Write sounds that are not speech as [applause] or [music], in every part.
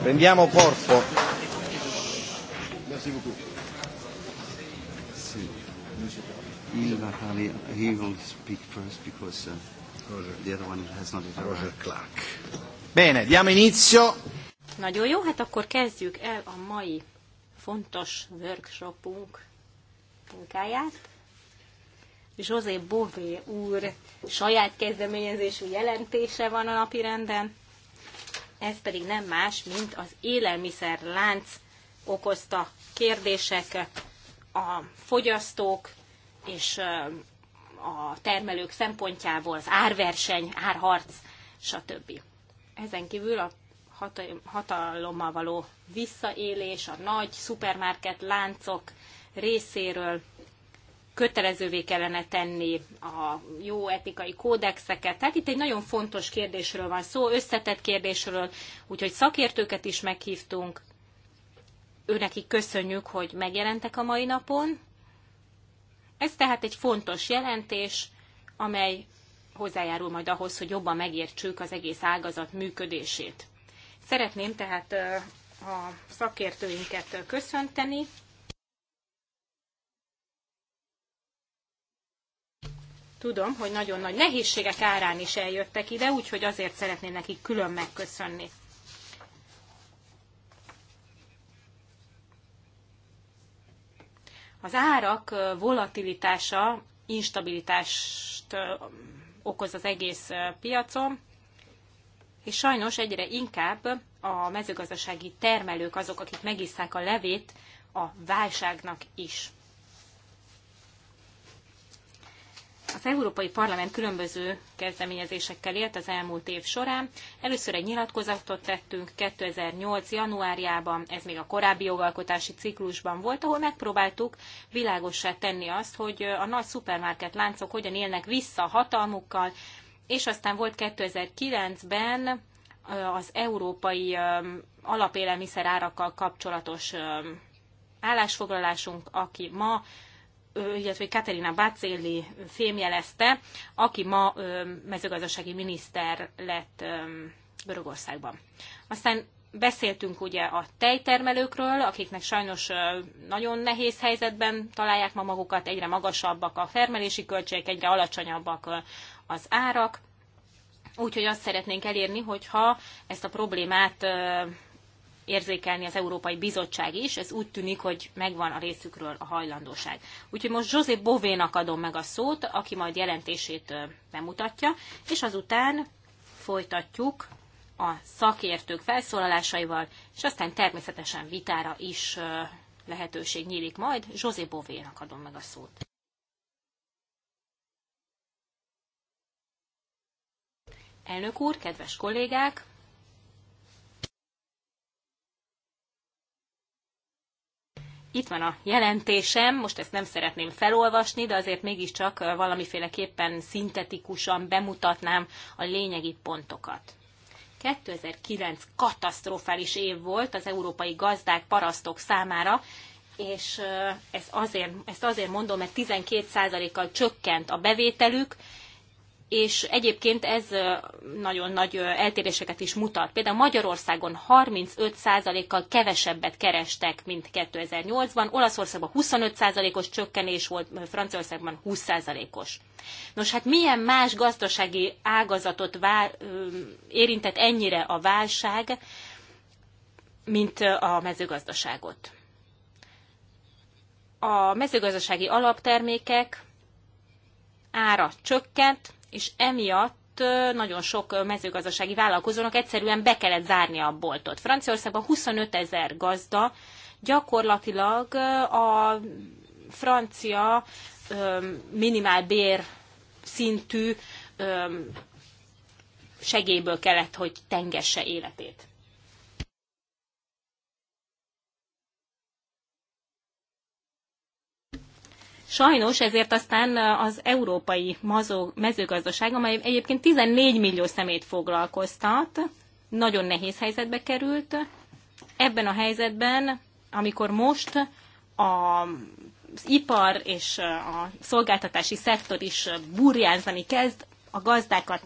Prendiamo corpo. Ilva uh, Roger. Clark. Bene, diamo inizio. Nagyon jó, hát akkor kezdjük el a mai fontos workshopunk munkáját. José Bové úr saját kezdeményezésű jelentése van a renden ez pedig nem más, mint az élelmiszer lánc okozta kérdések, a fogyasztók és a termelők szempontjából az árverseny, árharc, stb. Ezen kívül a hatalommal való visszaélés, a nagy szupermarket láncok részéről kötelezővé kellene tenni a jó etikai kódexeket. Tehát itt egy nagyon fontos kérdésről van szó, összetett kérdésről, úgyhogy szakértőket is meghívtunk. Őnekik köszönjük, hogy megjelentek a mai napon. Ez tehát egy fontos jelentés, amely hozzájárul majd ahhoz, hogy jobban megértsük az egész ágazat működését. Szeretném tehát a szakértőinket köszönteni. Tudom, hogy nagyon nagy nehézségek árán is eljöttek ide, úgyhogy azért szeretném nekik külön megköszönni. Az árak volatilitása instabilitást okoz az egész piacon, és sajnos egyre inkább a mezőgazdasági termelők azok, akik megisszák a levét a válságnak is. Az Európai Parlament különböző kezdeményezésekkel élt az elmúlt év során. Először egy nyilatkozatot tettünk 2008. januárjában, ez még a korábbi jogalkotási ciklusban volt, ahol megpróbáltuk világossá tenni azt, hogy a nagy szupermarket láncok hogyan élnek vissza a hatalmukkal, és aztán volt 2009-ben az európai alapélelmiszer árakkal kapcsolatos állásfoglalásunk, aki ma illetve Katerina Bacelli fémjelezte, aki ma mezőgazdasági miniszter lett Görögországban. Aztán beszéltünk ugye a tejtermelőkről, akiknek sajnos nagyon nehéz helyzetben találják ma magukat, egyre magasabbak a termelési költségek, egyre alacsonyabbak az árak. Úgyhogy azt szeretnénk elérni, hogyha ezt a problémát érzékelni az Európai Bizottság is, ez úgy tűnik, hogy megvan a részükről a hajlandóság. Úgyhogy most José Bovénak adom meg a szót, aki majd jelentését bemutatja, és azután folytatjuk a szakértők felszólalásaival, és aztán természetesen vitára is lehetőség nyílik majd. José Bovénak adom meg a szót. Elnök úr, kedves kollégák! itt van a jelentésem, most ezt nem szeretném felolvasni, de azért mégiscsak valamiféleképpen szintetikusan bemutatnám a lényegi pontokat. 2009 katasztrofális év volt az európai gazdák, parasztok számára, és ez azért, ezt azért mondom, mert 12%-kal csökkent a bevételük, és egyébként ez nagyon nagy eltéréseket is mutat. Például Magyarországon 35%-kal kevesebbet kerestek, mint 2008-ban, Olaszországban 25%-os csökkenés volt, Franciaországban 20%-os. Nos, hát milyen más gazdasági ágazatot vá- érintett ennyire a válság, mint a mezőgazdaságot? A mezőgazdasági alaptermékek ára csökkent, és emiatt nagyon sok mezőgazdasági vállalkozónak egyszerűen be kellett zárni a boltot. Franciaországban 25 ezer gazda gyakorlatilag a francia bér szintű segélyből kellett, hogy tengesse életét. Sajnos ezért aztán az európai mazog, mezőgazdaság, amely egyébként 14 millió szemét foglalkoztat, nagyon nehéz helyzetbe került. Ebben a helyzetben, amikor most a az ipar és a szolgáltatási szektor is burjánzani kezd, a gazdákat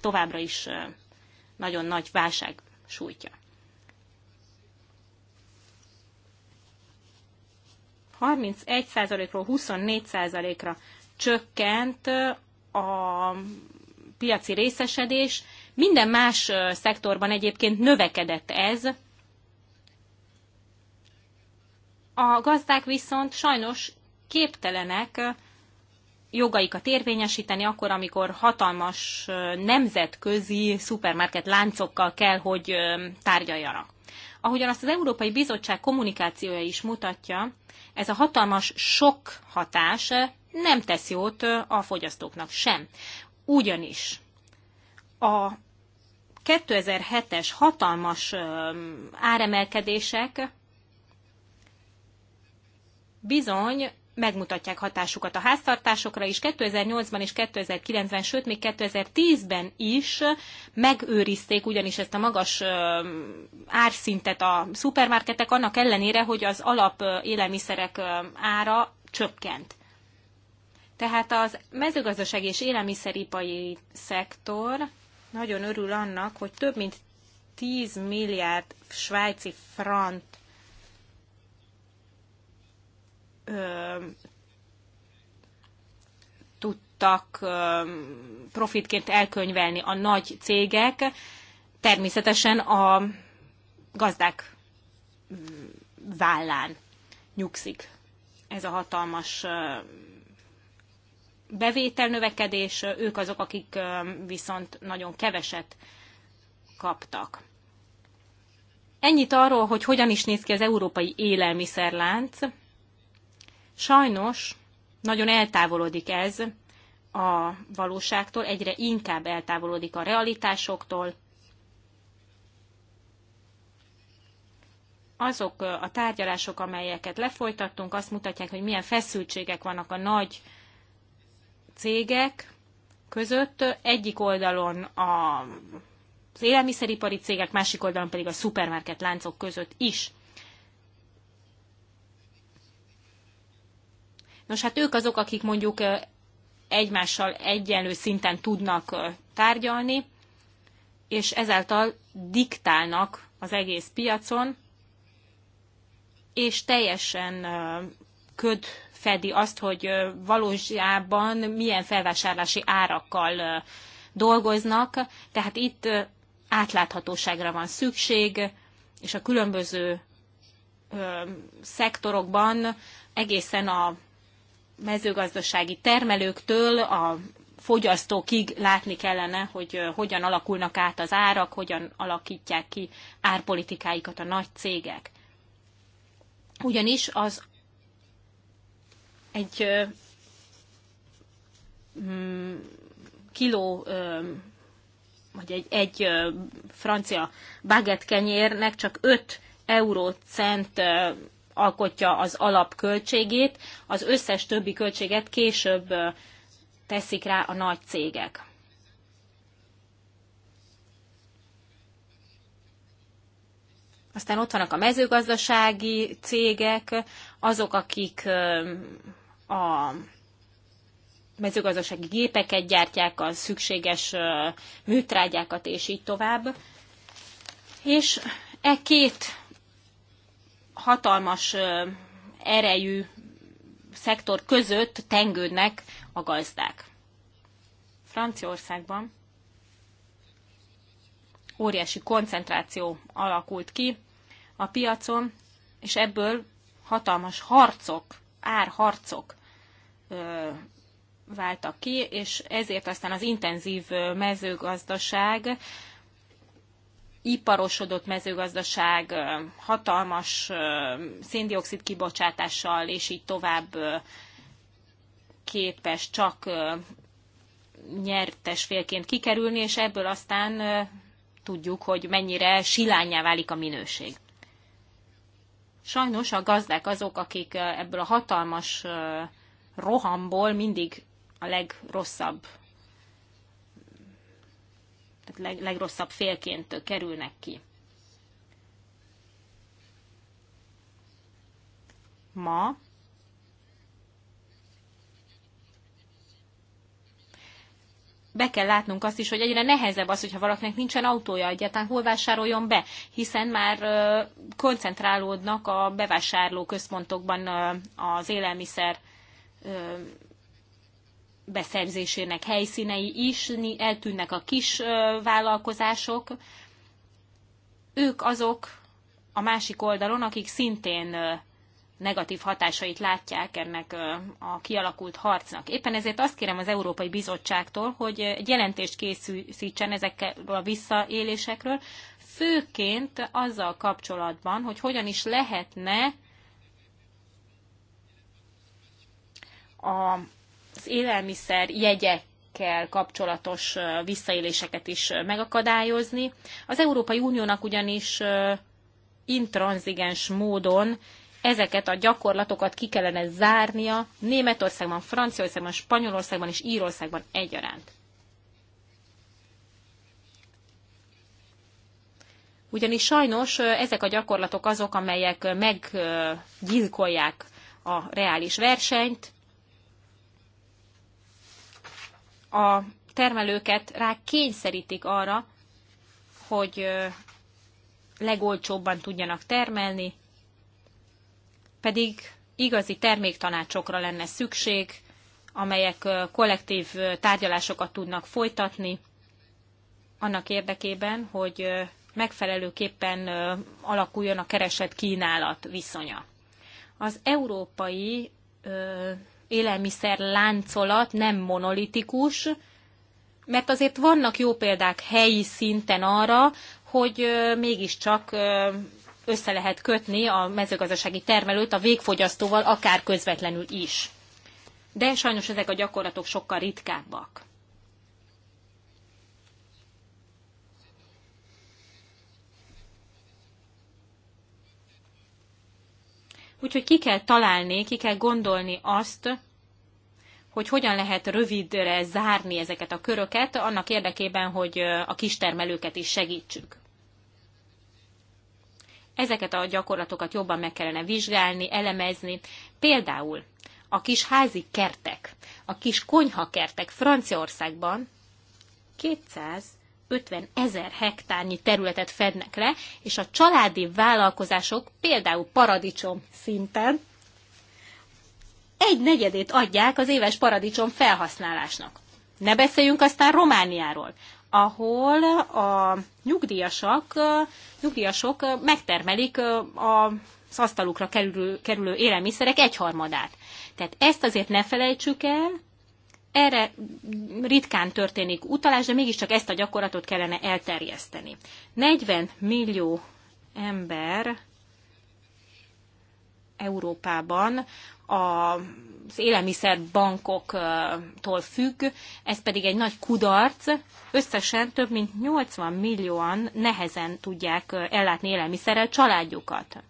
továbbra is nagyon nagy válság sújtja. 31%-ról 24%-ra csökkent a piaci részesedés. Minden más szektorban egyébként növekedett ez. A gazdák viszont sajnos képtelenek jogaikat érvényesíteni akkor, amikor hatalmas nemzetközi szupermarket láncokkal kell, hogy tárgyaljanak. Ahogyan azt az Európai Bizottság kommunikációja is mutatja, ez a hatalmas sok hatás eh, nem tesz jót eh, a fogyasztóknak sem. Ugyanis a 2007-es hatalmas eh, áremelkedések bizony megmutatják hatásukat a háztartásokra is. 2008-ban és 2009-ben, sőt még 2010-ben is megőrizték ugyanis ezt a magas árszintet a szupermarketek, annak ellenére, hogy az alap élelmiszerek ára csökkent. Tehát az mezőgazdaság és élelmiszeripari szektor nagyon örül annak, hogy több mint 10 milliárd svájci frant ö, tudtak ö, profitként elkönyvelni a nagy cégek, természetesen a gazdák vállán nyugszik ez a hatalmas bevételnövekedés, ők azok, akik viszont nagyon keveset kaptak. Ennyit arról, hogy hogyan is néz ki az európai élelmiszerlánc. Sajnos nagyon eltávolodik ez a valóságtól, egyre inkább eltávolodik a realitásoktól. Azok a tárgyalások, amelyeket lefolytattunk, azt mutatják, hogy milyen feszültségek vannak a nagy cégek között. Egyik oldalon a az élelmiszeripari cégek, másik oldalon pedig a szupermarket láncok között is. Nos, hát ők azok, akik mondjuk egymással egyenlő szinten tudnak tárgyalni, és ezáltal diktálnak az egész piacon, és teljesen köd fedi azt, hogy valójában milyen felvásárlási árakkal dolgoznak, tehát itt átláthatóságra van szükség, és a különböző szektorokban egészen a mezőgazdasági termelőktől a fogyasztókig látni kellene, hogy hogyan alakulnak át az árak, hogyan alakítják ki árpolitikáikat a nagy cégek. Ugyanis az egy mm, kiló, vagy egy, egy francia baguette kenyérnek csak 5 eurócent alkotja az alapköltségét, az összes többi költséget később teszik rá a nagy cégek. Aztán ott vannak a mezőgazdasági cégek, azok, akik a mezőgazdasági gépeket gyártják, a szükséges műtrágyákat, és így tovább. És e két hatalmas erejű szektor között tengődnek a gazdák. Franciaországban óriási koncentráció alakult ki a piacon, és ebből hatalmas harcok, árharcok ö, váltak ki, és ezért aztán az intenzív mezőgazdaság iparosodott mezőgazdaság, hatalmas széndiokszid kibocsátással, és így tovább képes csak nyertes félként kikerülni, és ebből aztán tudjuk, hogy mennyire silányá válik a minőség. Sajnos a gazdák azok, akik ebből a hatalmas rohamból mindig a legrosszabb leg, legrosszabb félként kerülnek ki. Ma be kell látnunk azt is, hogy egyre nehezebb az, hogyha valakinek nincsen autója egyáltalán, hol vásároljon be, hiszen már koncentrálódnak a bevásárló központokban az élelmiszer beszerzésének helyszínei is, eltűnnek a kis vállalkozások. Ők azok a másik oldalon, akik szintén negatív hatásait látják ennek a kialakult harcnak. Éppen ezért azt kérem az Európai Bizottságtól, hogy egy jelentést készítsen ezekkel a visszaélésekről, főként azzal kapcsolatban, hogy hogyan is lehetne a az élelmiszer jegyek kapcsolatos visszaéléseket is megakadályozni. Az Európai Uniónak ugyanis intranzigens módon ezeket a gyakorlatokat ki kellene zárnia Németországban, Franciaországban, Spanyolországban és Írországban egyaránt. Ugyanis sajnos ezek a gyakorlatok azok, amelyek meggyilkolják a reális versenyt, a termelőket rá kényszerítik arra, hogy legolcsóbban tudjanak termelni, pedig igazi terméktanácsokra lenne szükség, amelyek kollektív tárgyalásokat tudnak folytatni, annak érdekében, hogy megfelelőképpen alakuljon a keresett kínálat viszonya. Az európai élelmiszer láncolat nem monolitikus, mert azért vannak jó példák helyi szinten arra, hogy mégiscsak össze lehet kötni a mezőgazdasági termelőt a végfogyasztóval, akár közvetlenül is. De sajnos ezek a gyakorlatok sokkal ritkábbak. Úgyhogy ki kell találni, ki kell gondolni azt, hogy hogyan lehet rövidre zárni ezeket a köröket, annak érdekében, hogy a kistermelőket is segítsük. Ezeket a gyakorlatokat jobban meg kellene vizsgálni, elemezni. Például a kis házi kertek, a kis konyhakertek Franciaországban 200 50 ezer hektárnyi területet fednek le, és a családi vállalkozások például paradicsom szinten egy negyedét adják az éves paradicsom felhasználásnak. Ne beszéljünk aztán Romániáról, ahol a nyugdíjasok, nyugdíjasok megtermelik az asztalukra kerülő, kerülő élelmiszerek egyharmadát. Tehát ezt azért ne felejtsük el, erre ritkán történik utalás, de mégiscsak ezt a gyakorlatot kellene elterjeszteni. 40 millió ember Európában az élelmiszerbankoktól függ, ez pedig egy nagy kudarc. Összesen több mint 80 millióan nehezen tudják ellátni élelmiszerrel családjukat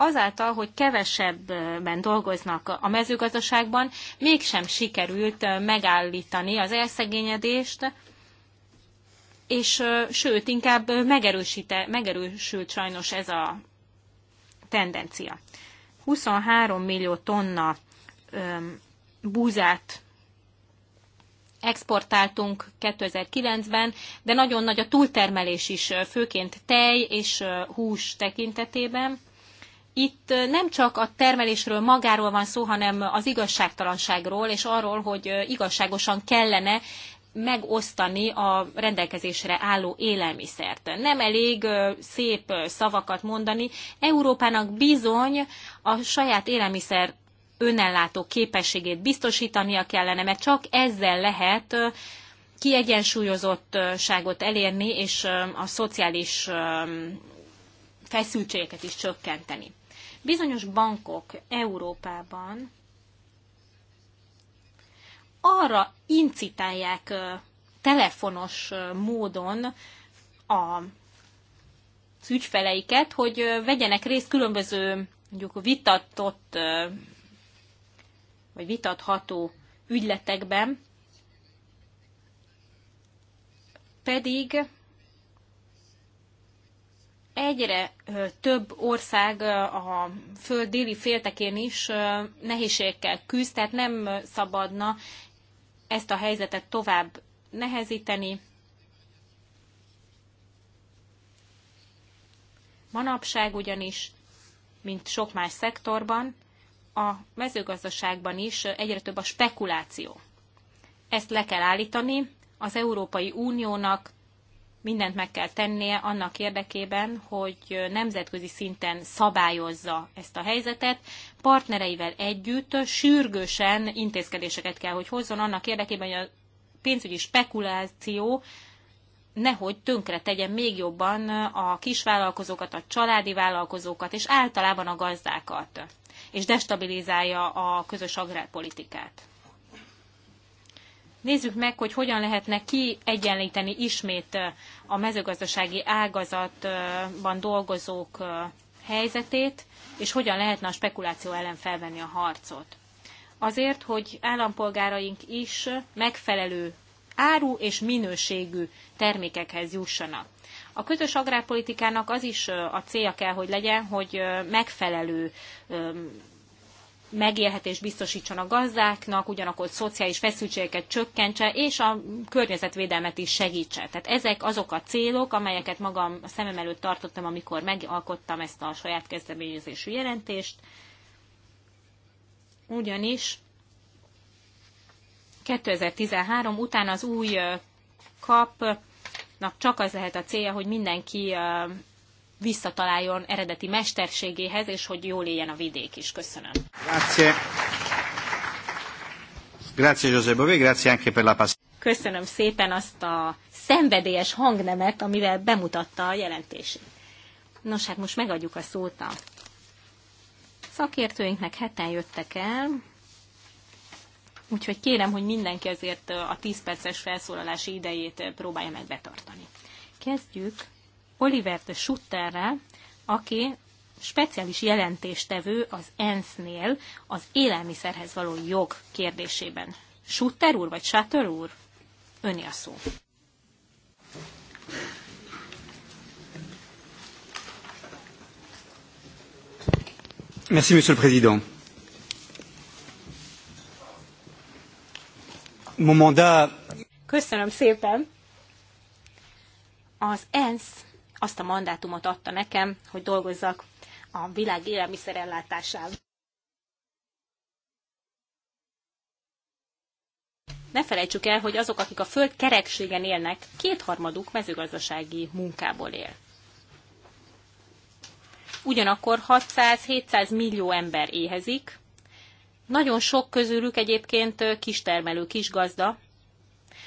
azáltal, hogy kevesebben dolgoznak a mezőgazdaságban, mégsem sikerült megállítani az elszegényedést, és sőt, inkább megerősíte, megerősült sajnos ez a tendencia. 23 millió tonna búzát exportáltunk 2009-ben, de nagyon nagy a túltermelés is, főként tej és hús tekintetében itt nem csak a termelésről magáról van szó, hanem az igazságtalanságról, és arról, hogy igazságosan kellene megosztani a rendelkezésre álló élelmiszert. Nem elég szép szavakat mondani. Európának bizony a saját élelmiszer önellátó képességét biztosítania kellene, mert csak ezzel lehet kiegyensúlyozottságot elérni, és a szociális feszültségeket is csökkenteni. Bizonyos bankok Európában arra incitálják telefonos módon a ügyfeleiket, hogy vegyenek részt különböző mondjuk vitatott vagy vitatható ügyletekben, pedig egyre több ország a föld déli féltekén is nehézségekkel küzd, tehát nem szabadna ezt a helyzetet tovább nehezíteni. Manapság ugyanis, mint sok más szektorban, a mezőgazdaságban is egyre több a spekuláció. Ezt le kell állítani, az Európai Uniónak mindent meg kell tennie annak érdekében, hogy nemzetközi szinten szabályozza ezt a helyzetet. Partnereivel együtt sürgősen intézkedéseket kell, hogy hozzon annak érdekében, hogy a pénzügyi spekuláció nehogy tönkre tegyen még jobban a kisvállalkozókat, a családi vállalkozókat és általában a gazdákat, és destabilizálja a közös agrárpolitikát. Nézzük meg, hogy hogyan lehetne kiegyenlíteni ismét a mezőgazdasági ágazatban dolgozók helyzetét, és hogyan lehetne a spekuláció ellen felvenni a harcot. Azért, hogy állampolgáraink is megfelelő áru és minőségű termékekhez jussanak. A közös agrárpolitikának az is a célja kell, hogy legyen, hogy megfelelő megélhetést biztosítson a gazdáknak, ugyanakkor szociális feszültségeket csökkentse, és a környezetvédelmet is segítse. Tehát ezek azok a célok, amelyeket magam a szemem előtt tartottam, amikor megalkottam ezt a saját kezdeményezésű jelentést. Ugyanis 2013 után az új kapnak csak az lehet a célja, hogy mindenki visszataláljon eredeti mesterségéhez, és hogy jól éljen a vidék is. Köszönöm. Grazie. Grazie Giuseppe, grazie anche per la Köszönöm szépen azt a szenvedélyes hangnemet, amivel bemutatta a jelentését. Nos, hát most megadjuk a szót a szakértőinknek, heten jöttek el, úgyhogy kérem, hogy mindenki azért a 10 perces felszólalási idejét próbálja meg betartani. Kezdjük Oliver de Schutterrel, aki speciális jelentéstevő az ENSZ-nél az élelmiszerhez való jog kérdésében. Schutter úr vagy Schutter úr? Öni a szó. Merci, Monsieur le Président. Mon mandat... Köszönöm szépen. Az ENSZ azt a mandátumot adta nekem, hogy dolgozzak a világ élelmiszerellátásán. Ne felejtsük el, hogy azok, akik a föld kerekségen élnek, kétharmaduk mezőgazdasági munkából él. Ugyanakkor 600-700 millió ember éhezik, nagyon sok közülük egyébként kistermelő, kisgazda,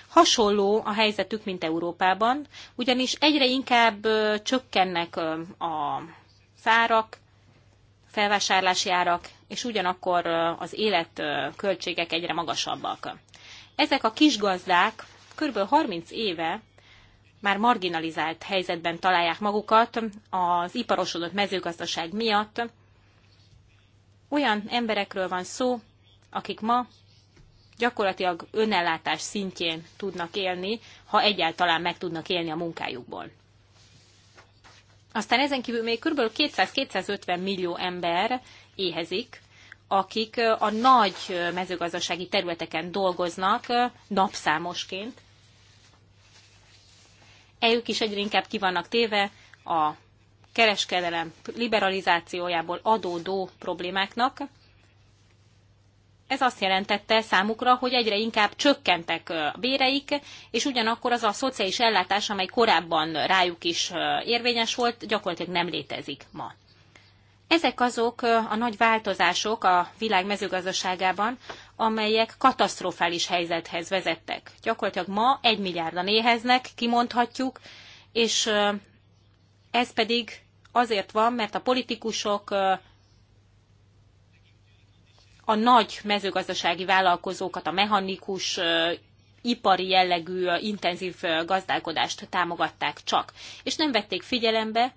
Hasonló a helyzetük, mint Európában, ugyanis egyre inkább csökkennek a szárak, felvásárlási árak, és ugyanakkor az életköltségek egyre magasabbak. Ezek a kis gazdák kb. 30 éve már marginalizált helyzetben találják magukat az iparosodott mezőgazdaság miatt. Olyan emberekről van szó, akik ma gyakorlatilag önellátás szintjén tudnak élni, ha egyáltalán meg tudnak élni a munkájukból. Aztán ezen kívül még kb. 200-250 millió ember éhezik, akik a nagy mezőgazdasági területeken dolgoznak napszámosként. Eljük is egyre inkább ki vannak téve a kereskedelem liberalizációjából adódó problémáknak, ez azt jelentette számukra, hogy egyre inkább csökkentek a béreik, és ugyanakkor az a szociális ellátás, amely korábban rájuk is érvényes volt, gyakorlatilag nem létezik ma. Ezek azok a nagy változások a világ mezőgazdaságában, amelyek katasztrofális helyzethez vezettek. Gyakorlatilag ma egy milliárdan éheznek, kimondhatjuk, és ez pedig azért van, mert a politikusok a nagy mezőgazdasági vállalkozókat, a mechanikus ipari jellegű intenzív gazdálkodást támogatták csak, és nem vették figyelembe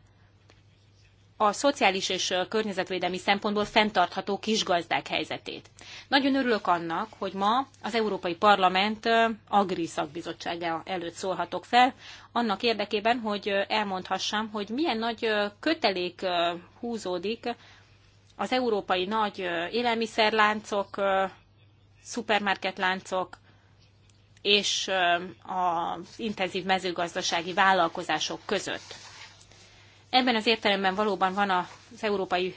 a szociális és környezetvédelmi szempontból fenntartható kisgazdák helyzetét. Nagyon örülök annak, hogy ma az Európai Parlament Agri szakbizottsága előtt szólhatok fel, annak érdekében, hogy elmondhassam, hogy milyen nagy kötelék húzódik az európai nagy élelmiszerláncok, szupermarketláncok és az intenzív mezőgazdasági vállalkozások között. Ebben az értelemben valóban van az Európai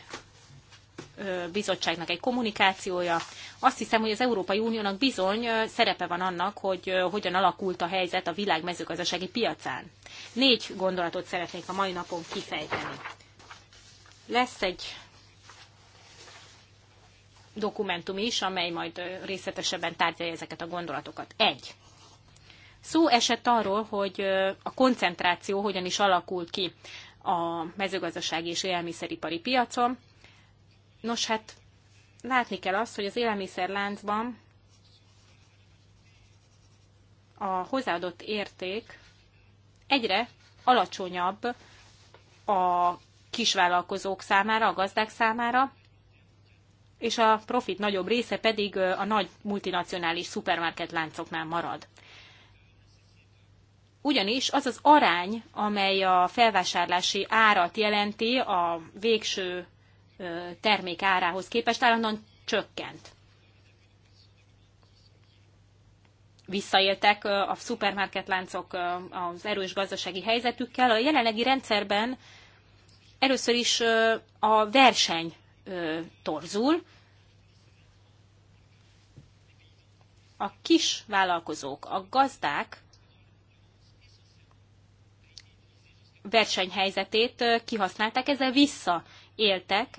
Bizottságnak egy kommunikációja. Azt hiszem, hogy az Európai Uniónak bizony szerepe van annak, hogy hogyan alakult a helyzet a világ mezőgazdasági piacán. Négy gondolatot szeretnék a mai napon kifejteni. Lesz egy dokumentum is, amely majd részletesebben tárgyalja ezeket a gondolatokat. Egy. Szó esett arról, hogy a koncentráció hogyan is alakul ki a mezőgazdasági és élelmiszeripari piacon. Nos, hát látni kell azt, hogy az élelmiszerláncban a hozzáadott érték egyre alacsonyabb a kisvállalkozók számára, a gazdák számára, és a profit nagyobb része pedig a nagy multinacionális szupermarket láncoknál marad. Ugyanis az az arány, amely a felvásárlási árat jelenti a végső termék árához képest állandóan csökkent. Visszaéltek a szupermarket láncok az erős gazdasági helyzetükkel. A jelenlegi rendszerben először is a verseny torzul. A kis vállalkozók, a gazdák versenyhelyzetét kihasználták, ezzel visszaéltek.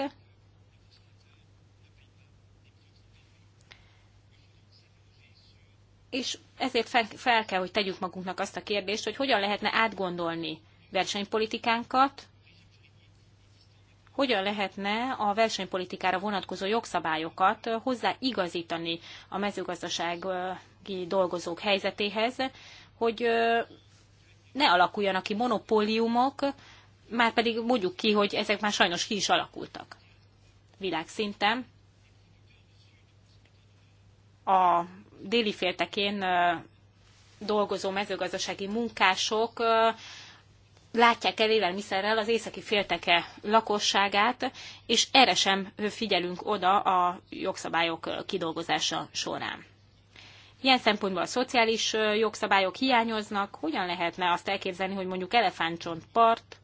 És ezért fel kell, hogy tegyük magunknak azt a kérdést, hogy hogyan lehetne átgondolni versenypolitikánkat, hogyan lehetne a versenypolitikára vonatkozó jogszabályokat hozzáigazítani a mezőgazdasági dolgozók helyzetéhez, hogy ne alakuljanak ki monopóliumok, már pedig mondjuk ki, hogy ezek már sajnos ki is alakultak világszinten. A déli féltekén dolgozó mezőgazdasági munkások látják el élelmiszerrel az északi félteke lakosságát, és erre sem figyelünk oda a jogszabályok kidolgozása során. Ilyen szempontból a szociális jogszabályok hiányoznak. Hogyan lehetne azt elképzelni, hogy mondjuk part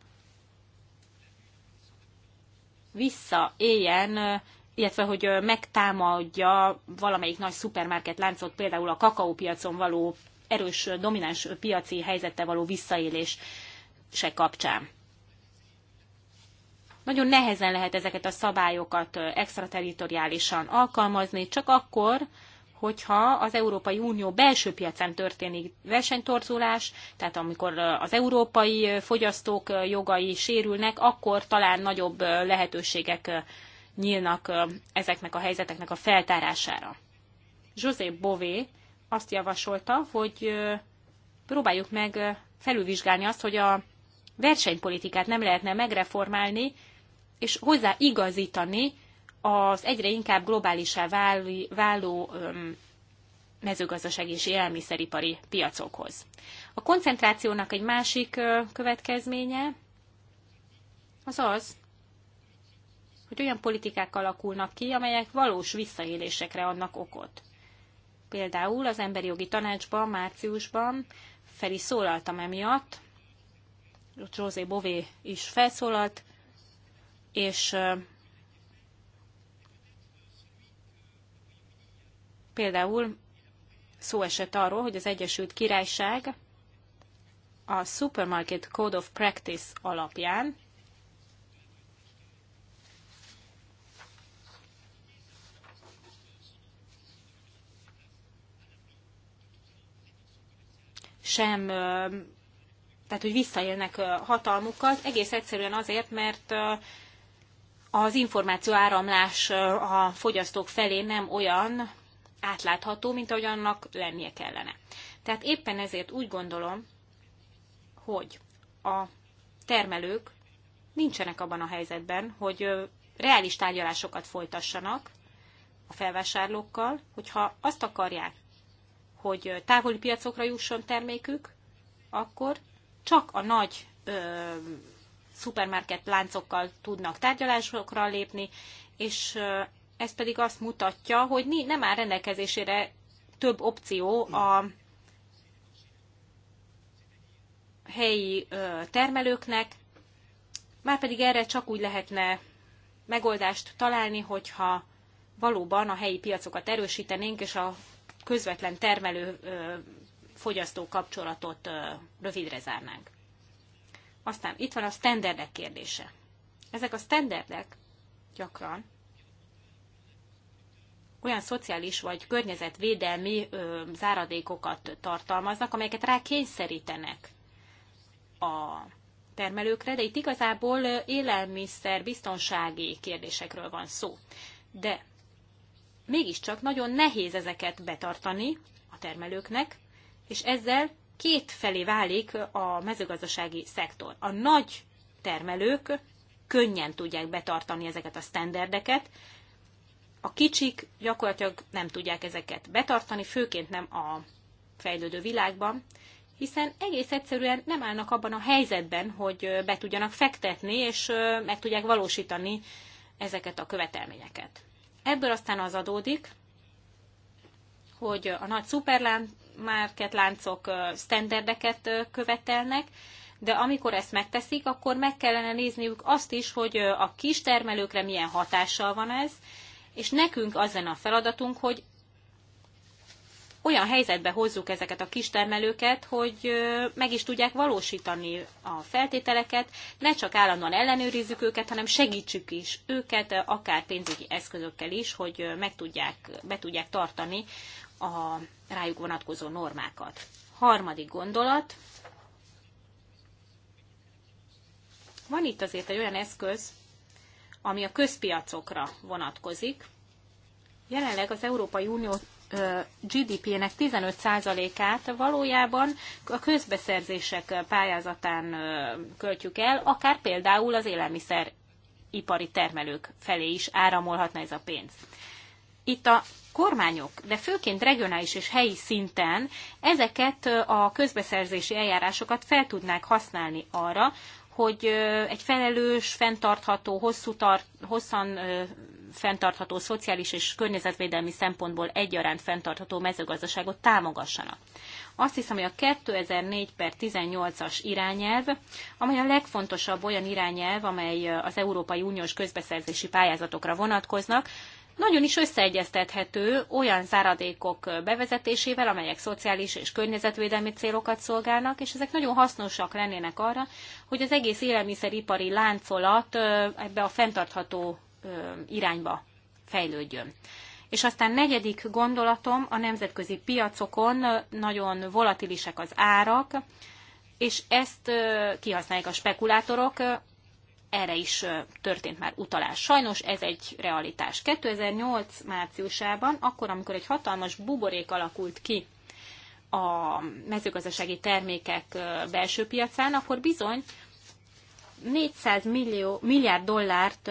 visszaéljen, illetve hogy megtámadja valamelyik nagy szupermarket láncot, például a kakaópiacon való erős, domináns piaci helyzettel való visszaélés se kapcsán. Nagyon nehezen lehet ezeket a szabályokat extraterritoriálisan alkalmazni, csak akkor, hogyha az Európai Unió belső piacán történik versenytorzulás, tehát amikor az európai fogyasztók jogai sérülnek, akkor talán nagyobb lehetőségek nyílnak ezeknek a helyzeteknek a feltárására. José Bové azt javasolta, hogy próbáljuk meg felülvizsgálni azt, hogy a versenypolitikát nem lehetne megreformálni, és hozzáigazítani az egyre inkább globálisá váló mezőgazdaság és élelmiszeripari piacokhoz. A koncentrációnak egy másik következménye az az, hogy olyan politikák alakulnak ki, amelyek valós visszaélésekre adnak okot. Például az Emberi Jogi Tanácsban márciusban fel is szólaltam emiatt, José Bové is felszólalt, és például szó esett arról, hogy az Egyesült Királyság a Supermarket Code of Practice alapján sem tehát hogy visszaélnek hatalmukat, egész egyszerűen azért, mert az információ áramlás a fogyasztók felé nem olyan átlátható, mint ahogy annak lennie kellene. Tehát éppen ezért úgy gondolom, hogy a termelők nincsenek abban a helyzetben, hogy reális tárgyalásokat folytassanak a felvásárlókkal, hogyha azt akarják, hogy távoli piacokra jusson termékük, akkor csak a nagy ö, szupermarket láncokkal tudnak tárgyalásokra lépni, és ö, ez pedig azt mutatja, hogy nem áll rendelkezésére több opció a helyi ö, termelőknek, márpedig erre csak úgy lehetne megoldást találni, hogyha valóban a helyi piacokat erősítenénk, és a közvetlen termelő fogyasztó kapcsolatot rövidre zárnánk. Aztán itt van a standardek kérdése. Ezek a standardek gyakran olyan szociális vagy környezetvédelmi ö, záradékokat tartalmaznak, amelyeket rá kényszerítenek a termelőkre, de itt igazából élelmiszer biztonsági kérdésekről van szó. De mégiscsak nagyon nehéz ezeket betartani a termelőknek, és ezzel két felé válik a mezőgazdasági szektor. A nagy termelők könnyen tudják betartani ezeket a sztenderdeket, a kicsik gyakorlatilag nem tudják ezeket betartani, főként nem a fejlődő világban, hiszen egész egyszerűen nem állnak abban a helyzetben, hogy be tudjanak fektetni, és meg tudják valósítani ezeket a követelményeket. Ebből aztán az adódik, hogy a nagy láncok standardeket követelnek, de amikor ezt megteszik, akkor meg kellene nézniük azt is, hogy a kis termelőkre milyen hatással van ez, és nekünk az lenne a feladatunk, hogy olyan helyzetbe hozzuk ezeket a kistermelőket, hogy meg is tudják valósítani a feltételeket, ne csak állandóan ellenőrizzük őket, hanem segítsük is őket, akár pénzügyi eszközökkel is, hogy meg tudják, be tudják tartani a rájuk vonatkozó normákat. Harmadik gondolat. Van itt azért egy olyan eszköz, ami a közpiacokra vonatkozik. Jelenleg az Európai Unió GDP-nek 15%-át valójában a közbeszerzések pályázatán költjük el, akár például az élelmiszeripari termelők felé is áramolhatna ez a pénz. Itt a kormányok, de főként regionális és helyi szinten ezeket a közbeszerzési eljárásokat fel tudnák használni arra, hogy egy felelős, fenntartható, hosszú tart, hosszan fenntartható, szociális és környezetvédelmi szempontból egyaránt fenntartható mezőgazdaságot támogassanak. Azt hiszem, hogy a 2004 per 18-as irányelv, amely a legfontosabb olyan irányelv, amely az Európai Uniós közbeszerzési pályázatokra vonatkoznak, nagyon is összeegyeztethető olyan záradékok bevezetésével, amelyek szociális és környezetvédelmi célokat szolgálnak, és ezek nagyon hasznosak lennének arra, hogy az egész élelmiszeripari láncolat ebbe a fenntartható irányba fejlődjön. És aztán negyedik gondolatom, a nemzetközi piacokon nagyon volatilisek az árak, és ezt kihasználják a spekulátorok, erre is történt már utalás. Sajnos ez egy realitás. 2008 márciusában, akkor, amikor egy hatalmas buborék alakult ki a mezőgazdasági termékek belső piacán, akkor bizony 400 millió, milliárd dollárt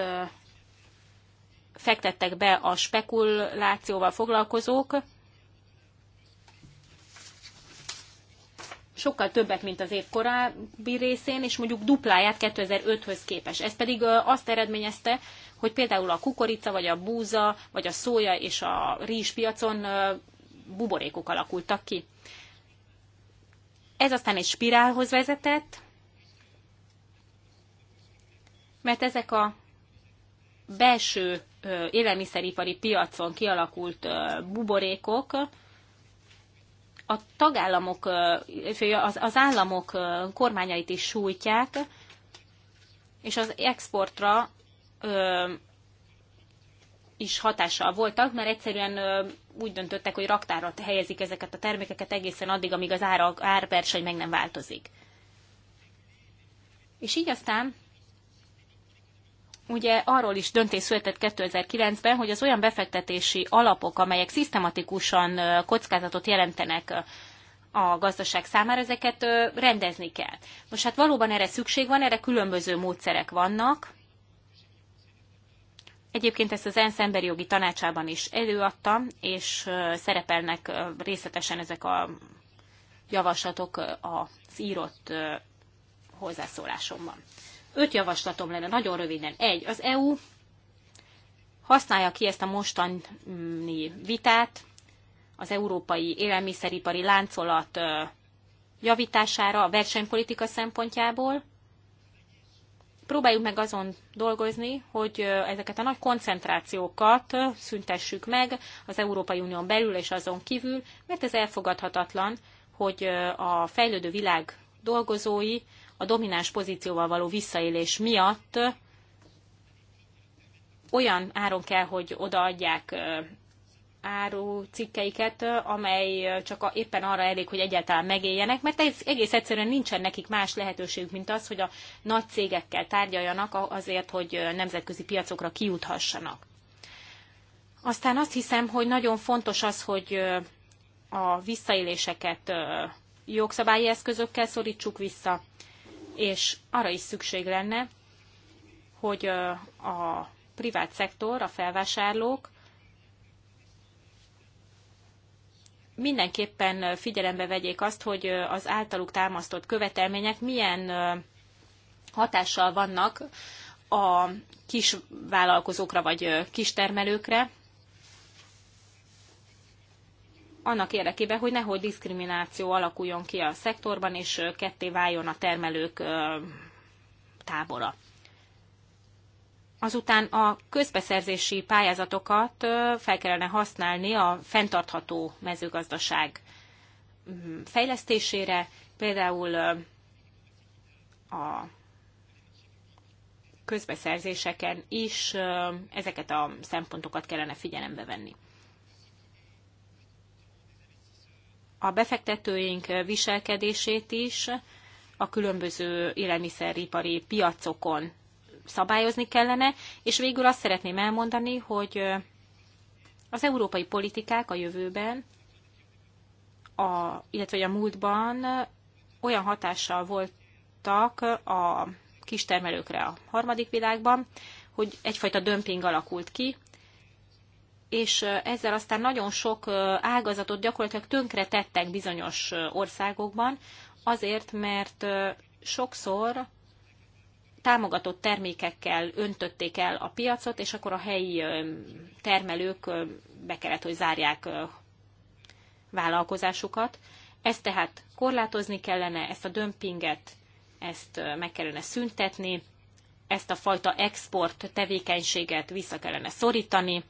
fektettek be a spekulációval foglalkozók, sokkal többet, mint az év korábbi részén, és mondjuk dupláját 2005-höz képes. Ez pedig azt eredményezte, hogy például a kukorica, vagy a búza, vagy a szója és a rizs piacon buborékok alakultak ki. Ez aztán egy spirálhoz vezetett, mert ezek a belső élelmiszeripari piacon kialakult buborékok a tagállamok, az, az államok kormányait is sújtják, és az exportra is hatással voltak, mert egyszerűen úgy döntöttek, hogy raktárra helyezik ezeket a termékeket egészen addig, amíg az ár árverseny meg nem változik. És így aztán ugye arról is döntés született 2009-ben, hogy az olyan befektetési alapok, amelyek szisztematikusan kockázatot jelentenek a gazdaság számára, ezeket rendezni kell. Most hát valóban erre szükség van, erre különböző módszerek vannak. Egyébként ezt az ENSZ emberi jogi tanácsában is előadtam, és szerepelnek részletesen ezek a javaslatok az írott hozzászólásomban. Öt javaslatom lenne, nagyon röviden. Egy, az EU használja ki ezt a mostani vitát az európai élelmiszeripari láncolat javítására a versenypolitika szempontjából. Próbáljuk meg azon dolgozni, hogy ezeket a nagy koncentrációkat szüntessük meg az Európai Unión belül és azon kívül, mert ez elfogadhatatlan, hogy a fejlődő világ dolgozói a domináns pozícióval való visszaélés miatt olyan áron kell, hogy odaadják árucikkeiket, amely csak éppen arra elég, hogy egyáltalán megéljenek, mert ez egész egyszerűen nincsen nekik más lehetőségük, mint az, hogy a nagy cégekkel tárgyaljanak azért, hogy nemzetközi piacokra kijuthassanak. Aztán azt hiszem, hogy nagyon fontos az, hogy a visszaéléseket jogszabályi eszközökkel szorítsuk vissza, és arra is szükség lenne, hogy a privát szektor, a felvásárlók mindenképpen figyelembe vegyék azt, hogy az általuk támasztott követelmények milyen hatással vannak a kis vállalkozókra vagy kistermelőkre, annak érdekében, hogy nehogy diszkrimináció alakuljon ki a szektorban, és ketté váljon a termelők tábora. Azután a közbeszerzési pályázatokat fel kellene használni a fenntartható mezőgazdaság mm, fejlesztésére, például a közbeszerzéseken is ezeket a szempontokat kellene figyelembe venni. a befektetőink viselkedését is a különböző élelmiszeripari piacokon szabályozni kellene, és végül azt szeretném elmondani, hogy az európai politikák a jövőben, a, illetve a múltban olyan hatással voltak a kistermelőkre a harmadik világban, hogy egyfajta dömping alakult ki, és ezzel aztán nagyon sok ágazatot gyakorlatilag tönkre tettek bizonyos országokban, azért, mert sokszor támogatott termékekkel öntötték el a piacot, és akkor a helyi termelők be kellett, hogy zárják vállalkozásukat. Ezt tehát korlátozni kellene, ezt a dömpinget, ezt meg kellene szüntetni, ezt a fajta export tevékenységet vissza kellene szorítani,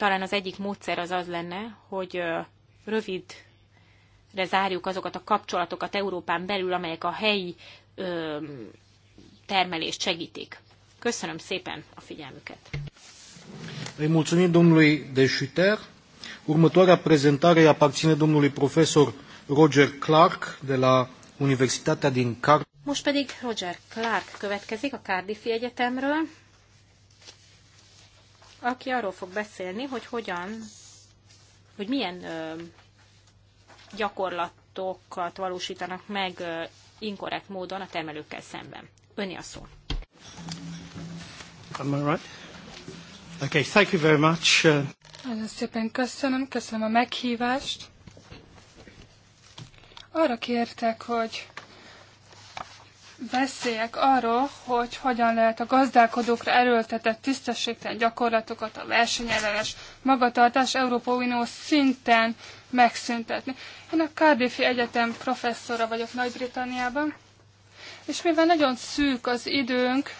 talán az egyik módszer az az lenne, hogy rövidre zárjuk azokat a kapcsolatokat Európán belül, amelyek a helyi termelést segítik. Köszönöm szépen a figyelmüket! mulțumim domnului Deșuter. Următoarea prezentare aparține domnului profesor Roger Clark de la Universitatea din Cardiff. Most pedig Roger Clark következik a Cardiffi Egyetemről aki arról fog beszélni, hogy hogyan, hogy milyen gyakorlatokat valósítanak meg inkorrekt módon a termelőkkel szemben. Öni a szó. Am I right? Okay, thank you very much. Uh, Nagyon szépen köszönöm, köszönöm a meghívást. Arra kértek, hogy beszéljek arról, hogy hogyan lehet a gazdálkodókra erőltetett tisztességtelen gyakorlatokat, a versenyellenes magatartás Európa Unió szinten megszüntetni. Én a Cardiffi Egyetem professzora vagyok Nagy-Britanniában, és mivel nagyon szűk az időnk,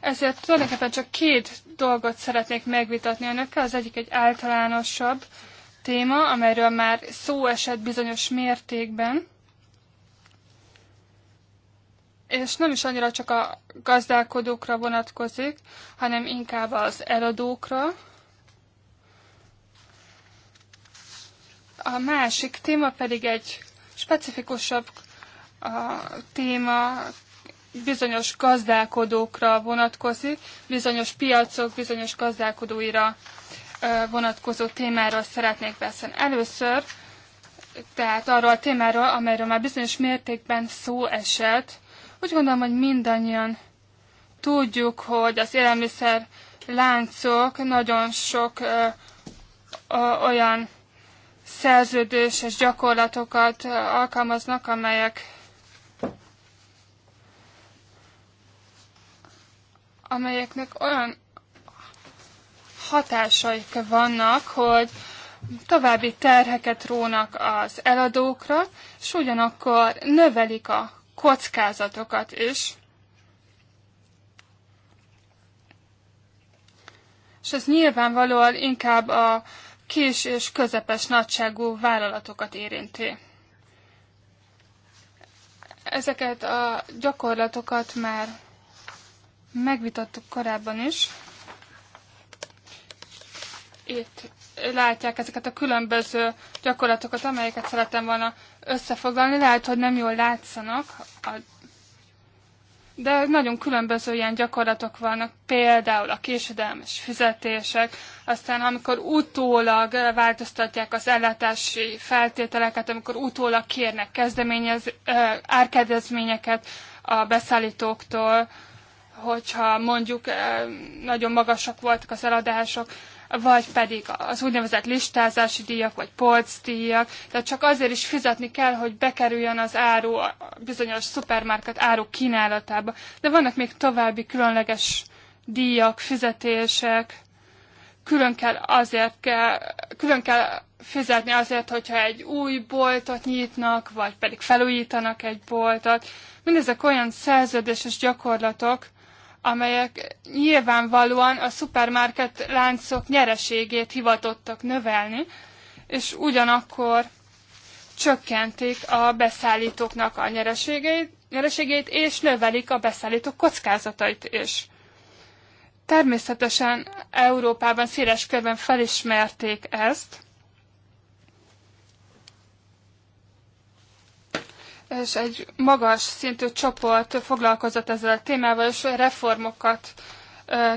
ezért tulajdonképpen csak két dolgot szeretnék megvitatni önökkel. Az egyik egy általánosabb téma, amelyről már szó esett bizonyos mértékben, és nem is annyira csak a gazdálkodókra vonatkozik, hanem inkább az eladókra. A másik téma pedig egy specifikusabb a téma, bizonyos gazdálkodókra vonatkozik, bizonyos piacok, bizonyos gazdálkodóira vonatkozó témáról szeretnék beszélni. Először, tehát arról a témáról, amelyről már bizonyos mértékben szó esett, úgy gondolom, hogy mindannyian tudjuk, hogy az élelmiszer láncok nagyon sok ö, ö, olyan szerződéses gyakorlatokat alkalmaznak, amelyek amelyeknek olyan hatásaik vannak, hogy további terheket rónak az eladókra, és ugyanakkor növelik a kockázatokat is. És ez nyilvánvalóan inkább a kis és közepes nagyságú vállalatokat érinti. Ezeket a gyakorlatokat már megvitattuk korábban is. Itt látják ezeket a különböző gyakorlatokat, amelyeket szeretem volna összefoglalni. Lehet, hogy nem jól látszanak, de nagyon különböző ilyen gyakorlatok vannak, például a késedelmes fizetések, aztán amikor utólag változtatják az ellátási feltételeket, amikor utólag kérnek kezdeményez, árkedezményeket a beszállítóktól, hogyha mondjuk nagyon magasak voltak az eladások, vagy pedig az úgynevezett listázási díjak, vagy polcdíjak, tehát csak azért is fizetni kell, hogy bekerüljön az áru a bizonyos szupermarket áru kínálatába. De vannak még további különleges díjak, fizetések, külön kell azért kell, külön kell fizetni azért, hogyha egy új boltot nyitnak, vagy pedig felújítanak egy boltot. Mindezek olyan szerződéses gyakorlatok, amelyek nyilvánvalóan a szupermarket láncok nyereségét hivatottak növelni, és ugyanakkor csökkentik a beszállítóknak a nyereségeit, nyereségét, és növelik a beszállítók kockázatait is. Természetesen Európában széles körben felismerték ezt, és egy magas szintű csoport foglalkozott ezzel a témával, és reformokat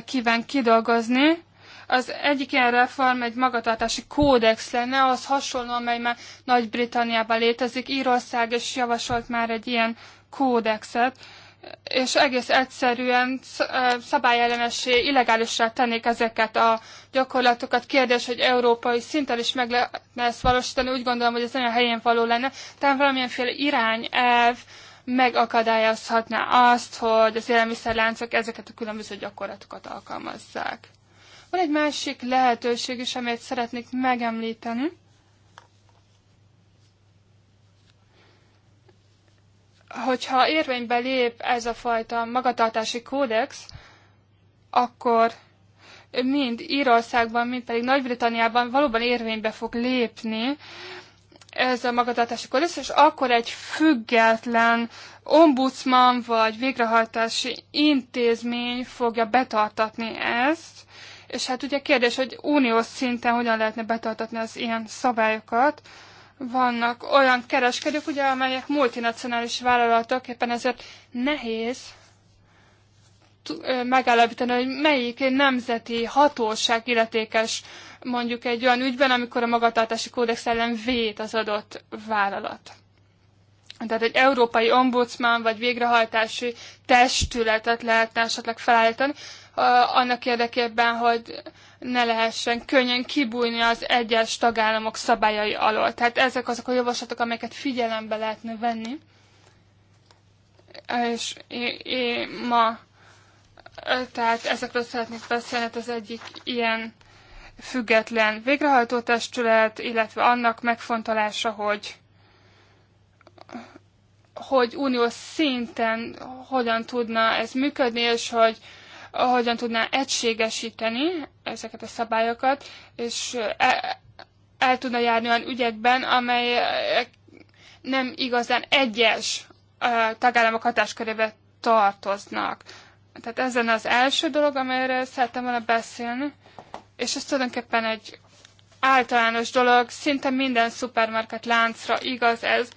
kíván kidolgozni. Az egyik ilyen reform egy magatartási kódex lenne, az hasonló, amely már Nagy-Britanniában létezik. Írország is javasolt már egy ilyen kódexet és egész egyszerűen szabályellenessé, illegálisra tennék ezeket a gyakorlatokat. Kérdés, hogy európai szinten is meg lehetne ezt valósítani, úgy gondolom, hogy ez nagyon helyén való lenne. Tehát valamilyenféle irányelv megakadályozhatná azt, hogy az élelmiszerláncok ezeket a különböző gyakorlatokat alkalmazzák. Van egy másik lehetőség is, amelyet szeretnék megemlíteni. hogyha érvénybe lép ez a fajta magatartási kódex, akkor mind Írországban, mind pedig Nagy-Britanniában valóban érvénybe fog lépni ez a magatartási kódex, és akkor egy független ombudsman vagy végrehajtási intézmény fogja betartatni ezt, és hát ugye kérdés, hogy uniós szinten hogyan lehetne betartatni az ilyen szabályokat, vannak olyan kereskedők, ugye, amelyek multinacionális vállalatok, éppen ezért nehéz megállapítani, hogy melyik nemzeti hatóság illetékes mondjuk egy olyan ügyben, amikor a magatartási kódex ellen vét az adott vállalat. Tehát egy európai ombudsman vagy végrehajtási testületet lehetne esetleg felállítani, annak érdekében, hogy ne lehessen könnyen kibújni az egyes tagállamok szabályai alól. Tehát ezek azok a javaslatok, amelyeket figyelembe lehetne venni. És én, ma, tehát ezekről szeretnék beszélni, hát az egyik ilyen független végrehajtó testület, illetve annak megfontolása, hogy hogy uniós szinten hogyan tudna ez működni, és hogy hogyan tudná egységesíteni ezeket a szabályokat, és el, el tudna járni olyan ügyekben, amelyek nem igazán egyes e, tagállamok hatáskörébe tartoznak. Tehát ezen az első dolog, amelyre szerettem volna beszélni, és ez tulajdonképpen egy általános dolog, szinte minden szupermarket láncra igaz ez,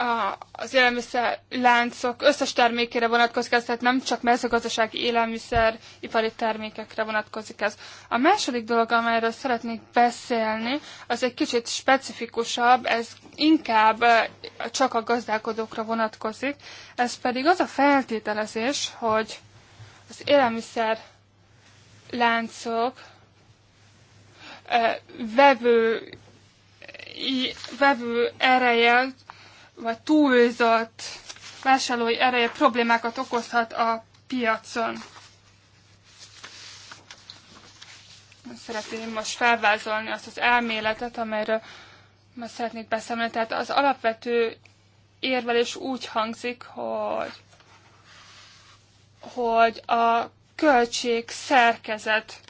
a, az élelmiszer láncok összes termékére vonatkozik ez, tehát nem csak mezőgazdasági élelmiszer, ipari termékekre vonatkozik ez. A második dolog, amelyről szeretnék beszélni, az egy kicsit specifikusabb, ez inkább eh, csak a gazdálkodókra vonatkozik, ez pedig az a feltételezés, hogy az élelmiszer láncok eh, vevő, vevő ereje vagy túlzott vásárlói ereje problémákat okozhat a piacon. Szeretném most felvázolni azt az elméletet, amelyről most szeretnék beszélni. Tehát az alapvető érvelés úgy hangzik, hogy, hogy a költség szerkezet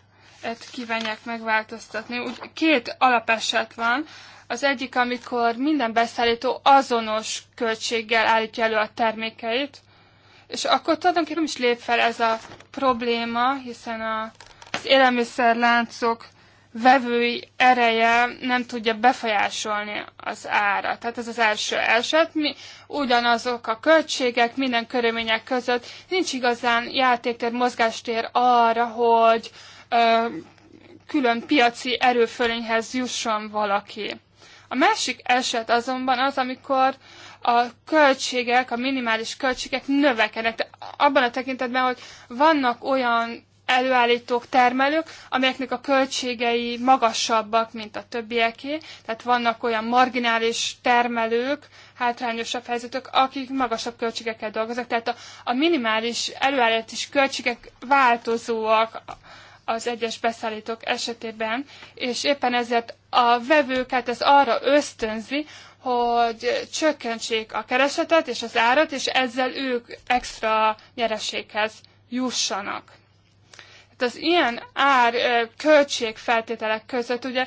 kívánják megváltoztatni. Úgy, két alapeset van, az egyik, amikor minden beszállító azonos költséggel állítja elő a termékeit, és akkor tulajdonképpen is lép fel ez a probléma, hiszen a, az élelmiszerláncok vevői ereje nem tudja befolyásolni az ára. Tehát ez az első eset. Mi ugyanazok a költségek minden körülmények között nincs igazán játéktér, mozgástér arra, hogy ö, külön piaci erőfölényhez jusson valaki. A másik eset azonban az, amikor a költségek, a minimális költségek növekednek. De abban a tekintetben, hogy vannak olyan előállítók, termelők, amelyeknek a költségei magasabbak, mint a többieké, tehát vannak olyan marginális termelők, hátrányosabb helyzetek, akik magasabb költségekkel dolgoznak, tehát a, a minimális előállítási költségek változóak, az egyes beszállítók esetében, és éppen ezért a vevőket ez arra ösztönzi, hogy csökkentsék a keresetet és az árat, és ezzel ők extra nyereséghez jussanak. Hát az ilyen ár költségfeltételek között, ugye,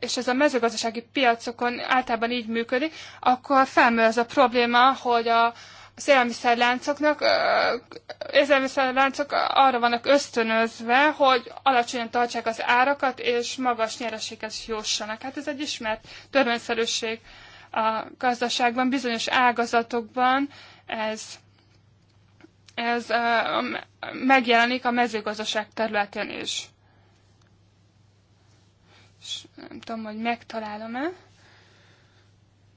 és ez a mezőgazdasági piacokon általában így működik, akkor felmerül az a probléma, hogy a, az élelmiszerláncoknak, az élelmiszerláncok arra vannak ösztönözve, hogy alacsonyan tartsák az árakat, és magas nyereséget jussanak. Hát ez egy ismert törvényszerűség a gazdaságban, bizonyos ágazatokban ez, ez megjelenik a mezőgazdaság területén is. És nem tudom, hogy megtalálom-e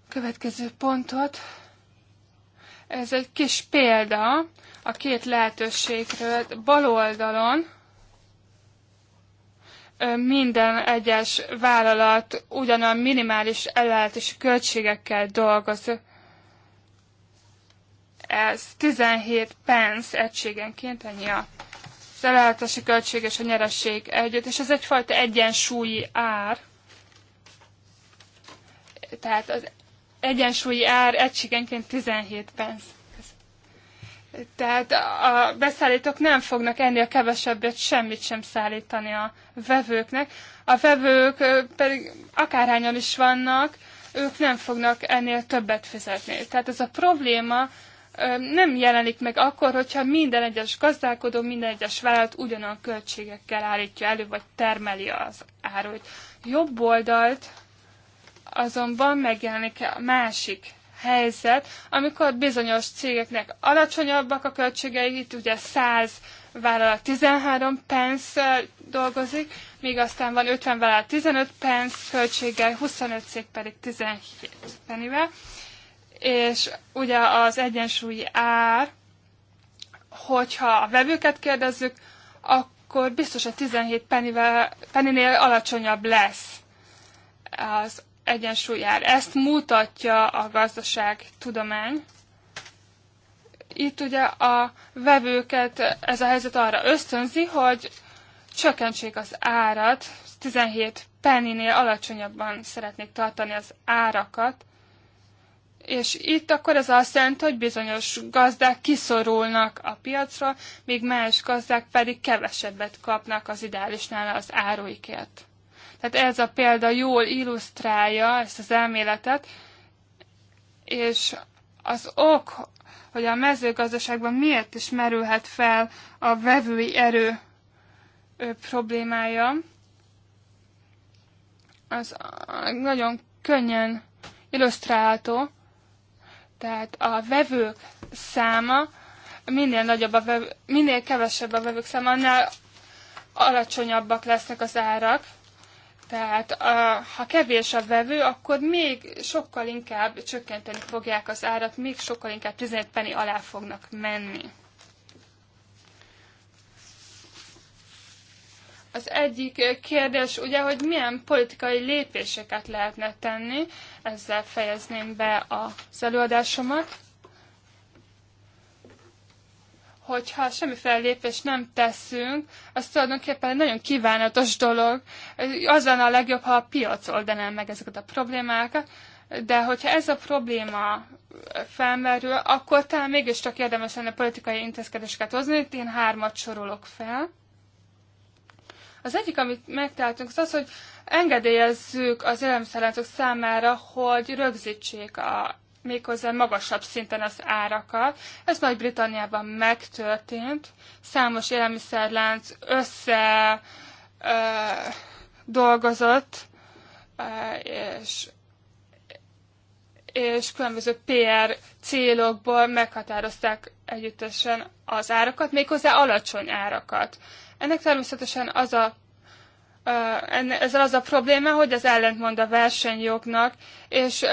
következő pontot. Ez egy kis példa a két lehetőségről. Bal oldalon minden egyes vállalat ugyanolyan minimális ellátási költségekkel dolgozik, ez 17 pence egységenként ennyi a ellátási költség és a nyereség együtt, és ez egyfajta egyensúlyi ár. Tehát az egyensúlyi ár egységenként 17 pénz. Tehát a beszállítók nem fognak ennél kevesebbet semmit sem szállítani a vevőknek. A vevők pedig akárhányan is vannak, ők nem fognak ennél többet fizetni. Tehát ez a probléma nem jelenik meg akkor, hogyha minden egyes gazdálkodó, minden egyes vállalat ugyanolyan költségekkel állítja elő, vagy termeli az árut. Jobb oldalt azonban megjelenik a másik helyzet, amikor bizonyos cégeknek alacsonyabbak a költségei, itt ugye 100 vállalat 13 pence dolgozik, míg aztán van 50 vállalat 15 pence költséggel, 25 cég pedig 17 pennyvel. És ugye az egyensúlyi ár, hogyha a vevőket kérdezzük, akkor biztos a 17 pennyvel, penninél alacsonyabb lesz az egyensúly jár. Ezt mutatja a gazdaság tudomány. Itt ugye a vevőket ez a helyzet arra ösztönzi, hogy csökkentsék az árat, 17 penninél alacsonyabban szeretnék tartani az árakat, és itt akkor ez azt jelenti, hogy bizonyos gazdák kiszorulnak a piacra, míg más gazdák pedig kevesebbet kapnak az ideálisnál az áruikért. Tehát ez a példa jól illusztrálja ezt az elméletet, és az ok, hogy a mezőgazdaságban miért is merülhet fel a vevői erő problémája, az nagyon könnyen illusztrálható. Tehát a vevők száma, minél, nagyobb a vevő, minél kevesebb a vevők száma, annál alacsonyabbak lesznek az árak. Tehát a, ha kevés a vevő, akkor még sokkal inkább csökkenteni fogják az árat, még sokkal inkább 15 penny alá fognak menni. Az egyik kérdés ugye, hogy milyen politikai lépéseket lehetne tenni, ezzel fejezném be az előadásomat hogyha semmi lépést nem teszünk, az tulajdonképpen egy nagyon kívánatos dolog. Az lenne a legjobb, ha a piac oldaná meg ezeket a problémákat, de hogyha ez a probléma felmerül, akkor talán mégiscsak érdemes lenne politikai intézkedéseket hozni, itt én hármat sorolok fel. Az egyik, amit megtaláltunk, az az, hogy engedélyezzük az élelmiszerláncok számára, hogy rögzítsék a méghozzá magasabb szinten az árakat. Ez Nagy-Britanniában megtörtént. Számos élelmiszerlánc össze ö, dolgozott, ö, és és különböző PR célokból meghatározták együttesen az árakat, méghozzá alacsony árakat. Ennek természetesen az a ezzel az a probléma, hogy ez ellentmond a versenyjognak, és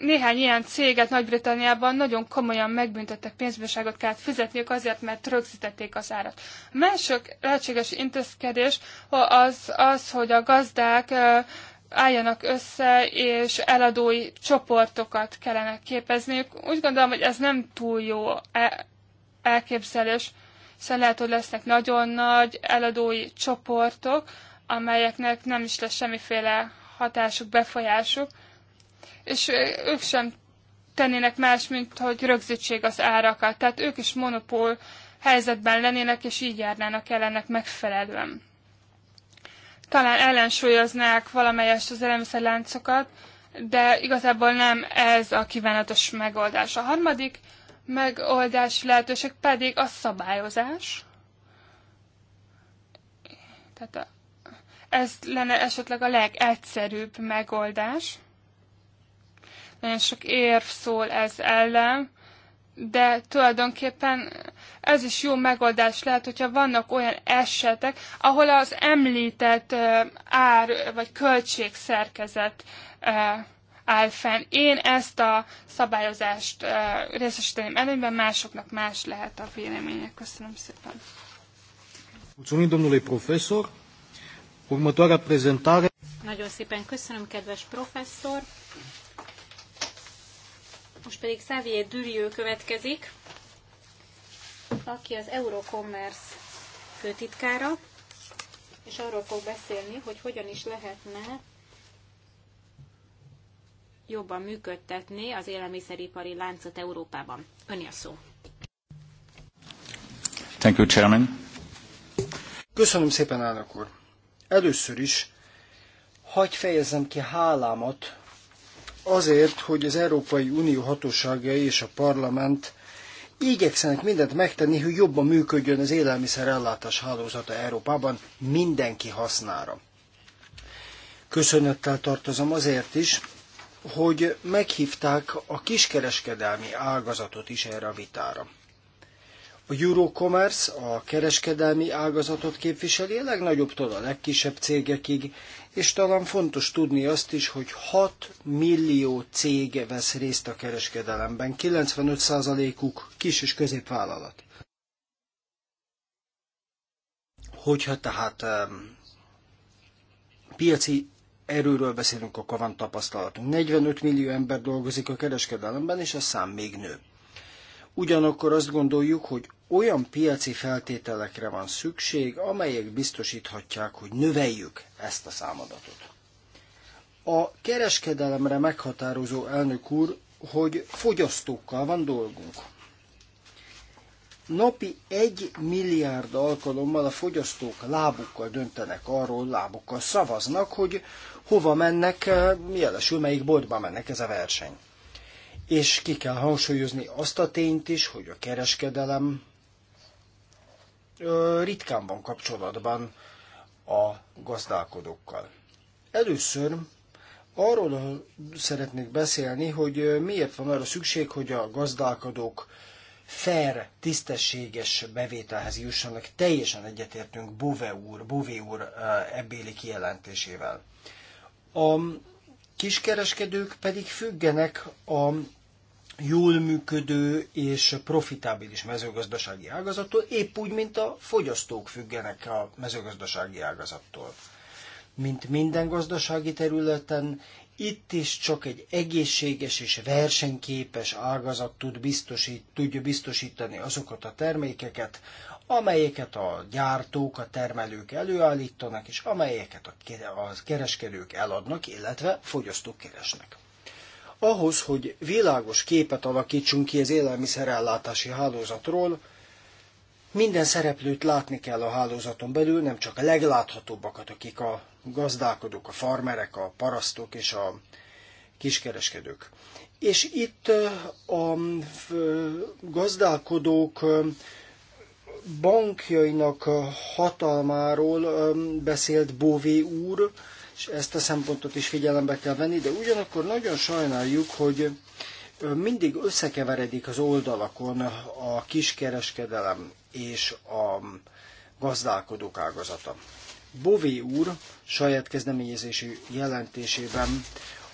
néhány ilyen céget Nagy-Britanniában nagyon komolyan megbüntettek, pénzbírságot kellett fizetniük azért, mert rögzítették az árat. A másik lehetséges intézkedés az, az hogy a gazdák álljanak össze, és eladói csoportokat kellene képezniük. Úgy gondolom, hogy ez nem túl jó e, elképzelés, hiszen lehet, hogy lesznek nagyon nagy eladói csoportok, amelyeknek nem is lesz semmiféle hatásuk, befolyásuk, és ők sem tennének más, mint hogy rögzítsék az árakat. Tehát ők is monopól helyzetben lennének, és így járnának el ennek megfelelően. Talán ellensúlyoznák valamelyest az élelmiszerláncokat, de igazából nem ez a kívánatos megoldás. A harmadik megoldási lehetőség pedig a szabályozás. Tehát a ez lenne esetleg a legegyszerűbb megoldás. Nagyon sok érv szól ez ellen, de tulajdonképpen ez is jó megoldás lehet, hogyha vannak olyan esetek, ahol az említett ár vagy költségszerkezet áll fenn. Én ezt a szabályozást részesíteném előnyben, másoknak más lehet a vélemények. Köszönöm szépen. Mulțumim, domnule profesor. Următoarea prezentare. Nagyon szépen köszönöm, kedves professzor. Most pedig Xavier Durieux következik, aki az Eurocommerce főtitkára, és arról fog beszélni, hogy hogyan is lehetne jobban működtetni az élelmiszeripari láncot Európában. Öni a szó. Thank you, Chairman. Köszönöm szépen, elnök úr. Először is hagy fejezem ki hálámat azért, hogy az Európai Unió hatóságai és a parlament igyekszenek mindent megtenni, hogy jobban működjön az élelmiszerellátás hálózata Európában mindenki hasznára. Köszönettel tartozom azért is, hogy meghívták a kiskereskedelmi ágazatot is erre a vitára. A Eurocommerce a kereskedelmi ágazatot képviseli, a legnagyobbtól a legkisebb cégekig, és talán fontos tudni azt is, hogy 6 millió cég vesz részt a kereskedelemben, 95%-uk kis és középvállalat. Hogyha tehát um, piaci erőről beszélünk, akkor van tapasztalatunk. 45 millió ember dolgozik a kereskedelemben, és a szám még nő. Ugyanakkor azt gondoljuk, hogy olyan piaci feltételekre van szükség, amelyek biztosíthatják, hogy növeljük ezt a számadatot. A kereskedelemre meghatározó elnök úr, hogy fogyasztókkal van dolgunk. Napi egy milliárd alkalommal a fogyasztók lábukkal döntenek arról, lábukkal szavaznak, hogy hova mennek, eh, jelesül melyik boltba mennek ez a verseny. És ki kell hangsúlyozni azt a tényt is, hogy a kereskedelem ritkán van kapcsolatban a gazdálkodókkal. Először arról szeretnék beszélni, hogy miért van arra szükség, hogy a gazdálkodók fair, tisztességes bevételhez jussanak. Teljesen egyetértünk Bove úr, Bové úr ebbéli kijelentésével. A kiskereskedők pedig függenek a jól működő és profitábilis mezőgazdasági ágazattól, épp úgy, mint a fogyasztók függenek a mezőgazdasági ágazattól. Mint minden gazdasági területen, itt is csak egy egészséges és versenyképes ágazat tud biztosít, tudja biztosítani azokat a termékeket, amelyeket a gyártók, a termelők előállítanak, és amelyeket a kereskedők eladnak, illetve fogyasztók keresnek. Ahhoz, hogy világos képet alakítsunk ki az élelmiszerellátási hálózatról, minden szereplőt látni kell a hálózaton belül, nem csak a legláthatóbbakat, akik a gazdálkodók, a farmerek, a parasztok és a kiskereskedők. És itt a gazdálkodók bankjainak hatalmáról beszélt Bové úr, és ezt a szempontot is figyelembe kell venni, de ugyanakkor nagyon sajnáljuk, hogy mindig összekeveredik az oldalakon a kiskereskedelem és a gazdálkodók ágazata. Bové úr saját kezdeményezési jelentésében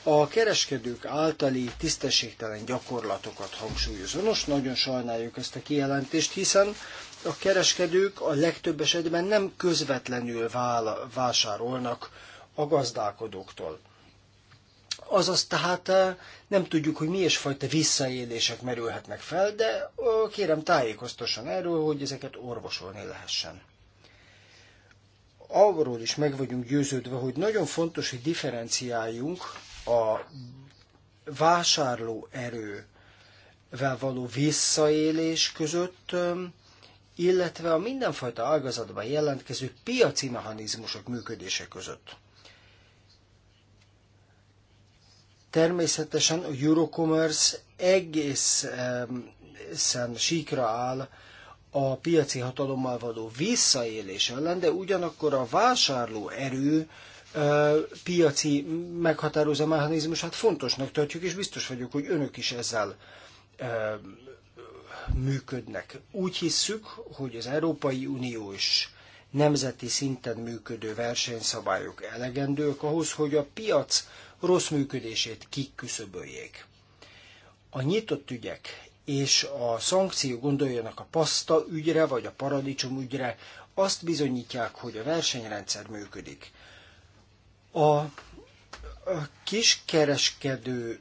a kereskedők általi tisztességtelen gyakorlatokat hangsúlyozza. Nos, nagyon sajnáljuk ezt a kijelentést, hiszen a kereskedők a legtöbb esetben nem közvetlenül vála- vásárolnak a gazdálkodóktól. Azaz tehát eh, nem tudjuk, hogy milyen fajta visszaélések merülhetnek fel, de eh, kérem tájékoztasson erről, hogy ezeket orvosolni lehessen. Arról is meg vagyunk győződve, hogy nagyon fontos, hogy differenciáljunk a vásárlóerővel való visszaélés között, eh, illetve a mindenfajta ágazatban jelentkező piaci mechanizmusok működése között. Természetesen a Eurocommerce egészen síkra áll a piaci hatalommal való visszaélés ellen, de ugyanakkor a vásárló erő piaci meghatározó mechanizmusát fontosnak tartjuk, és biztos vagyok, hogy önök is ezzel működnek. Úgy hisszük, hogy az Európai Unió is nemzeti szinten működő versenyszabályok elegendők ahhoz, hogy a piac rossz működését kiküszöböljék. A nyitott ügyek és a szankció gondoljanak a paszta ügyre vagy a paradicsom ügyre, azt bizonyítják, hogy a versenyrendszer működik. A kiskereskedő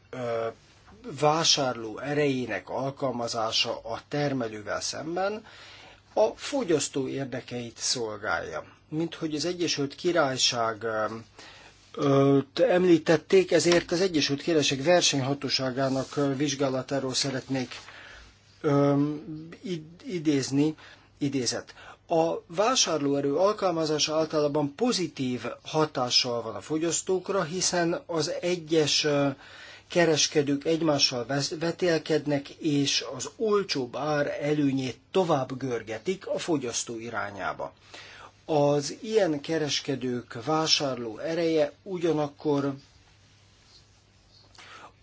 vásárló erejének alkalmazása a termelővel szemben a fogyasztó érdekeit szolgálja. Mint hogy az Egyesült Királyság említették, ezért az Egyesült Királyság versenyhatóságának vizsgálatáról szeretnék idézni, idézet. A vásárlóerő alkalmazása általában pozitív hatással van a fogyasztókra, hiszen az egyes kereskedők egymással vetélkednek, és az olcsóbb ár előnyét tovább görgetik a fogyasztó irányába. Az ilyen kereskedők vásárló ereje ugyanakkor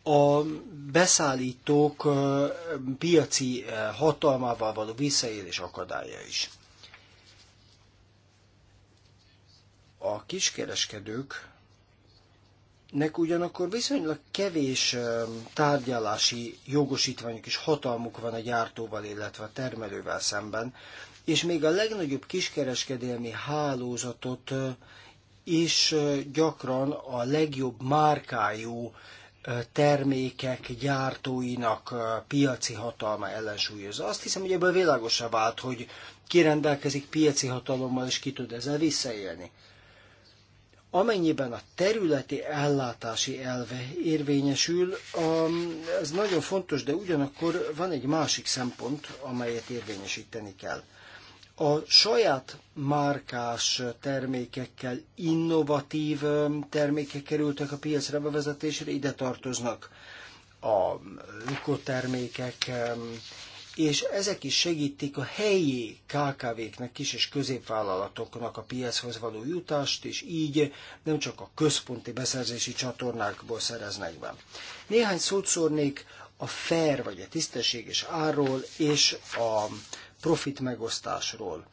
a beszállítók piaci hatalmával való visszaélés akadálya is. A kiskereskedőknek ugyanakkor viszonylag kevés tárgyalási jogosítványuk és hatalmuk van a gyártóval, illetve a termelővel szemben, és még a legnagyobb kiskereskedelmi hálózatot is gyakran a legjobb márkájú termékek gyártóinak piaci hatalma ellensúlyozza. Azt hiszem, hogy ebből világosá vált, hogy ki rendelkezik piaci hatalommal, és ki tud ezzel visszaélni. Amennyiben a területi ellátási elve érvényesül, ez nagyon fontos, de ugyanakkor van egy másik szempont, amelyet érvényesíteni kell a saját márkás termékekkel innovatív termékek kerültek a piacra bevezetésre, ide tartoznak a likotermékek, és ezek is segítik a helyi KKV-knek, kis és középvállalatoknak a piachoz való jutást, és így nem csak a központi beszerzési csatornákból szereznek be. Néhány szót szórnék a fair vagy a tisztességes árról és a profit megosztásról.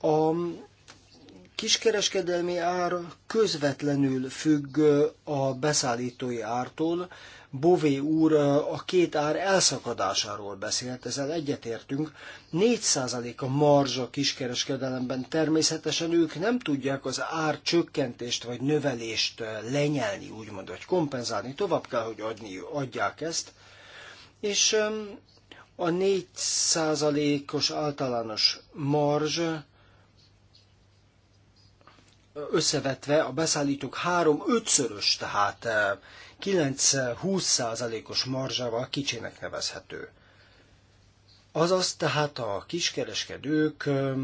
A kiskereskedelmi ár közvetlenül függ a beszállítói ártól. Bové úr a két ár elszakadásáról beszélt, ezzel egyetértünk. 4% a marzs a kiskereskedelemben. Természetesen ők nem tudják az ár csökkentést vagy növelést lenyelni, úgymond, vagy kompenzálni. Tovább kell, hogy adni, adják ezt. És a 4%-os általános marzs összevetve a beszállítók 3-5-szörös, tehát 9-20%-os eh, marzsával kicsinek nevezhető. Azaz tehát a kiskereskedők eh,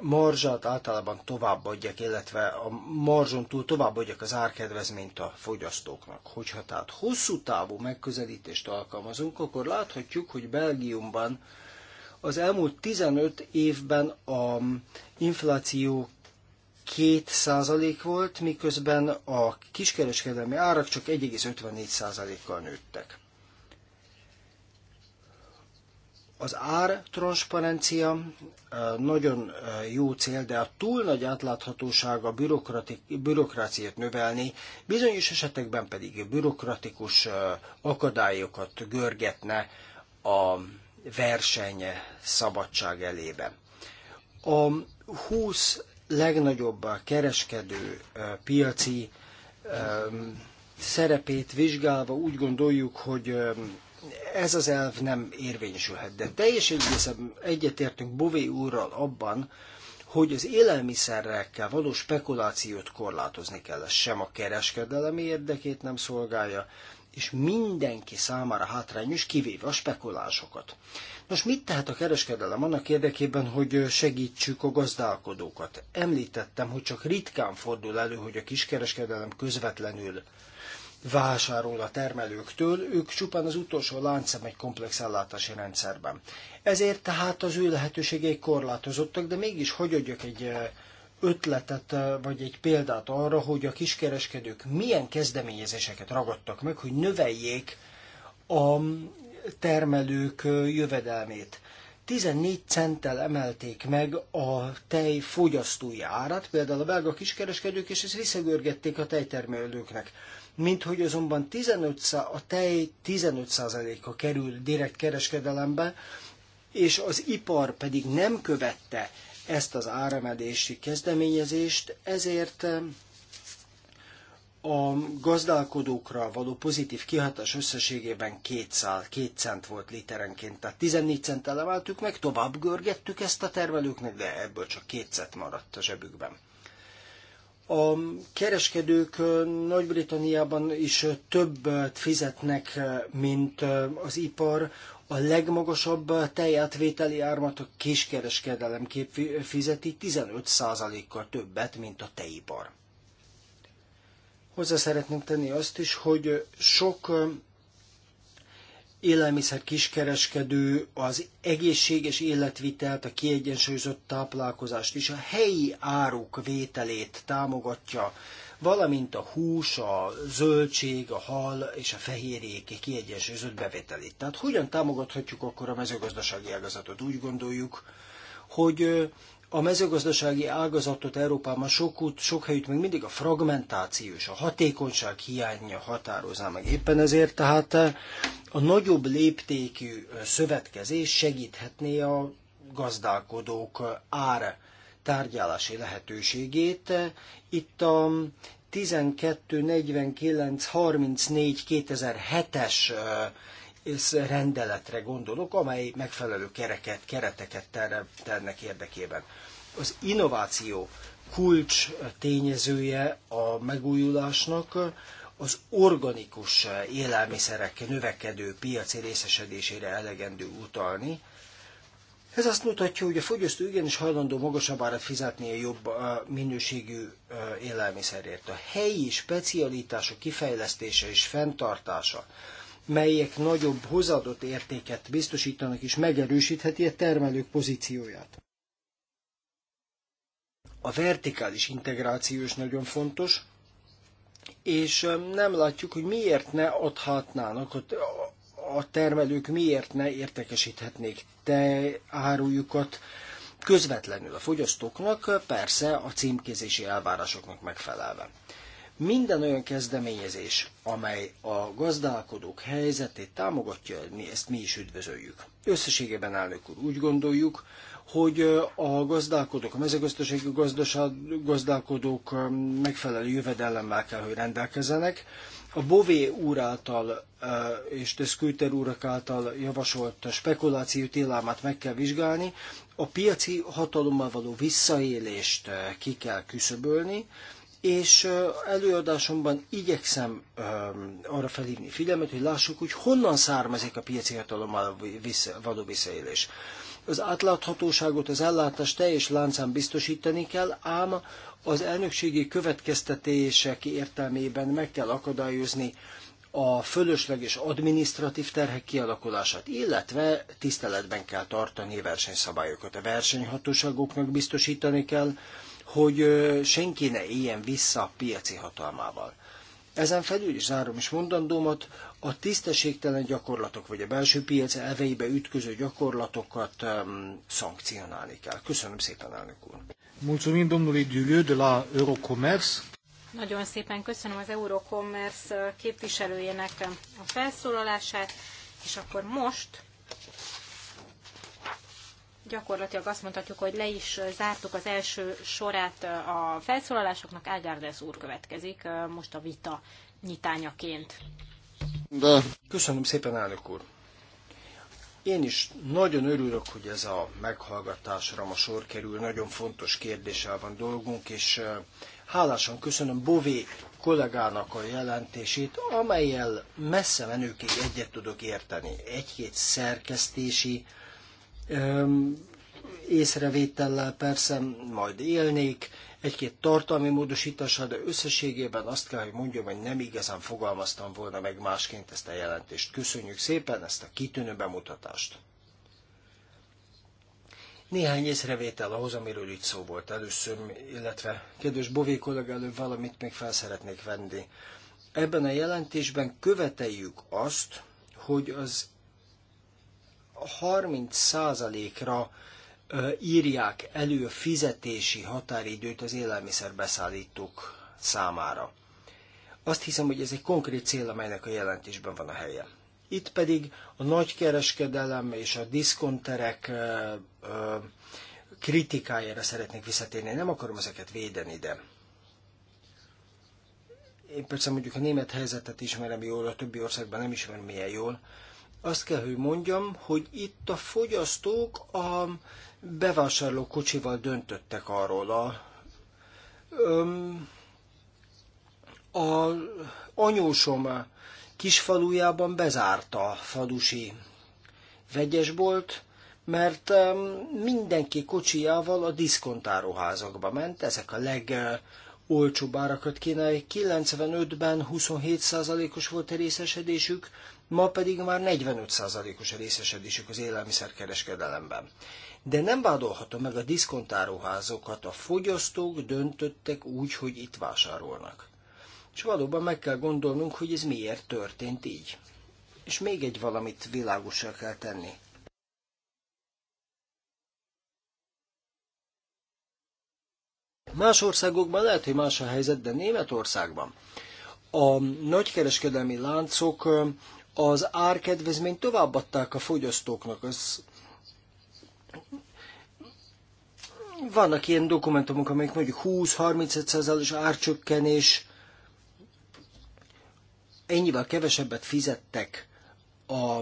marzsat általában továbbadják, illetve a marzson túl továbbadják az árkedvezményt a fogyasztóknak. Hogyha tehát hosszú távú megközelítést alkalmazunk, akkor láthatjuk, hogy Belgiumban az elmúlt 15 évben a infláció 2% volt, miközben a kiskereskedelmi árak csak 1,54%-kal nőttek. Az ár transzparencia nagyon jó cél, de a túl nagy átláthatóság a bürokráciát növelni, bizonyos esetekben pedig bürokratikus akadályokat görgetne a verseny szabadság elébe. A 20 legnagyobb kereskedő piaci szerepét vizsgálva úgy gondoljuk, hogy ez az elv nem érvényesülhet. De egészében egyetértünk Bové úrral abban, hogy az élelmiszerekkel való spekulációt korlátozni kell. Ez sem a kereskedelemi érdekét nem szolgálja, és mindenki számára hátrányos, kivéve a spekulásokat. Nos, mit tehet a kereskedelem annak érdekében, hogy segítsük a gazdálkodókat? Említettem, hogy csak ritkán fordul elő, hogy a kiskereskedelem közvetlenül vásárol a termelőktől, ők csupán az utolsó láncem egy komplex ellátási rendszerben. Ezért tehát az ő lehetőségei korlátozottak, de mégis hogy adjak egy ötletet, vagy egy példát arra, hogy a kiskereskedők milyen kezdeményezéseket ragadtak meg, hogy növeljék a termelők jövedelmét. 14 centtel emelték meg a tej fogyasztói árat, például a belga kiskereskedők, és ezt visszagörgették a tejtermelőknek mint hogy azonban 15, a tej 15%-a kerül direkt kereskedelembe, és az ipar pedig nem követte ezt az áremedési kezdeményezést, ezért a gazdálkodókra való pozitív kihatás összességében 200, 2 cent volt literenként. Tehát 14 centtel emeltük meg, tovább görgettük ezt a termelőknek, de ebből csak 2 cent maradt a zsebükben. A kereskedők Nagy-Britanniában is többet fizetnek, mint az ipar. A legmagasabb tejátvételi ármat a kiskereskedelem fizeti 15%-kal többet, mint a tejipar. Hozzá szeretném tenni azt is, hogy sok élelmiszer kiskereskedő az egészséges életvitelt, a kiegyensúlyozott táplálkozást és a helyi áruk vételét támogatja, valamint a hús, a zöldség, a hal és a fehérjék kiegyensúlyozott bevételét. Tehát hogyan támogathatjuk akkor a mezőgazdasági ágazatot? Úgy gondoljuk, hogy a mezőgazdasági ágazatot Európában sok, út, sok helyütt még mindig a fragmentáció és a hatékonyság hiánya határozná meg. Éppen ezért tehát a nagyobb léptékű szövetkezés segíthetné a gazdálkodók ár tárgyalási lehetőségét. Itt a 49. 34 2007-es rendeletre gondolok, amely megfelelő kereket, kereteket teremtenek érdekében. Az innováció kulcs tényezője a megújulásnak az organikus élelmiszerek növekedő piaci részesedésére elegendő utalni, ez azt mutatja, hogy a fogyasztó igenis hajlandó magasabb árat fizetni a jobb minőségű élelmiszerért. A helyi specialitások kifejlesztése és fenntartása, melyek nagyobb hozadott értéket biztosítanak és megerősítheti a termelők pozícióját. A vertikális integráció is nagyon fontos, és um, nem látjuk, hogy miért ne adhatnának, a termelők miért ne értekesíthetnék te árujukat közvetlenül a fogyasztóknak, persze a címkézési elvárásoknak megfelelve. Minden olyan kezdeményezés, amely a gazdálkodók helyzetét támogatja, mi ezt mi is üdvözöljük. Összességében elnök úr úgy gondoljuk, hogy a gazdálkodók, a mezőgazdasági gazdálkodók megfelelő jövedelemmel kell, hogy rendelkezzenek. A Bové úr által és de Scooter úrak által javasolt spekuláció tilalmát meg kell vizsgálni, a piaci hatalommal való visszaélést ki kell küszöbölni, és előadásomban igyekszem arra felhívni figyelmet, hogy lássuk, hogy honnan származik a piaci hatalommal való visszaélés. Az átláthatóságot az ellátás teljes láncán biztosítani kell, ám az elnökségi következtetések értelmében meg kell akadályozni a fölösleges adminisztratív terhek kialakulását, illetve tiszteletben kell tartani a versenyszabályokat. A versenyhatóságoknak biztosítani kell, hogy senki ne éljen vissza a piaci hatalmával. Ezen felül is zárom is mondandómat, a tisztességtelen gyakorlatok vagy a belső piac elveibe ütköző gyakorlatokat um, szankcionálni kell. Köszönöm szépen, elnök úr. Mulțumim domnului de la Eurocommerce. Nagyon szépen köszönöm az Eurocommerce képviselőjének a felszólalását, és akkor most gyakorlatilag azt mondhatjuk, hogy le is zártuk az első sorát a felszólalásoknak. Ágárdes úr következik most a vita nyitányaként. De. Köszönöm szépen, elnök úr. Én is nagyon örülök, hogy ez a meghallgatásra ma sor kerül. Nagyon fontos kérdéssel van dolgunk, és hálásan köszönöm Bové kollégának a jelentését, amelyel messze menőkig egyet tudok érteni. Egy-két szerkesztési észrevétellel persze majd élnék, egy-két tartalmi módosítással, de összességében azt kell, hogy mondjam, hogy nem igazán fogalmaztam volna meg másként ezt a jelentést. Köszönjük szépen ezt a kitűnő bemutatást. Néhány észrevétel ahhoz, amiről itt szó volt először, illetve kedves Bové kollega előbb valamit még fel szeretnék venni. Ebben a jelentésben követeljük azt, hogy az 30%-ra írják elő a fizetési határidőt az élelmiszerbeszállítók számára. Azt hiszem, hogy ez egy konkrét cél, amelynek a jelentésben van a helye. Itt pedig a nagykereskedelem és a diszkonterek kritikájára szeretnék visszatérni. Nem akarom ezeket védeni, de én persze mondjuk a német helyzetet ismerem jól, a többi országban nem ismerem milyen jól, azt kell, hogy mondjam, hogy itt a fogyasztók a kocsival döntöttek arról a öm, a anyósom kisfalujában bezárt a falusi vegyesbolt, mert mindenki kocsijával a diszkontáruházakba ment, ezek a legolcsóbb árakat kínálják. 95-ben 27%-os volt a részesedésük, ma pedig már 45%-os a részesedésük az élelmiszerkereskedelemben. De nem vádolhatom meg a diszkontáróházokat, a fogyasztók döntöttek úgy, hogy itt vásárolnak. És valóban meg kell gondolnunk, hogy ez miért történt így. És még egy valamit világosra kell tenni. Más országokban lehet, hogy más a helyzet, de Németországban a nagykereskedelmi láncok az árkedvezményt továbbadták a fogyasztóknak. Ez... vannak ilyen dokumentumok, amelyek mondjuk 20-35%-os árcsökkenés, ennyivel kevesebbet fizettek a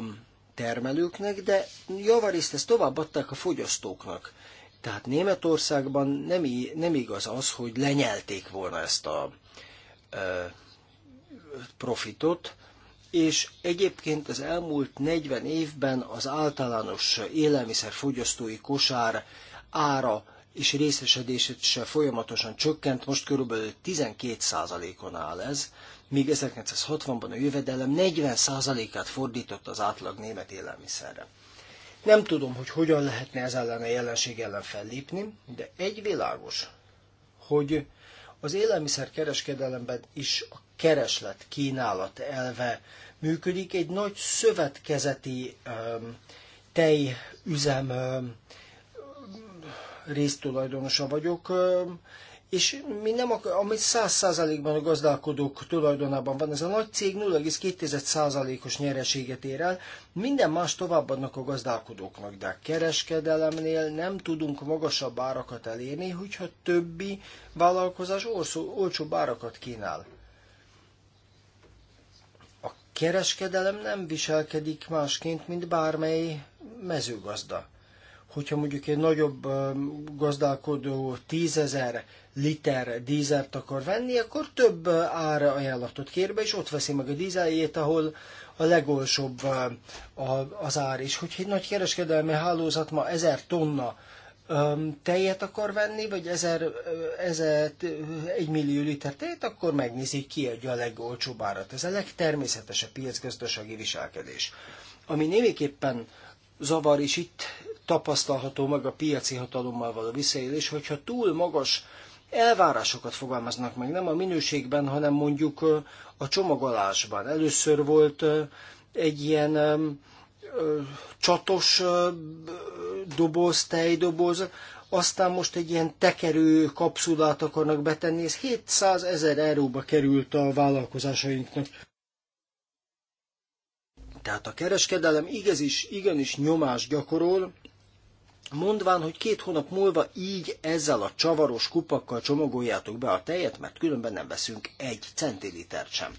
termelőknek, de javarészt ezt továbbadták a fogyasztóknak. Tehát Németországban nem, nem igaz az, hogy lenyelték volna ezt a e, profitot, és egyébként az elmúlt 40 évben az általános élelmiszerfogyasztói kosár ára és részesedését se folyamatosan csökkent, most körülbelül 12%-on áll ez, míg 1960-ban a jövedelem 40%-át fordított az átlag német élelmiszerre. Nem tudom, hogy hogyan lehetne ez ellen a jelenség ellen fellépni, de egy világos, hogy az élelmiszerkereskedelemben is a kereslet-kínálat elve működik. Egy nagy szövetkezeti tejüzem résztulajdonosa vagyok, és mi nem akar, ami 100 százalékban a gazdálkodók tulajdonában van, ez a nagy cég 0,2%-os nyereséget ér el, minden más továbbadnak a gazdálkodóknak, de a kereskedelemnél nem tudunk magasabb árakat elérni, hogyha többi vállalkozás orszó, olcsóbb árakat kínál kereskedelem nem viselkedik másként, mint bármely mezőgazda. Hogyha mondjuk egy nagyobb gazdálkodó tízezer liter dízert akar venni, akkor több ára ajánlatot kér be, és ott veszi meg a dízeljét, ahol a legolcsóbb az ár. És hogyha egy nagy kereskedelmi hálózat ma ezer tonna tejet akar venni, vagy ezer, ezer, egy millió liter tejet, akkor megnézi, ki adja a legolcsóbb árat. Ez a legtermészetesebb piacgazdasági viselkedés. Ami némiképpen zavar is itt tapasztalható meg a piaci hatalommal való visszaélés, hogyha túl magas elvárásokat fogalmaznak meg, nem a minőségben, hanem mondjuk a csomagolásban. Először volt egy ilyen csatos doboz, tejdoboz, aztán most egy ilyen tekerő kapszulát akarnak betenni, ez 700 ezer euróba került a vállalkozásainknak. Tehát a kereskedelem igaz is, igenis nyomás gyakorol, mondván, hogy két hónap múlva így ezzel a csavaros kupakkal csomagoljátok be a tejet, mert különben nem veszünk egy centilitert sem.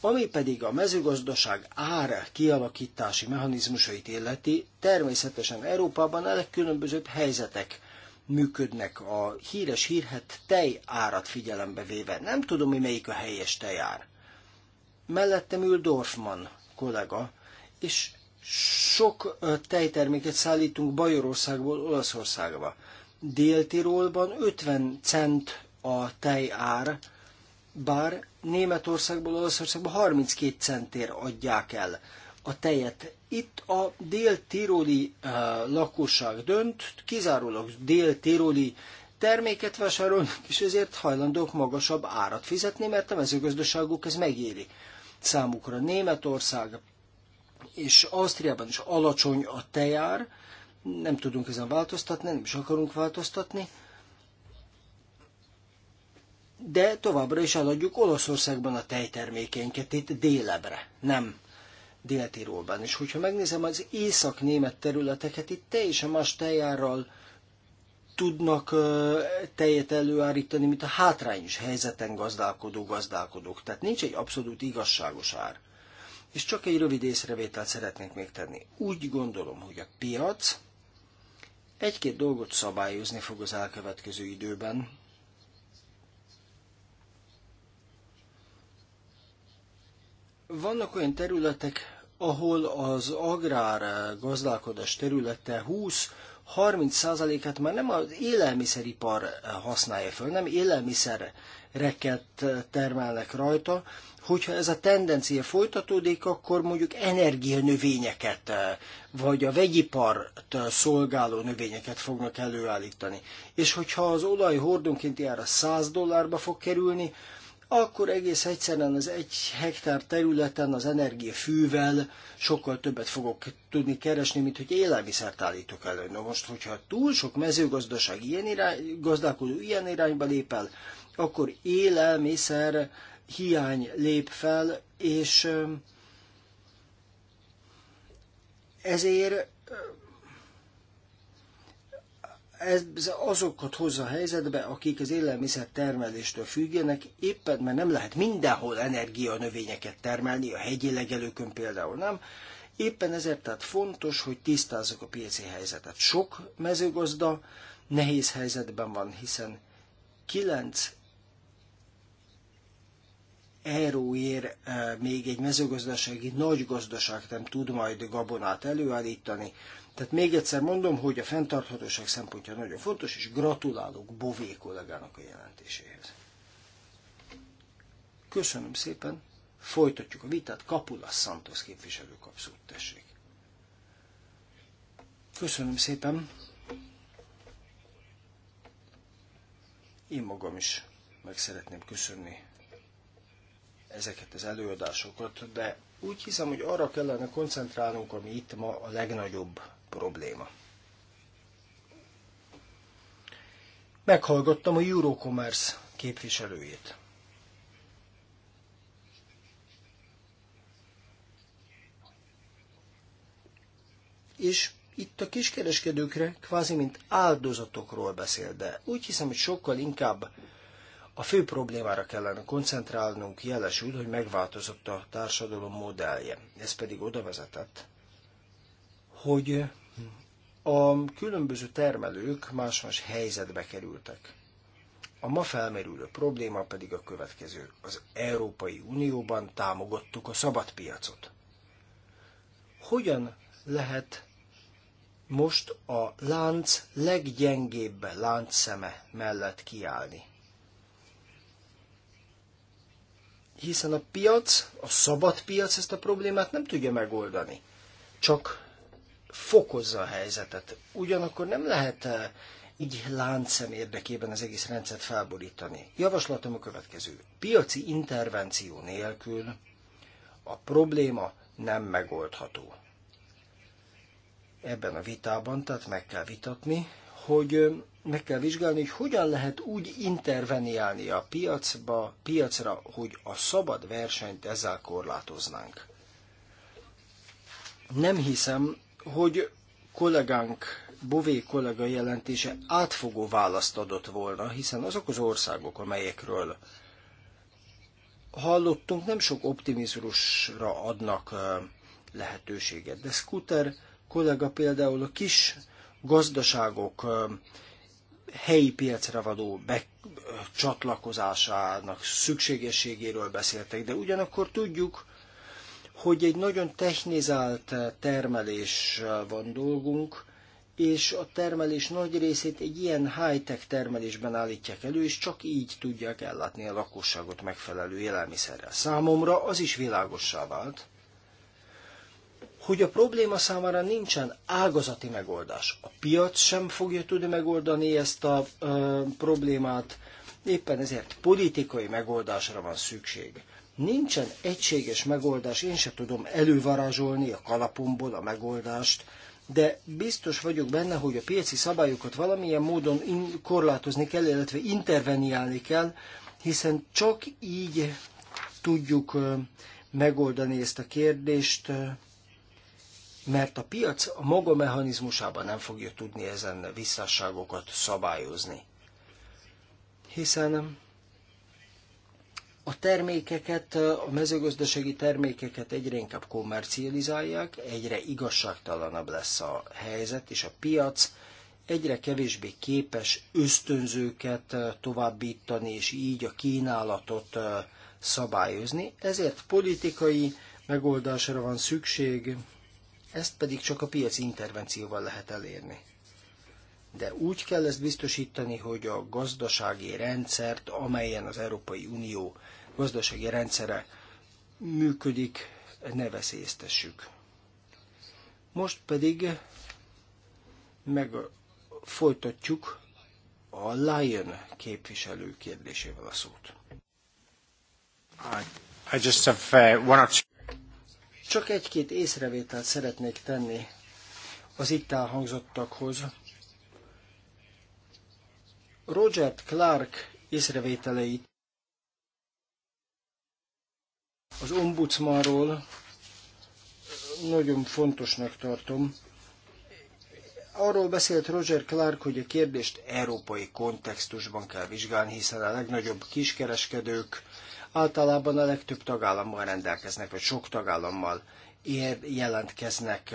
Ami pedig a mezőgazdaság ár kialakítási mechanizmusait illeti, természetesen Európában a legkülönbözőbb helyzetek működnek a híres hírhet tej árat figyelembe véve. Nem tudom, mi melyik a helyes tejár. Mellettem ül Dorfman kollega, és sok tejterméket szállítunk Bajorországból Olaszországba. Dél-Tirolban 50 cent a tejár, bár Németországból, Olaszországból 32 centért adják el a tejet. Itt a dél-tiroli uh, lakosság dönt, kizárólag dél-tiroli terméket vásárolnak, és ezért hajlandók magasabb árat fizetni, mert a mezőgazdaságuk ez megéri számukra. Németország és Ausztriában is alacsony a tejár, nem tudunk ezen változtatni, nem is akarunk változtatni, de továbbra is eladjuk Olaszországban a tejtermékeinket, itt délebre, nem Dél-Tirolban. És hogyha megnézem az észak-német területeket, itt teljesen más tejárral tudnak tejet előállítani, mint a hátrányos helyzeten gazdálkodó gazdálkodók. Tehát nincs egy abszolút igazságos ár. És csak egy rövid észrevételt szeretnék még tenni. Úgy gondolom, hogy a piac egy-két dolgot szabályozni fog az elkövetkező időben, Vannak olyan területek, ahol az agrár gazdálkodás területe 20 30%-át már nem az élelmiszeripar használja föl, nem élelmiszereket termelnek rajta. Hogyha ez a tendencia folytatódik, akkor mondjuk energianövényeket, vagy a vegyipart szolgáló növényeket fognak előállítani. És hogyha az olaj hordonkénti ára 100 dollárba fog kerülni, akkor egész egyszerűen az egy hektár területen az energiafűvel sokkal többet fogok tudni keresni, mint hogy élelmiszert állítok elő. Na most, hogyha túl sok mezőgazdaság ilyen irány, gazdálkodó ilyen irányba lép el, akkor élelmiszer hiány lép fel, és ezért ez azokat hozza a helyzetbe, akik az élelmiszer termeléstől függenek, éppen mert nem lehet mindenhol energia növényeket termelni, a hegyi legelőkön például nem. Éppen ezért tehát fontos, hogy tisztázzuk a piaci helyzetet. Sok mezőgazda nehéz helyzetben van, hiszen 9 euróért eh, még egy mezőgazdasági nagy gazdaság nem tud majd gabonát előállítani, tehát még egyszer mondom, hogy a fenntarthatóság szempontja nagyon fontos, és gratulálok Bové kollégának a jelentéséhez. Köszönöm szépen, folytatjuk a vitát, Kapula Santos képviselő kapszót tessék. Köszönöm szépen. Én magam is meg szeretném köszönni ezeket az előadásokat, de úgy hiszem, hogy arra kellene koncentrálnunk, ami itt ma a legnagyobb probléma. Meghallgattam a Eurocommerce képviselőjét. És itt a kiskereskedőkre kvázi mint áldozatokról beszél, de úgy hiszem, hogy sokkal inkább a fő problémára kellene koncentrálnunk, jelesül, hogy megváltozott a társadalom modellje. Ez pedig oda vezetett, hogy a különböző termelők más-más helyzetbe kerültek. A ma felmerülő probléma pedig a következő. Az Európai Unióban támogattuk a szabad piacot. Hogyan lehet most a lánc leggyengébb láncszeme mellett kiállni? Hiszen a piac, a szabad piac ezt a problémát nem tudja megoldani. Csak fokozza a helyzetet. Ugyanakkor nem lehet eh, így láncszem érdekében az egész rendszert felborítani. Javaslatom a következő. Piaci intervenció nélkül a probléma nem megoldható. Ebben a vitában, tehát meg kell vitatni, hogy eh, meg kell vizsgálni, hogy hogyan lehet úgy interveniálni a piacba, piacra, hogy a szabad versenyt ezzel korlátoznánk. Nem hiszem, hogy kollégánk Bové kollega jelentése átfogó választ adott volna, hiszen azok az országok, amelyekről hallottunk, nem sok optimizmusra adnak lehetőséget. De Scooter kollega például a kis gazdaságok helyi piacra való becsatlakozásának szükségességéről beszéltek, de ugyanakkor tudjuk, hogy egy nagyon technizált eh, termelés van dolgunk, és a termelés nagy részét egy ilyen high-tech termelésben állítják elő, és csak így tudják ellátni a lakosságot megfelelő élelmiszerrel. Számomra az is világossá vált, hogy a probléma számára nincsen ágazati megoldás. A piac sem fogja tudni megoldani ezt a ö, eh, problémát, éppen ezért politikai megoldásra van szükség. Nincsen egységes megoldás, én se tudom elővarázsolni a kalapomból a megoldást, de biztos vagyok benne, hogy a piaci szabályokat valamilyen módon korlátozni kell, illetve interveniálni kell, hiszen csak így tudjuk megoldani ezt a kérdést, mert a piac a maga mechanizmusában nem fogja tudni ezen visszásságokat szabályozni. Hiszen a termékeket, a mezőgazdasági termékeket egyre inkább kommercializálják, egyre igazságtalanabb lesz a helyzet, és a piac egyre kevésbé képes ösztönzőket eh, továbbítani, és így a kínálatot eh, szabályozni. Ezért politikai megoldásra van szükség, ezt pedig csak a piac intervencióval lehet elérni de úgy kell ezt biztosítani, hogy a gazdasági rendszert, amelyen az Európai Unió gazdasági rendszere működik, ne veszélyeztessük. Most pedig meg folytatjuk a Lion képviselő kérdésével a szót. I just have uh, one or two. Csak egy-két észrevételt szeretnék tenni az itt elhangzottakhoz. Roger Clark észrevételeit az ombudsmanról nagyon fontosnak tartom. Arról beszélt Roger Clark, hogy a kérdést európai kontextusban kell vizsgálni, hiszen a legnagyobb kiskereskedők általában a legtöbb tagállammal rendelkeznek, vagy sok tagállammal ér, jelentkeznek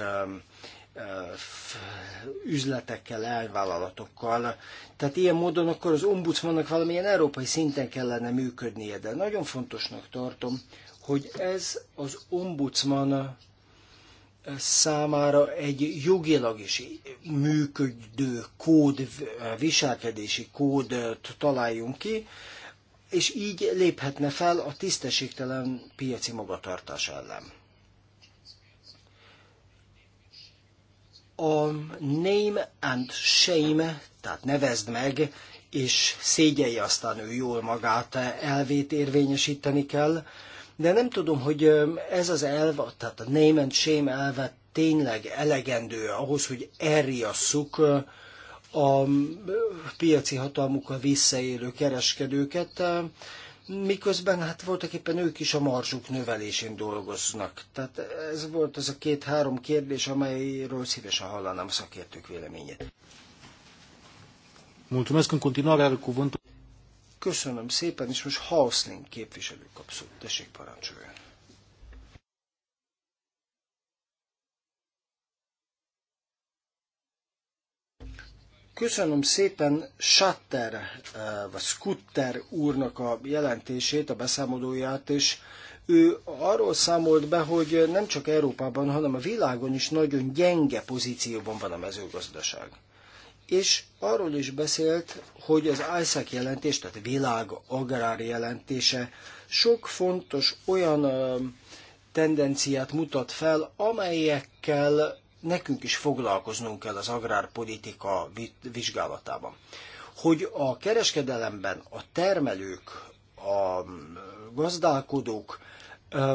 üzletekkel, elvállalatokkal. Tehát ilyen módon akkor az ombudsmannak valamilyen európai szinten kellene működnie, de nagyon fontosnak tartom, hogy ez az ombudsman számára egy jogilag is működő kód, viselkedési kódot találjunk ki, és így léphetne fel a tisztességtelen piaci magatartás ellen. A name and shame, tehát nevezd meg, és szégyelje aztán ő jól magát, elvét érvényesíteni kell, de nem tudom, hogy ez az elv, tehát a name and shame elve tényleg elegendő ahhoz, hogy elriasszuk a piaci hatalmukkal visszaélő kereskedőket, miközben hát voltak éppen ők is a marzsuk növelésén dolgoznak. Tehát ez volt az a két-három kérdés, amelyről szívesen hallanám szakértők véleményét. Mulțumesc în continuare, are cuvântul Köszönöm szépen, és most Hauslink képviselő kapszó. Tessék parancsoljon. Köszönöm szépen Shatter eh, vagy Skutter úrnak a jelentését, a beszámolóját, és ő arról számolt be, hogy nem csak Európában, hanem a világon is nagyon gyenge pozícióban van a mezőgazdaság és arról is beszélt, hogy az ISAC jelentés, tehát a világ agrár jelentése sok fontos olyan tendenciát mutat fel, amelyekkel nekünk is foglalkoznunk kell az agrárpolitika vizsgálatában. Hogy a kereskedelemben a termelők, a gazdálkodók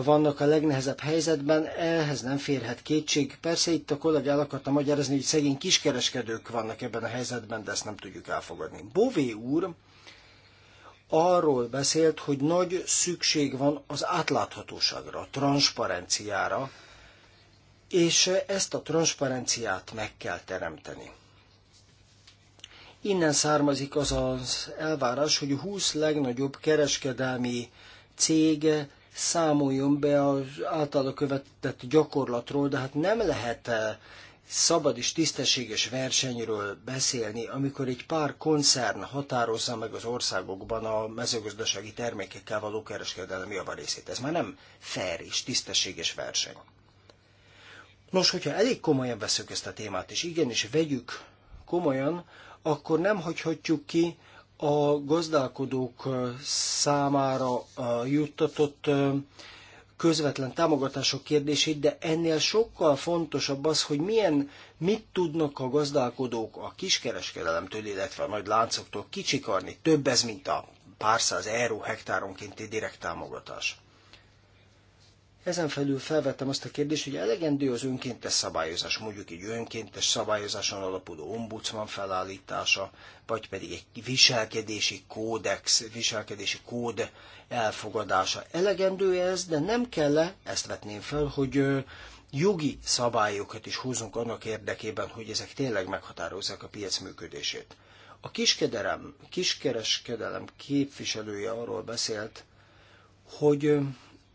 vannak a legnehezebb helyzetben, ehhez nem férhet kétség. Persze itt a kollégia el akarta magyarázni, hogy szegény kiskereskedők vannak ebben a helyzetben, de ezt nem tudjuk elfogadni. Bové úr arról beszélt, hogy nagy szükség van az átláthatóságra, a transzparenciára, és ezt a transzparenciát meg kell teremteni. Innen származik az az elvárás, hogy 20 legnagyobb kereskedelmi cég számoljon be az általa követett gyakorlatról, de hát nem lehet eh, szabad és tisztességes versenyről beszélni, amikor egy pár koncern határozza meg az országokban a mezőgazdasági termékekkel való kereskedelmi javarészét. Ez már nem fair és tisztességes verseny. Nos, hogyha elég komolyan veszük ezt a témát, és igenis vegyük komolyan, akkor nem hagyhatjuk ki, a gazdálkodók számára juttatott közvetlen támogatások kérdését, de ennél sokkal fontosabb az, hogy milyen, mit tudnak a gazdálkodók a kiskereskedelemtől, illetve a nagy láncoktól kicsikarni. Több ez, mint a pár száz euró hektáronkénti direkt támogatás. Ezen felül felvettem azt a kérdést, hogy elegendő az önkéntes szabályozás, mondjuk egy önkéntes szabályozáson alapuló ombudsman felállítása, vagy pedig egy viselkedési kódex, viselkedési kód elfogadása. Elegendő -e ez, de nem kell -e, ezt vetném fel, hogy jogi szabályokat is hozunk annak érdekében, hogy ezek tényleg meghatározzák a piac működését. A kiskedelem, kiskereskedelem képviselője arról beszélt, hogy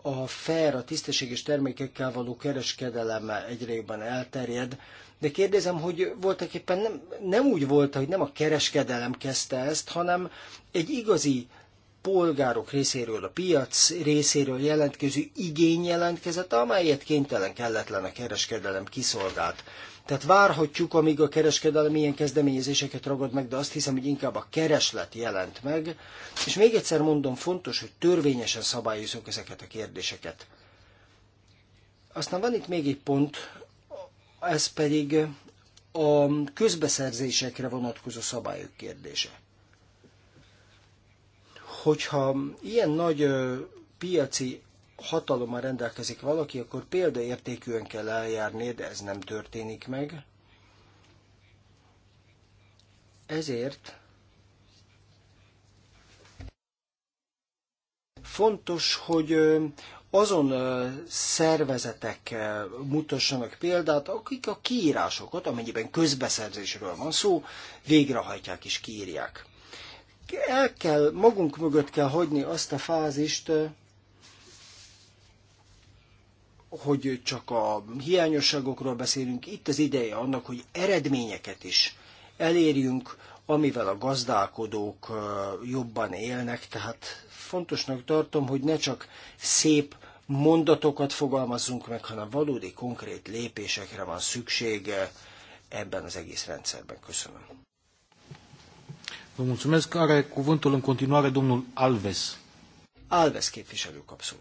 a fair, a tisztességes termékekkel való kereskedelem egyre jobban elterjed, de kérdezem, hogy voltak éppen nem, nem úgy volt, hogy nem a kereskedelem kezdte ezt, hanem egy igazi polgárok részéről, a piac részéről jelentkező igény jelentkezett, amelyet kénytelen kelletlen a kereskedelem kiszolgált. Tehát várhatjuk, amíg a kereskedelem ilyen kezdeményezéseket ragad meg, de azt hiszem, hogy inkább a kereslet jelent meg. És még egyszer mondom, fontos, hogy törvényesen szabályozunk ezeket a kérdéseket. Aztán van itt még egy pont, ez pedig a közbeszerzésekre vonatkozó szabályok kérdése hogyha ilyen nagy piaci hatalommal rendelkezik valaki, akkor példaértékűen kell eljárni, de ez nem történik meg. Ezért fontos, hogy azon szervezetek mutassanak példát, akik a kiírásokat, amennyiben közbeszerzésről van szó, végrehajtják és kiírják el kell, magunk mögött kell hagyni azt a fázist, hogy csak a hiányosságokról beszélünk, itt az ideje annak, hogy eredményeket is elérjünk, amivel a gazdálkodók jobban élnek, tehát fontosnak tartom, hogy ne csak szép mondatokat fogalmazzunk meg, hanem valódi konkrét lépésekre van szüksége ebben az egész rendszerben. Köszönöm. Vă mulțumesc. Are cuvântul în continuare domnul Alves. Alves képviselő kap szót.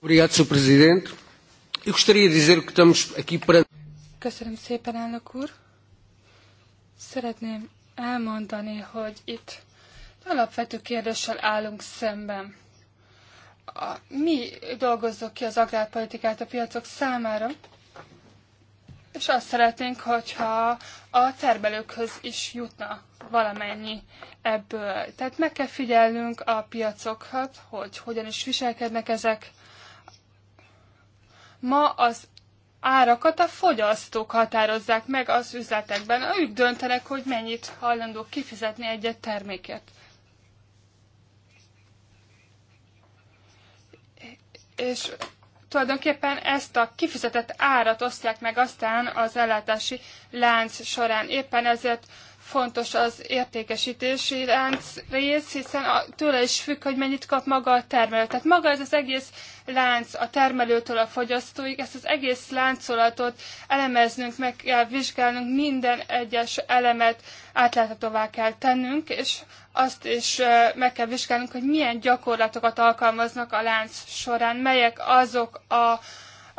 Obrigado, Sr. Presidente. Eu Köszönöm szépen, elnök úr. Szeretném elmondani, hogy itt alapvető kérdéssel állunk szemben. A, mi dolgozzuk ki az agrárpolitikát a piacok számára, és azt szeretnénk, hogyha a termelőkhöz is jutna valamennyi ebből. Tehát meg kell figyelnünk a piacokat, hogy hogyan is viselkednek ezek. Ma az árakat a fogyasztók határozzák meg az üzletekben. Ők döntenek, hogy mennyit hajlandók kifizetni egy-egy terméket. És tulajdonképpen ezt a kifizetett árat osztják meg aztán az ellátási lánc során. Éppen ezért fontos az értékesítési lánc rész, hiszen a, tőle is függ, hogy mennyit kap maga a termelő. Tehát maga ez az egész lánc a termelőtől a fogyasztóig, ezt az egész láncolatot elemeznünk, meg kell vizsgálnunk, minden egyes elemet átláthatóvá kell tennünk, és azt is meg kell vizsgálnunk, hogy milyen gyakorlatokat alkalmaznak a lánc során, melyek azok a,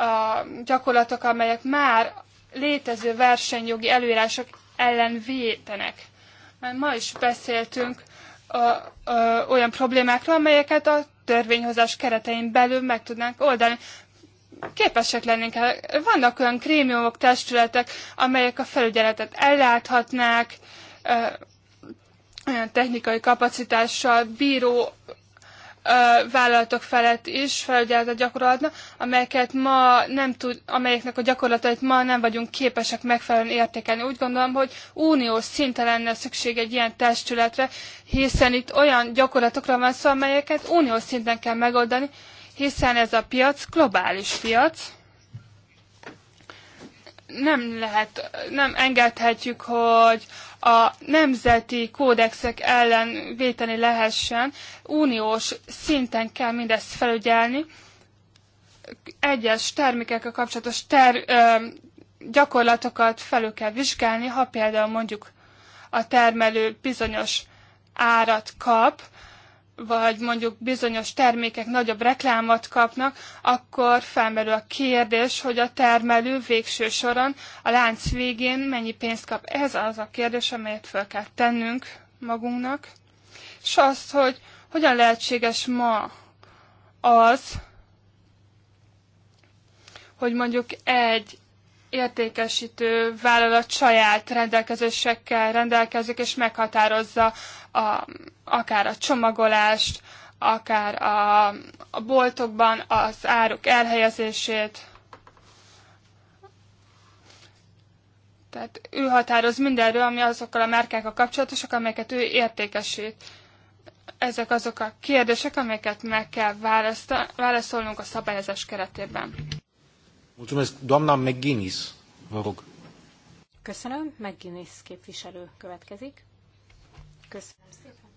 a gyakorlatok, amelyek már létező versenyjogi előírások ellen védenek. Már ma is beszéltünk a, a, olyan problémákról, amelyeket a törvényhozás keretein belül meg tudnánk oldani. Képesek lennénk. Vannak olyan krémiumok, testületek, amelyek a felügyeletet elláthatnák, olyan technikai kapacitással bíró vállalatok felett is felügyeletet gyakorolhatna, amelyeket ma nem tud, amelyeknek a gyakorlatait ma nem vagyunk képesek megfelelően értékelni. Úgy gondolom, hogy uniós szinten lenne szükség egy ilyen testületre, hiszen itt olyan gyakorlatokra van szó, amelyeket uniós szinten kell megoldani, hiszen ez a piac globális piac, nem lehet, nem engedhetjük, hogy a nemzeti kódexek ellen véteni lehessen. Uniós szinten kell mindezt felügyelni. Egyes termékekkel kapcsolatos ter, ö, gyakorlatokat felül kell vizsgálni, ha például mondjuk a termelő bizonyos árat kap, vagy mondjuk bizonyos termékek nagyobb reklámot kapnak, akkor felmerül a kérdés, hogy a termelő végső soron a lánc végén mennyi pénzt kap. Ez az a kérdés, amelyet fel kell tennünk magunknak. És azt, hogy hogyan lehetséges ma az, hogy mondjuk egy értékesítő vállalat saját rendelkezésekkel rendelkezik, és meghatározza a, akár a csomagolást, akár a, a boltokban az áruk elhelyezését. Tehát ő határoz mindenről, ami azokkal a márkákkal kapcsolatosak, amelyeket ő értékesít. Ezek azok a kérdések, amelyeket meg kell válaszolnunk a szabályozás keretében. Mulțumesc. Doamna McGuinness, vă rog. Köszönöm. McGuinness képviselő következik. Köszönöm szépen.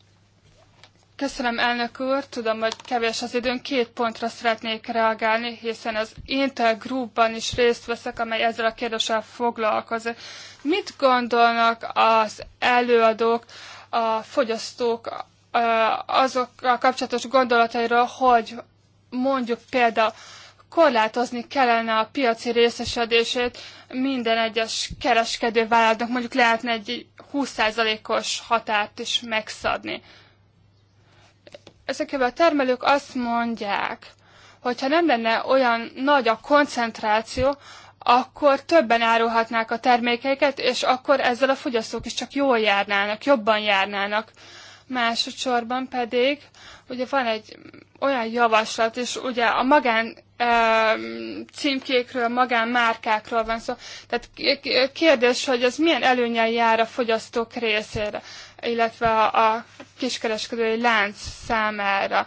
Köszönöm, elnök úr. Tudom, hogy kevés az időn. Két pontra szeretnék reagálni, hiszen az Intel Groupban is részt veszek, amely ezzel a kérdéssel foglalkozik. Mit gondolnak az előadók, a fogyasztók azok a kapcsolatos gondolatairól, hogy mondjuk például korlátozni kellene a piaci részesedését minden egyes kereskedő vállalatnak, mondjuk lehetne egy 20%-os határt is megszabni. Ezekben a termelők azt mondják, hogy ha nem lenne olyan nagy a koncentráció, akkor többen árulhatnák a termékeiket, és akkor ezzel a fogyasztók is csak jól járnának, jobban járnának. Másodszorban pedig ugye van egy olyan javaslat, és ugye a magán címkékről, magánmárkákról van szó. Tehát kérdés, hogy ez milyen előnyel jár a fogyasztók részére, illetve a, a kiskereskedői lánc számára.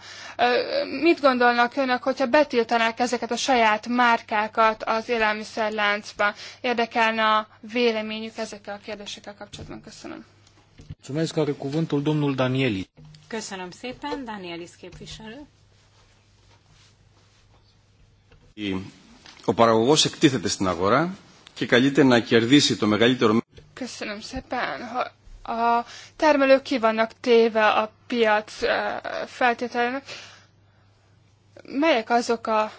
Mit gondolnak önök, hogyha betiltanák ezeket a saját márkákat az élelmiszerláncban? Érdekelne a véleményük ezekkel a kérdésekkel kapcsolatban. Köszönöm. Danieli. Köszönöm szépen, Danielis képviselő. Ο παραγωγός εκτίθεται στην αγορά και καλείται να κερδίσει το μεγαλύτερο... Köszönöm szépen. A termelők ki vannak téve a piac feltételének. Melyek azok a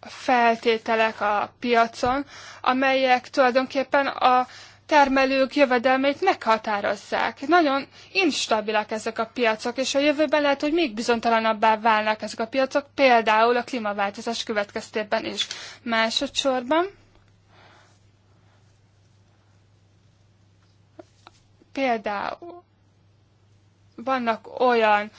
feltételek a piacon, amelyek tulajdonképpen a termelők jövedelmét meghatározzák. Nagyon instabilak ezek a piacok, és a jövőben lehet, hogy még bizonytalanabbá válnak ezek a piacok, például a klímaváltozás következtében is. Másodszorban például vannak olyan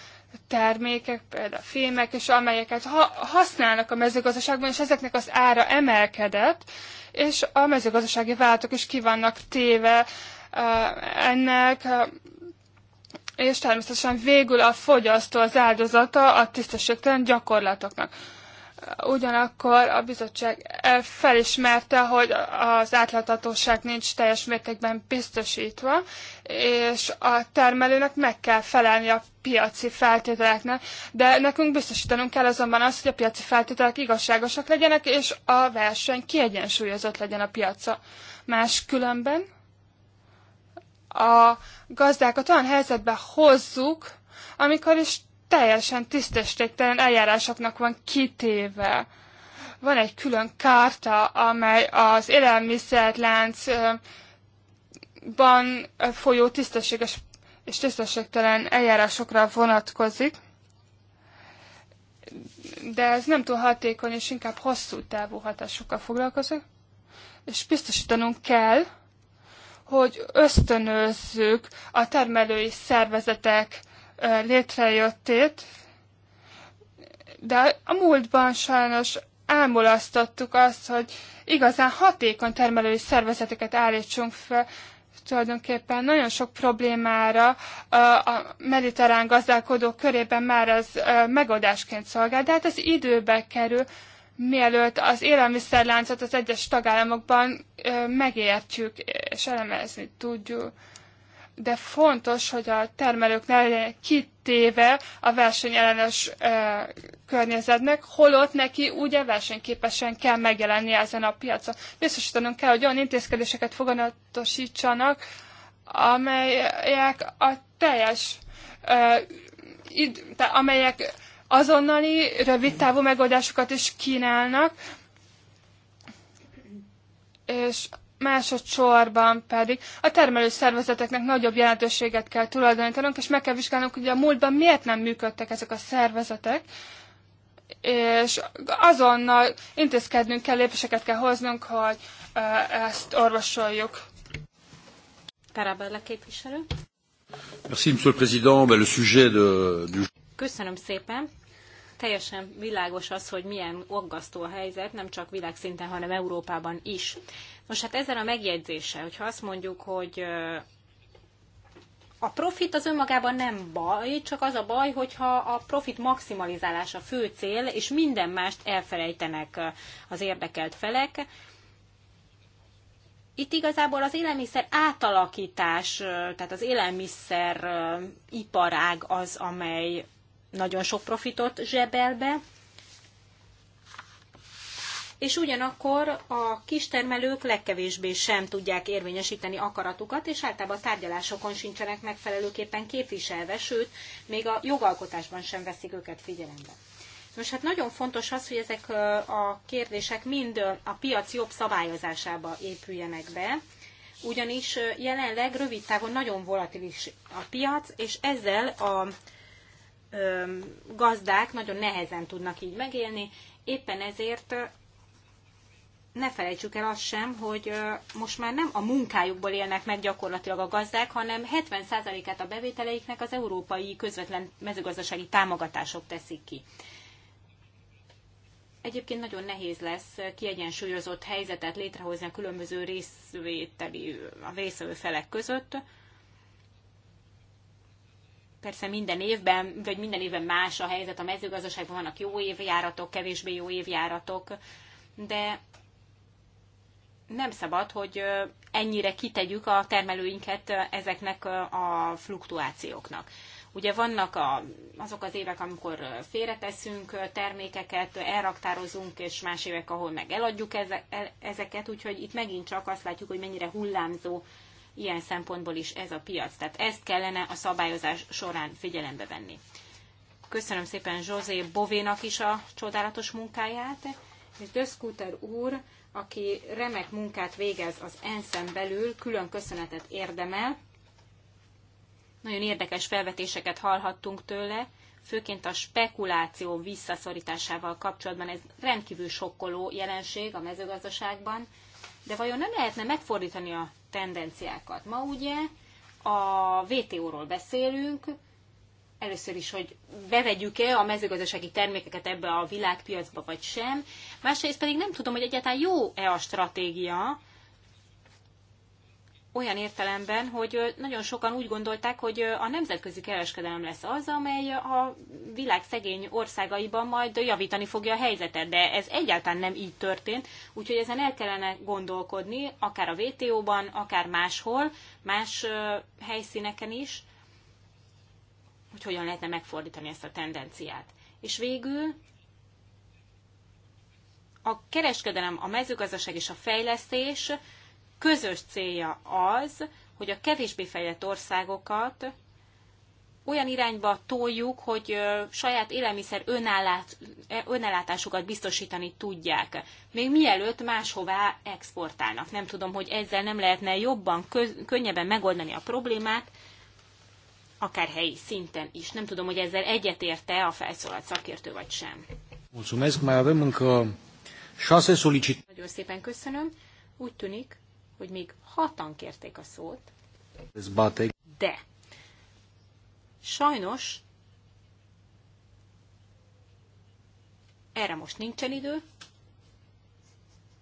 termékek, például fémek, és amelyeket ha használnak a mezőgazdaságban, és ezeknek az ára emelkedett, és a mezőgazdasági vállalatok is kivannak téve ennek, és természetesen végül a fogyasztó az áldozata a tisztességtelen gyakorlatoknak. Ugyanakkor a bizottság felismerte, hogy az átláthatóság nincs teljes mértékben biztosítva, és a termelőnek meg kell felelni a piaci feltételeknek, de nekünk biztosítanunk kell azonban azt, hogy a piaci feltételek igazságosak legyenek, és a verseny kiegyensúlyozott legyen a piaca. Máskülönben a gazdákat olyan helyzetbe hozzuk, amikor is teljesen tisztességtelen eljárásoknak van kitéve. Van egy külön kárta, amely az élelmiszerláncban folyó tisztességes és tisztességtelen eljárásokra vonatkozik, de ez nem túl hatékony, és inkább hosszú távú hatásokkal foglalkozik, és biztosítanunk kell, hogy ösztönözzük a termelői szervezetek létrejöttét, de a múltban sajnos elmulasztottuk azt, hogy igazán hatékony termelői szervezeteket állítsunk fel, tulajdonképpen nagyon sok problémára a mediterrán gazdálkodók körében már az megoldásként szolgál, de hát ez időbe kerül, mielőtt az élelmiszerláncot az egyes tagállamokban megértjük és elemezni tudjuk de fontos, hogy a termelők ne legyenek kitéve a versenyellenes környezetnek, holott neki ugye versenyképesen kell megjelenni ezen a piacon. Biztosítanunk kell, hogy olyan intézkedéseket foganatosítsanak, amelyek a teljes, e, id, te, amelyek azonnali, rövidtávú megoldásokat is kínálnak, és másodsorban pedig a termelő szervezeteknek nagyobb jelentőséget kell tulajdonítanunk, és meg kell vizsgálnunk, hogy a múltban miért nem működtek ezek a szervezetek, és azonnal intézkednünk kell, lépéseket kell hoznunk, hogy ezt orvosoljuk. Tarabella képviselő. Merci, Monsieur le Président. Ben, le sujet de, du... Köszönöm szépen. Teljesen világos az, hogy milyen aggasztó a helyzet, nem csak világszinten, hanem Európában is. Most hát ezzel a megjegyzéssel, hogyha azt mondjuk, hogy a profit az önmagában nem baj, csak az a baj, hogyha a profit maximalizálása a fő cél, és minden mást elfelejtenek az érdekelt felek. Itt igazából az élelmiszer átalakítás, tehát az élelmiszer iparág az, amely nagyon sok profitot zsebel be, és ugyanakkor a kistermelők legkevésbé sem tudják érvényesíteni akaratukat, és általában a tárgyalásokon sincsenek megfelelőképpen képviselve, sőt, még a jogalkotásban sem veszik őket figyelembe. Most hát nagyon fontos az, hogy ezek a kérdések mind a piac jobb szabályozásába épüljenek be, ugyanis jelenleg rövid távon nagyon volatilis a piac, és ezzel a gazdák nagyon nehezen tudnak így megélni, éppen ezért ne felejtsük el azt sem, hogy most már nem a munkájukból élnek meg gyakorlatilag a gazdák, hanem 70%-át a bevételeiknek az európai közvetlen mezőgazdasági támogatások teszik ki. Egyébként nagyon nehéz lesz kiegyensúlyozott helyzetet létrehozni a különböző részvételi, a részvevő felek között. Persze minden évben, vagy minden évben más a helyzet a mezőgazdaságban, vannak jó évjáratok, kevésbé jó évjáratok, de nem szabad, hogy ennyire kitegyük a termelőinket ezeknek a fluktuációknak. Ugye vannak a, azok az évek, amikor félreteszünk termékeket, elraktározunk, és más évek, ahol meg eladjuk e-, ezeket, úgyhogy itt megint csak azt látjuk, hogy mennyire hullámzó ilyen szempontból is ez a piac. Tehát ezt kellene a szabályozás során figyelembe venni. Köszönöm szépen José Bovénak is a csodálatos munkáját, és Döszkúter úr aki remek munkát végez az ENSZ-en belül, külön köszönetet érdemel. Nagyon érdekes felvetéseket hallhattunk tőle, főként a spekuláció visszaszorításával kapcsolatban. Ez rendkívül sokkoló jelenség a mezőgazdaságban, de vajon nem lehetne megfordítani a tendenciákat? Ma ugye a VTO-ról beszélünk, először is, hogy bevegyük-e a mezőgazdasági termékeket ebbe a világpiacba, vagy sem, Másrészt pedig nem tudom, hogy egyáltalán jó-e a stratégia, olyan értelemben, hogy nagyon sokan úgy gondolták, hogy a nemzetközi kereskedelem lesz az, amely a világ szegény országaiban majd javítani fogja a helyzetet, de ez egyáltalán nem így történt, úgyhogy ezen el kellene gondolkodni, akár a WTO-ban, akár máshol, más helyszíneken is, hogy hogyan lehetne megfordítani ezt a tendenciát. És végül a kereskedelem, a mezőgazdaság és a fejlesztés közös célja az, hogy a kevésbé fejlett országokat olyan irányba toljuk, hogy saját élelmiszer önállát, önellátásukat biztosítani tudják, még mielőtt máshová exportálnak. Nem tudom, hogy ezzel nem lehetne jobban, könnyebben megoldani a problémát, akár helyi szinten is. Nem tudom, hogy ezzel egyetérte a felszólalt szakértő vagy sem. Mulțumesc, mai avem încă nagyon szépen köszönöm. Úgy tűnik, hogy még hatan kérték a szót. De sajnos erre most nincsen idő,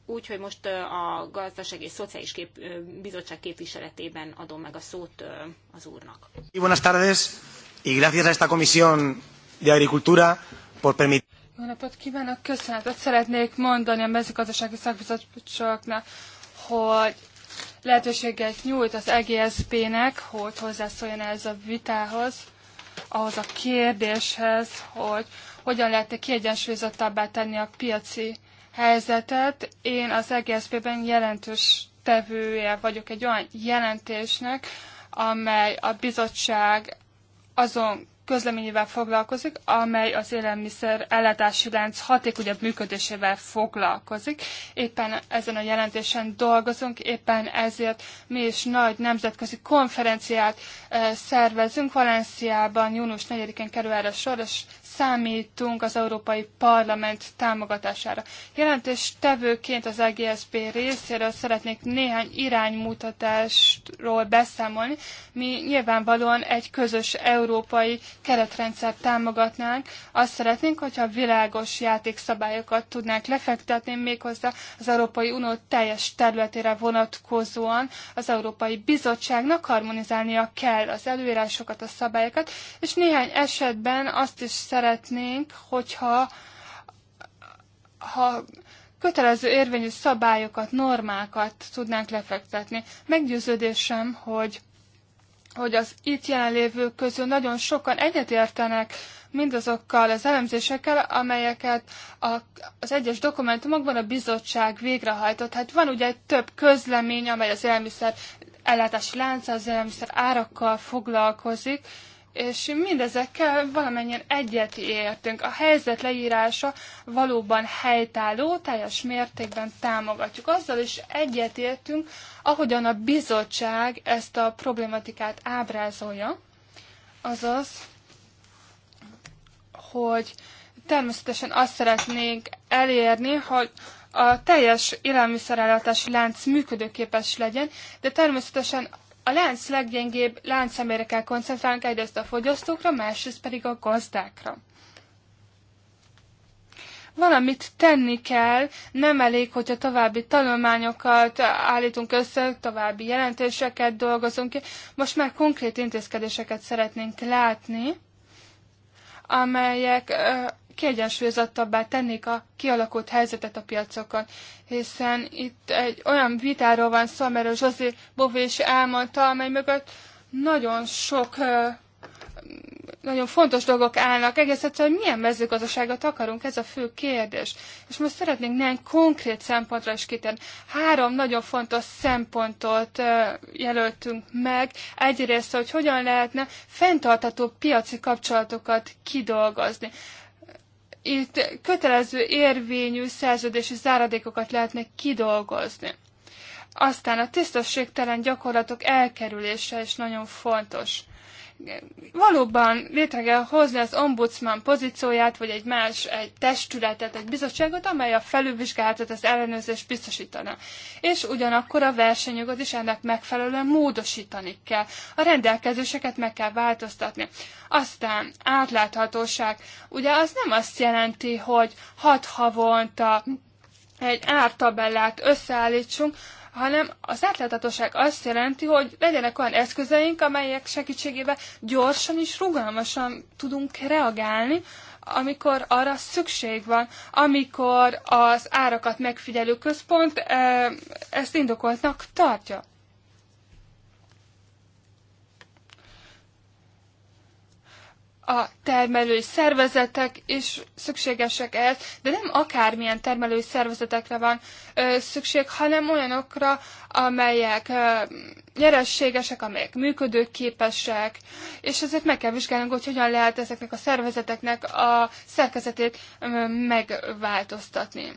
úgyhogy most a Gazdaság és Szociális Kép, Bizottság képviseletében adom meg a szót az úrnak. Buenas tardes, y gracias a esta comisión de agricultura por permitir... Jó napot kívánok! Köszönetet szeretnék mondani a mezőgazdasági szakbizottságnak, hogy lehetőséget nyújt az EGSZP-nek, hogy hozzászóljon ez a vitához, ahhoz a kérdéshez, hogy hogyan lehetne kiegyensúlyozottabbá tenni a piaci helyzetet. Én az EGSZP-ben jelentős tevője vagyok egy olyan jelentésnek, amely a bizottság azon közleményével foglalkozik, amely az élelmiszer ellátási lánc hatékonyabb működésével foglalkozik. Éppen ezen a jelentésen dolgozunk, éppen ezért mi is nagy nemzetközi konferenciát eh, szervezünk. Valenciában június 4-én kerül erre sor, és számítunk az Európai Parlament támogatására. Jelentős tevőként az EGSB részéről szeretnék néhány iránymutatásról beszámolni. Mi nyilvánvalóan egy közös európai keretrendszert támogatnánk. Azt szeretnénk, hogyha világos játékszabályokat tudnánk lefektetni méghozzá az Európai Unió teljes területére vonatkozóan az Európai Bizottságnak harmonizálnia kell az előírásokat, a szabályokat, és néhány esetben azt is szeretnénk, szeretnénk, hogyha ha kötelező érvényű szabályokat, normákat tudnánk lefektetni. Meggyőződésem, hogy, hogy az itt jelenlévők közül nagyon sokan egyetértenek mindazokkal az elemzésekkel, amelyeket a, az egyes dokumentumokban a bizottság végrehajtott. Hát van ugye több közlemény, amely az élelmiszer ellátási lánca, az élelmiszer árakkal foglalkozik, és mindezekkel valamennyien egyet értünk. A helyzet leírása valóban helytálló, teljes mértékben támogatjuk. Azzal is egyetértünk, ahogyan a bizottság ezt a problématikát ábrázolja, azaz, hogy természetesen azt szeretnénk elérni, hogy a teljes élelmiszerellátási lánc működőképes legyen, de természetesen a lánc leggyengébb láncszemére kell koncentrálnunk egyrészt a fogyasztókra, másrészt pedig a gazdákra. Valamit tenni kell, nem elég, hogyha további tanulmányokat állítunk össze, további jelentéseket dolgozunk ki. Most már konkrét intézkedéseket szeretnénk látni, amelyek kiegyensúlyozottabbá tennék a kialakult helyzetet a piacokon. Hiszen itt egy olyan vitáról van szó, a José Bové is elmondta, amely mögött nagyon sok nagyon fontos dolgok állnak. Egész egyszerűen milyen mezőgazdaságot akarunk, ez a fő kérdés. És most szeretnénk néhány konkrét szempontra is kitérni. Három nagyon fontos szempontot jelöltünk meg. Egyrészt, hogy hogyan lehetne fenntartható piaci kapcsolatokat kidolgozni itt kötelező érvényű szerződési záradékokat lehetne kidolgozni. Aztán a tisztességtelen gyakorlatok elkerülése is nagyon fontos valóban létre kell hozni az ombudsman pozícióját, vagy egy más egy testületet, egy bizottságot, amely a felülvizsgálatot, az ellenőrzést biztosítana. És ugyanakkor a versenyjogot is ennek megfelelően módosítani kell. A rendelkezéseket meg kell változtatni. Aztán átláthatóság. Ugye az nem azt jelenti, hogy hat havonta egy ártabellát összeállítsunk, hanem az átláthatóság azt jelenti, hogy legyenek olyan eszközeink, amelyek segítségével gyorsan és rugalmasan tudunk reagálni, amikor arra szükség van, amikor az árakat megfigyelő központ eh, ezt indokoltnak tartja. a termelői szervezetek is szükségesek ehhez, de nem akármilyen termelői szervezetekre van ö, szükség, hanem olyanokra, amelyek ö, nyerességesek, amelyek működőképesek, és ezért meg kell vizsgálnunk, hogy hogyan lehet ezeknek a szervezeteknek a szerkezetét ö, megváltoztatni.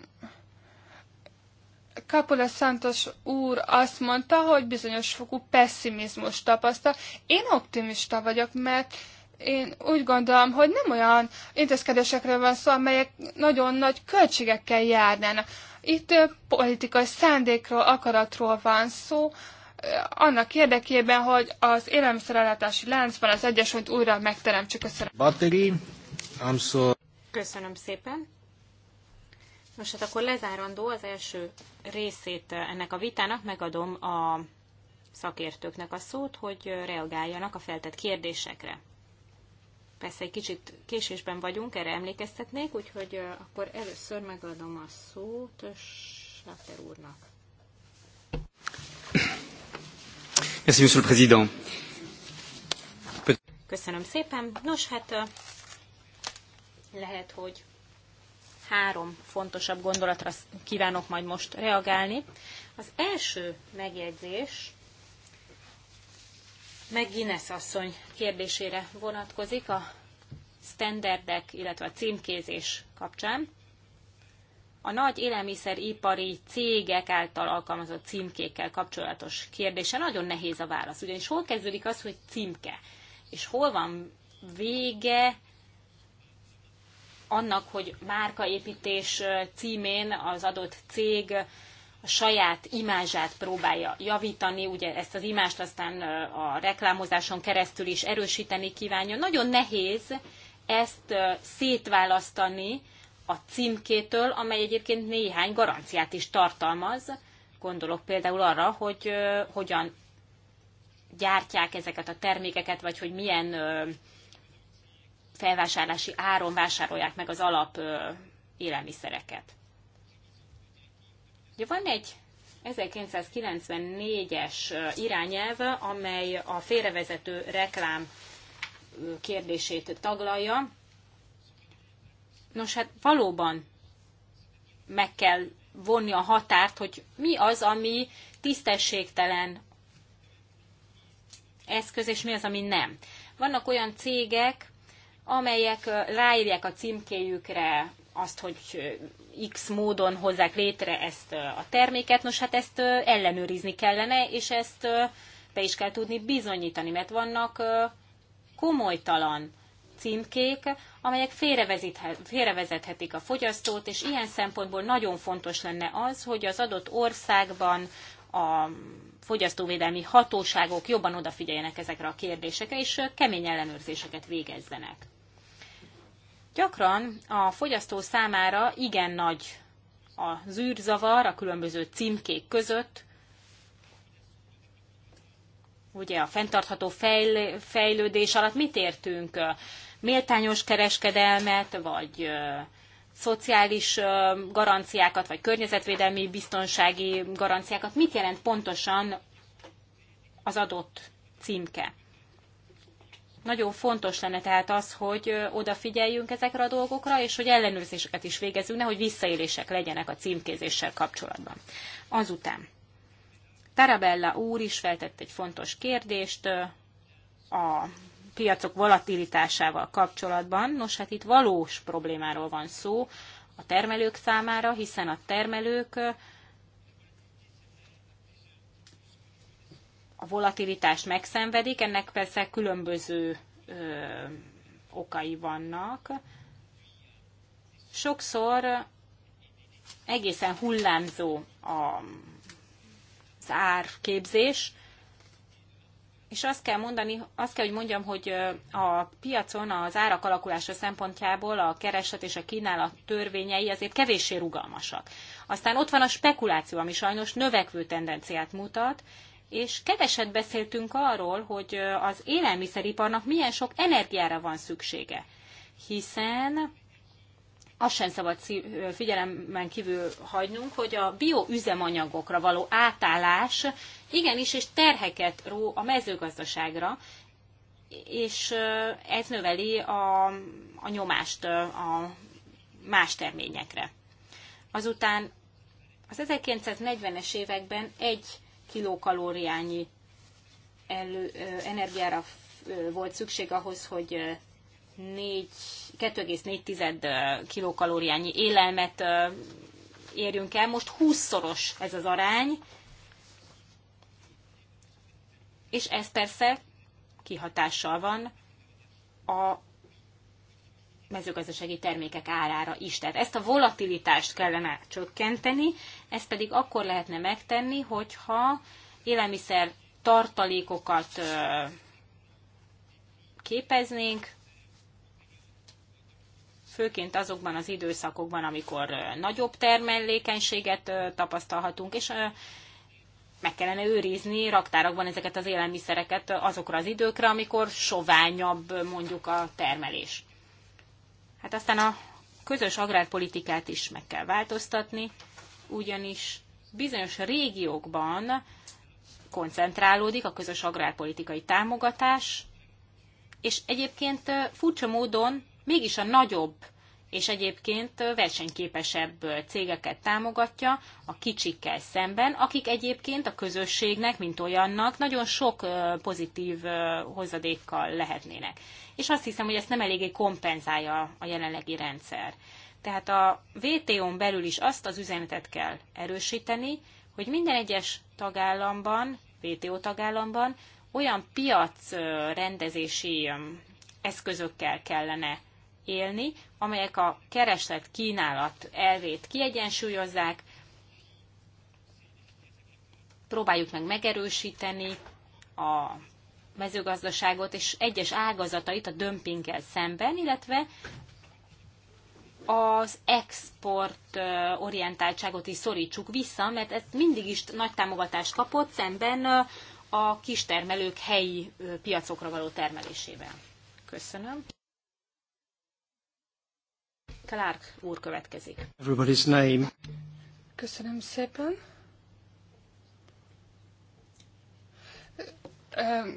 Kapula Santos úr azt mondta, hogy bizonyos fokú pessimizmus tapasztal. Én optimista vagyok, mert én úgy gondolom, hogy nem olyan intézkedésekről van szó, amelyek nagyon nagy költségekkel járnának. Itt politikai szándékról, akaratról van szó, annak érdekében, hogy az élelmiszerellátási láncban az egyesült újra megteremtsük. Köszönöm. Battery, so... Köszönöm szépen. Most hát akkor lezárandó az első részét ennek a vitának, megadom a szakértőknek a szót, hogy reagáljanak a feltett kérdésekre. Persze egy kicsit késésben vagyunk, erre emlékeztetnék, úgyhogy akkor először megadom a szót Schlatter úrnak. Merci, Monsieur le Président. Köszönöm szépen. Nos, hát lehet, hogy három fontosabb gondolatra kívánok majd most reagálni. Az első megjegyzés meg Guinness asszony kérdésére vonatkozik a standardek, illetve a címkézés kapcsán. A nagy élelmiszeripari cégek által alkalmazott címkékkel kapcsolatos kérdése nagyon nehéz a válasz, ugyanis hol kezdődik az, hogy címke, és hol van vége annak, hogy márkaépítés címén az adott cég a saját imázsát próbálja javítani, ugye ezt az imást aztán a reklámozáson keresztül is erősíteni kívánja. Nagyon nehéz ezt szétválasztani a címkétől, amely egyébként néhány garanciát is tartalmaz. Gondolok például arra, hogy hogyan gyártják ezeket a termékeket, vagy hogy milyen felvásárlási áron vásárolják meg az alap élelmiszereket. Ugye van egy 1994-es irányelv, amely a félrevezető reklám kérdését taglalja. Nos, hát valóban meg kell vonni a határt, hogy mi az, ami tisztességtelen eszköz, és mi az, ami nem. Vannak olyan cégek, amelyek ráírják a címkéjükre azt, hogy X módon hozzák létre ezt a terméket, nos hát ezt ellenőrizni kellene, és ezt be is kell tudni bizonyítani, mert vannak komolytalan címkék, amelyek félrevezethetik a fogyasztót, és ilyen szempontból nagyon fontos lenne az, hogy az adott országban a fogyasztóvédelmi hatóságok jobban odafigyeljenek ezekre a kérdésekre, és kemény ellenőrzéseket végezzenek. Gyakran a fogyasztó számára igen nagy a zűrzavar a különböző címkék között, ugye a fenntartható fejl fejlődés alatt mit értünk? Méltányos kereskedelmet, vagy szociális garanciákat, vagy környezetvédelmi biztonsági garanciákat? Mit jelent pontosan az adott címke? Nagyon fontos lenne tehát az, hogy odafigyeljünk ezekre a dolgokra, és hogy ellenőrzéseket is végezünk, nehogy visszaélések legyenek a címkézéssel kapcsolatban. Azután Tarabella úr is feltett egy fontos kérdést a piacok volatilitásával kapcsolatban. Nos, hát itt valós problémáról van szó a termelők számára, hiszen a termelők a volatilitást megszenvedik, ennek persze különböző ö, okai vannak. Sokszor egészen hullámzó a az árképzés. És azt kell mondani, azt kell, hogy mondjam, hogy a piacon az árak alakulása szempontjából a kereslet és a kínálat törvényei azért kevéssé rugalmasak. Aztán ott van a spekuláció, ami sajnos növekvő tendenciát mutat, és keveset beszéltünk arról, hogy az élelmiszeriparnak milyen sok energiára van szüksége, hiszen azt sem szabad figyelemben kívül hagynunk, hogy a bioüzemanyagokra való átállás igenis és terheket ró a mezőgazdaságra, és ez növeli a, a nyomást a más terményekre. Azután az 1940-es években egy kilokalóriányi elő, energiára volt szükség ahhoz, hogy 2,4 kilokalóriányi élelmet érjünk el. Most 20-szoros ez az arány, és ez persze kihatással van a mezőgazdasági termékek árára is. Tehát ezt a volatilitást kellene csökkenteni, ezt pedig akkor lehetne megtenni, hogyha élelmiszer tartalékokat képeznénk, főként azokban az időszakokban, amikor nagyobb termelékenységet tapasztalhatunk, és meg kellene őrizni raktárakban ezeket az élelmiszereket azokra az időkre, amikor soványabb mondjuk a termelés. Hát aztán a közös agrárpolitikát is meg kell változtatni, ugyanis bizonyos régiókban koncentrálódik a közös agrárpolitikai támogatás, és egyébként furcsa módon mégis a nagyobb és egyébként versenyképesebb cégeket támogatja a kicsikkel szemben, akik egyébként a közösségnek, mint olyannak, nagyon sok pozitív hozadékkal lehetnének. És azt hiszem, hogy ezt nem eléggé kompenzálja a jelenlegi rendszer. Tehát a VTO-n belül is azt az üzenetet kell erősíteni, hogy minden egyes tagállamban, VTO tagállamban olyan piacrendezési eszközökkel kellene élni, amelyek a kereslet-kínálat elvét kiegyensúlyozzák, próbáljuk meg megerősíteni a mezőgazdaságot és egyes ágazatait a dömpinggel szemben, illetve az export orientáltságot is szorítsuk vissza, mert ez mindig is nagy támogatást kapott szemben a kistermelők helyi piacokra való termelésével. Köszönöm. Clark úr következik. Everybody's name. Köszönöm szépen.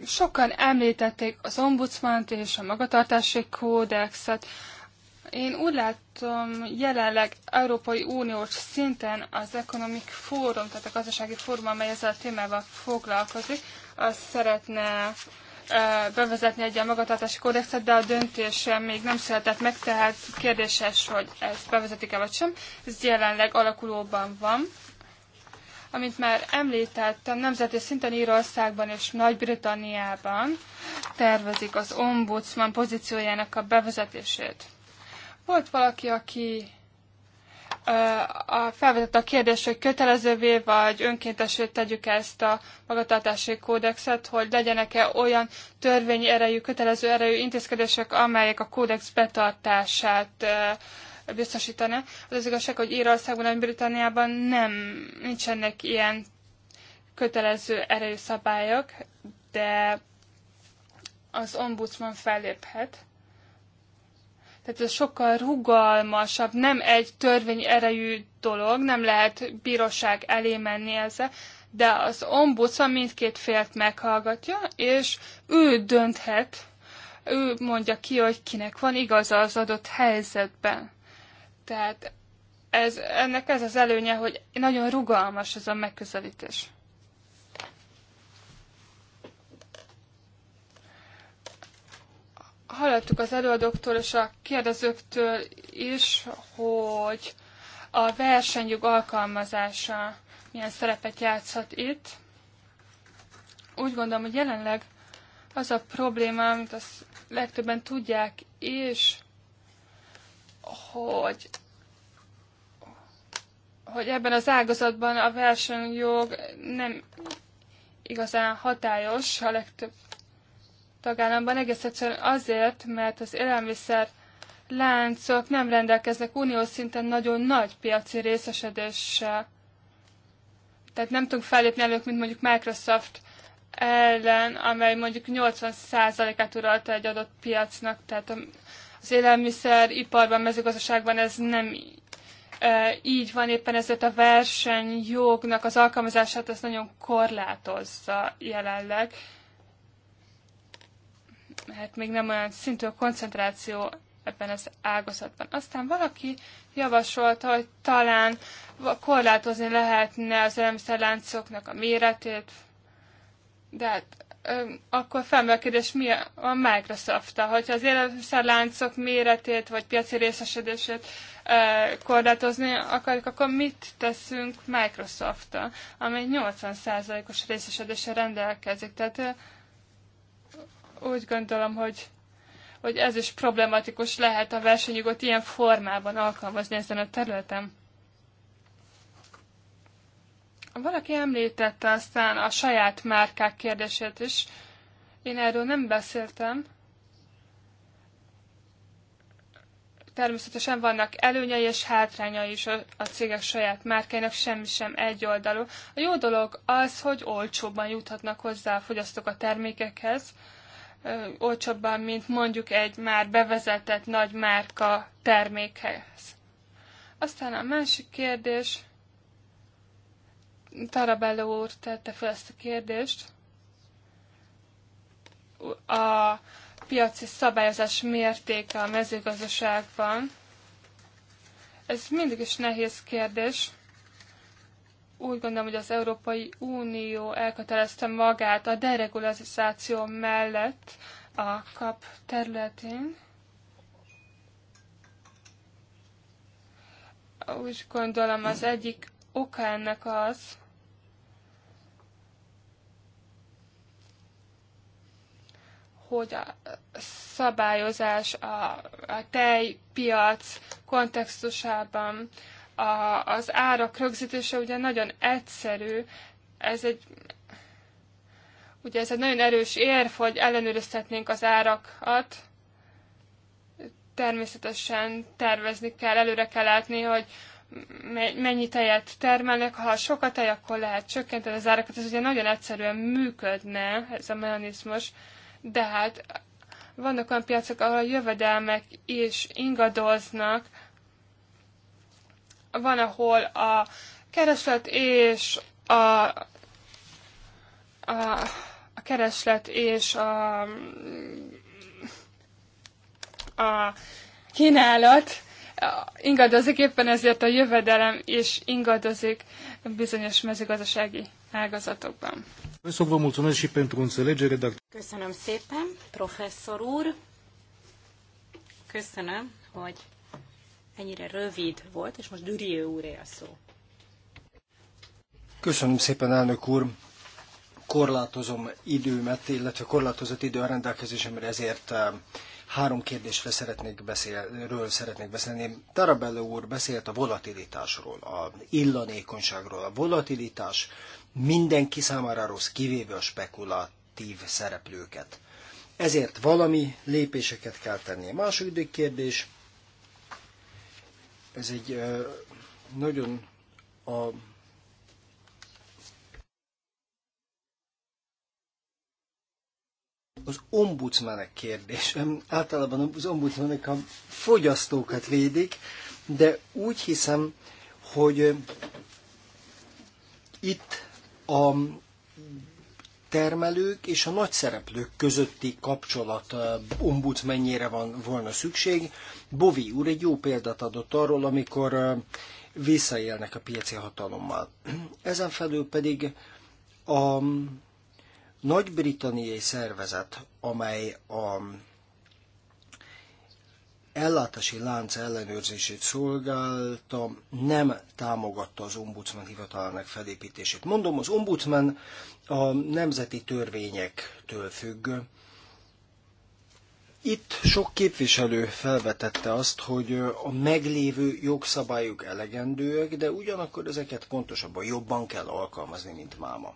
Sokan említették az ombudsmant és a magatartási kódexet. Én úgy látom, jelenleg Európai Uniós szinten az Economic Forum, tehát a gazdasági fórum, amely ezzel a témával foglalkozik, azt szeretne bevezetni egy a magatartási kódexet, de a döntés még nem született meg, tehát kérdéses, hogy ezt bevezetik-e vagy sem. Ez jelenleg alakulóban van. Amint már említettem, nemzeti szinten Írországban és Nagy-Britanniában tervezik az ombudsman pozíciójának a bevezetését. Volt valaki, aki a felvetett a kérdés, hogy kötelezővé vagy önkéntesül tegyük ezt a magatartási kódexet, hogy legyenek-e olyan törvényi erejű, kötelező erejű intézkedések, amelyek a kódex betartását biztosítani. Az az igazság, hogy Írországban, nagy Britanniában nem nincsenek ilyen kötelező erejű szabályok, de az ombudsman felléphet tehát ez sokkal rugalmasabb, nem egy törvény erejű dolog, nem lehet bíróság elé menni ezzel, de az ombudsman mindkét félt meghallgatja, és ő dönthet, ő mondja ki, hogy kinek van igaza az adott helyzetben. Tehát ez, ennek ez az előnye, hogy nagyon rugalmas ez a megközelítés. hallottuk az előadóktól és a kérdezőktől is, hogy a versenyjog alkalmazása milyen szerepet játszhat itt. Úgy gondolom, hogy jelenleg az a probléma, amit a legtöbben tudják, és hogy, hogy ebben az ágazatban a versenyjog nem igazán hatályos a legtöbb tagállamban, egész egyszerűen azért, mert az élelmiszer láncok nem rendelkeznek uniós szinten nagyon nagy piaci részesedéssel. Tehát nem tudunk fellépni elők, mint mondjuk Microsoft ellen, amely mondjuk 80%-át uralta egy adott piacnak. Tehát az élelmiszer, iparban, mezőgazdaságban ez nem így van, éppen ezért a versenyjognak az alkalmazását ez nagyon korlátozza jelenleg mert még nem olyan szintű a koncentráció ebben az ágazatban. Aztán valaki javasolta, hogy talán korlátozni lehetne az elemszerláncoknak a méretét, de hát ö, akkor felmerül a kérdés, mi a, microsoft -a? Hogyha az élelmiszerláncok méretét vagy piaci részesedését ö, korlátozni akarjuk, akkor mit teszünk microsoft -a, amely 80%-os részesedéssel rendelkezik? Tehát úgy gondolom, hogy, hogy ez is problematikus lehet a versenyjogot ilyen formában alkalmazni ezen a területen. Valaki említette aztán a saját márkák kérdését is. Én erről nem beszéltem. Természetesen vannak előnyei és hátrányai is a, cégek saját márkainak, semmi sem egyoldalú. A jó dolog az, hogy olcsóban juthatnak hozzá a fogyasztók a termékekhez, olcsóbban, mint mondjuk egy már bevezetett nagy márka termékhez. Aztán a másik kérdés, Tarabella úr tette fel ezt a kérdést, a piaci szabályozás mértéke a mezőgazdaságban. Ez mindig is nehéz kérdés úgy gondolom, hogy az Európai Unió elkötelezte magát a deregulizáció mellett a kap területén. Úgy gondolom az egyik oka ennek az, hogy a szabályozás a, a tejpiac kontextusában a, az árak rögzítése ugye nagyon egyszerű, ez egy ugye ez egy nagyon erős érv, hogy ellenőrizhetnénk az árakat, természetesen tervezni kell, előre kell látni, hogy mennyi tejet termelnek, ha sokat tej, akkor lehet csökkenteni az árakat, ez ugye nagyon egyszerűen működne, ez a mechanizmus, de hát vannak olyan piacok, ahol a jövedelmek is ingadoznak, van, ahol a kereslet és a, a, a kereslet és a, a kínálat ingadozik, éppen ezért a jövedelem is ingadozik bizonyos mezőgazdasági ágazatokban. Köszönöm szépen, professzor úr. Köszönöm, hogy ennyire rövid volt, és most Dürieu úré a szó. Köszönöm szépen, elnök úr! Korlátozom időmet, illetve korlátozott idő a rendelkezésemre, ezért eh, három kérdésre szeretnék beszélről szeretnék beszélni. Tarabello úr beszélt a volatilitásról, a illanékonyságról. A volatilitás mindenki számára rossz, kivéve a spekulatív szereplőket. Ezért valami lépéseket kell tenni. A második kérdés, ez egy nagyon a az ombudsmanek kérdés. Általában az ombudsmanek a fogyasztókat védik, de úgy hiszem, hogy itt a termelők és a nagy szereplők közötti kapcsolat ombuc mennyire van volna szükség. Bovi úr egy jó példát adott arról, amikor visszaélnek a piaci hatalommal. [clears throat] Ezen felül pedig a nagy-britanniai szervezet, amely a ellátási lánc ellenőrzését szolgálta, nem támogatta az ombudsman hivatalának felépítését. Mondom, az ombudsman a nemzeti törvényektől függ. Itt sok képviselő felvetette azt, hogy a meglévő jogszabályok elegendőek, de ugyanakkor ezeket pontosabban jobban kell alkalmazni, mint máma.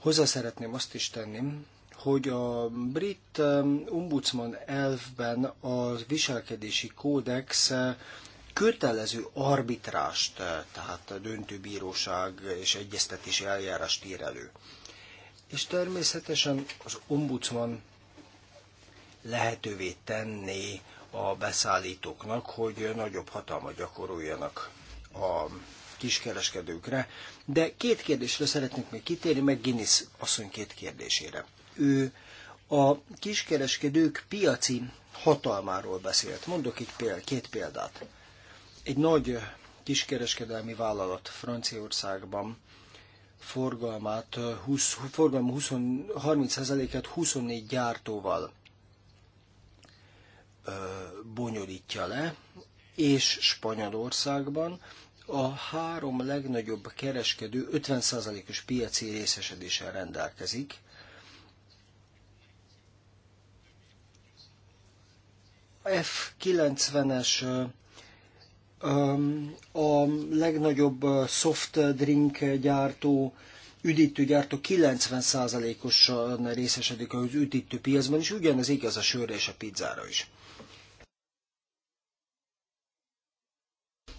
Hozzá szeretném azt is tenni, hogy a brit um, ombudsman elfben a viselkedési kódex uh, kötelező arbitrást, uh, tehát a döntőbíróság és egyeztetési eljárást ír elő. És természetesen az ombudsman lehetővé tenné a beszállítóknak, hogy nagyobb hatalmat gyakoroljanak a kiskereskedőkre. De két kérdésre szeretnék még kitérni, meg Guinness asszony két kérdésére ő a kiskereskedők piaci hatalmáról beszélt. Mondok egy példát, két példát. Egy nagy kiskereskedelmi vállalat Franciaországban forgalmát 20, forgalom 20, 30 et 24 gyártóval ö, bonyolítja le, és Spanyolországban a három legnagyobb kereskedő 50%-os piaci részesedéssel rendelkezik, F90-es a legnagyobb soft drink gyártó, üdítőgyártó 90%-osan részesedik az üdítő piacban, és ugyanez igaz a sörre és a pizzára is.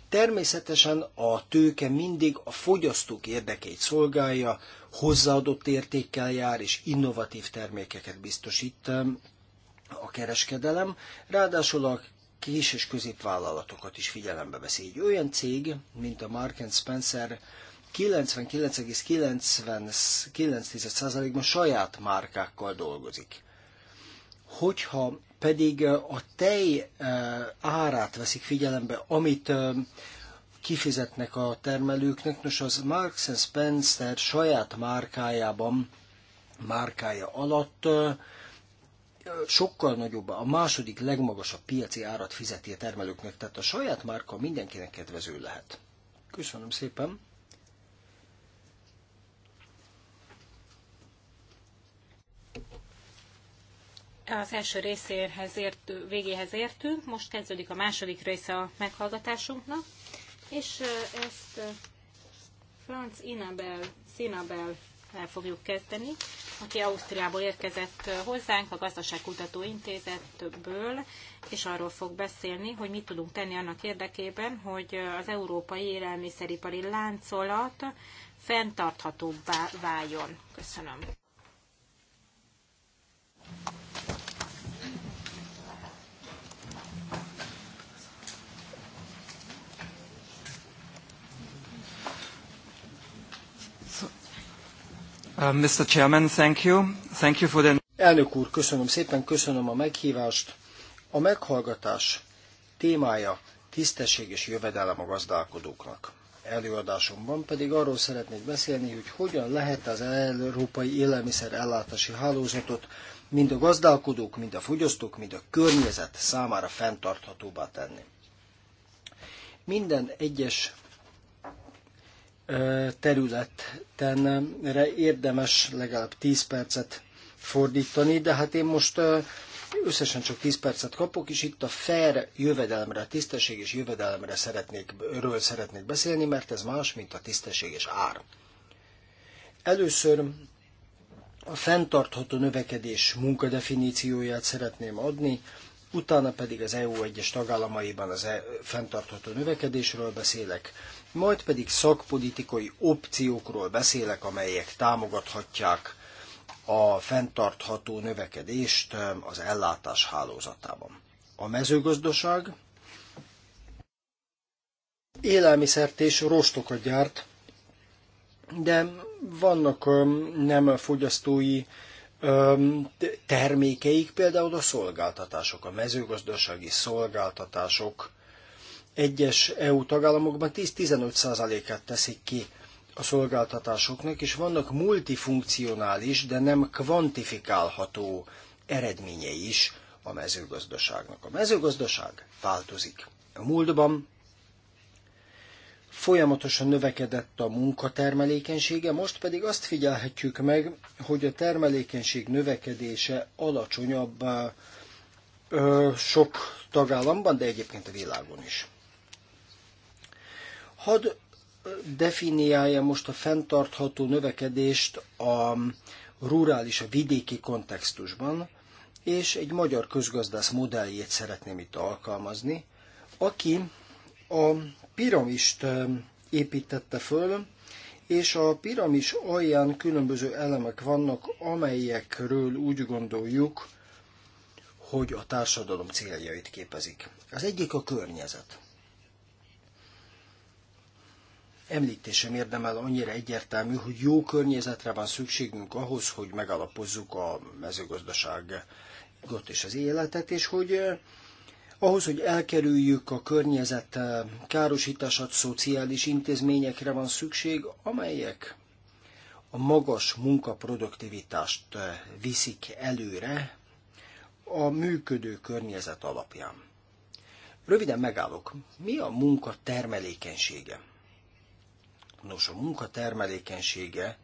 Természetesen a tőke mindig a fogyasztók érdekeit szolgálja, hozzáadott értékkel jár és innovatív termékeket biztosít a kereskedelem, ráadásul a kis- és középvállalatokat is figyelembe veszi. Egy olyan cég, mint a Mark Spencer 9999 ban saját márkákkal dolgozik. Hogyha pedig a tej eh, árát veszik figyelembe, amit eh, kifizetnek a termelőknek, nos az Marks Spencer saját márkájában, márkája alatt eh, sokkal nagyobb, a második legmagasabb piaci árat fizeti a termelőknek, tehát a saját márka mindenkinek kedvező lehet. Köszönöm szépen! Az első részéhez ért, végéhez értünk, most kezdődik a második része a meghallgatásunknak, és ezt Franz Inabel, Sinabel el fogjuk kezdeni, aki Ausztriából érkezett uh, hozzánk, a Gazdaságkutató Intézetből, és arról fog beszélni, hogy mit tudunk tenni annak érdekében, hogy uh, az európai élelmiszeripari láncolat fenntarthatóbbá váljon. Köszönöm. Uh, Mr. Chairman, thank you. Thank you for the... Elnök úr, köszönöm szépen, köszönöm a meghívást. A meghallgatás témája tisztességes jövedelem a gazdálkodóknak. Előadásomban pedig arról szeretnék beszélni, hogy hogyan lehet az európai élelmiszer ellátási hálózatot mind a gazdálkodók, mind a fogyasztók, mind a környezet számára fenntarthatóbbá tenni. Minden egyes területenre érdemes legalább 10 percet fordítani, de hát én most összesen csak 10 percet kapok, és itt a fair jövedelemre, a tisztesség és jövedelemre szeretnék, ről szeretnék beszélni, mert ez más, mint a tisztesség és ár. Először a fenntartható növekedés munkadefinícióját szeretném adni, utána pedig az EU egyes tagállamaiban az e fenntartható növekedésről beszélek, majd pedig szakpolitikai opciókról beszélek, amelyek támogathatják a fenntartható növekedést eh, az ellátás hálózatában. A mezőgazdaság élelmiszert és rostokat gyárt, de vannak eh, nem fogyasztói eh, termékeik, például a szolgáltatások, a mezőgazdasági szolgáltatások egyes EU tagállamokban 10-15%-át teszik ki a szolgáltatásoknak, és vannak multifunkcionális, de nem kvantifikálható eredményei is a mezőgazdaságnak. A mezőgazdaság változik. A múltban folyamatosan növekedett a munkatermelékenysége, most pedig azt figyelhetjük meg, hogy a termelékenység növekedése alacsonyabb sok tagállamban, de egyébként a világon is. Hadd definiálja most a fenntartható növekedést a rurális, a vidéki kontextusban, és egy magyar közgazdász modelljét szeretném itt alkalmazni, aki a piramist építette föl, és a piramis alján különböző elemek vannak, amelyekről úgy gondoljuk, hogy a társadalom céljait képezik. Az egyik a környezet említésem érdemel annyira egyértelmű, hogy jó környezetre van szükségünk ahhoz, hogy megalapozzuk a mezőgazdaságot és az életet, és hogy eh, ahhoz, hogy elkerüljük a környezet eh, károsítását, szociális intézményekre van szükség, amelyek a magas munkaproduktivitást eh, viszik előre a működő környezet alapján. Röviden megállok. Mi a munka termelékenysége? Nos, a munka termelékenysége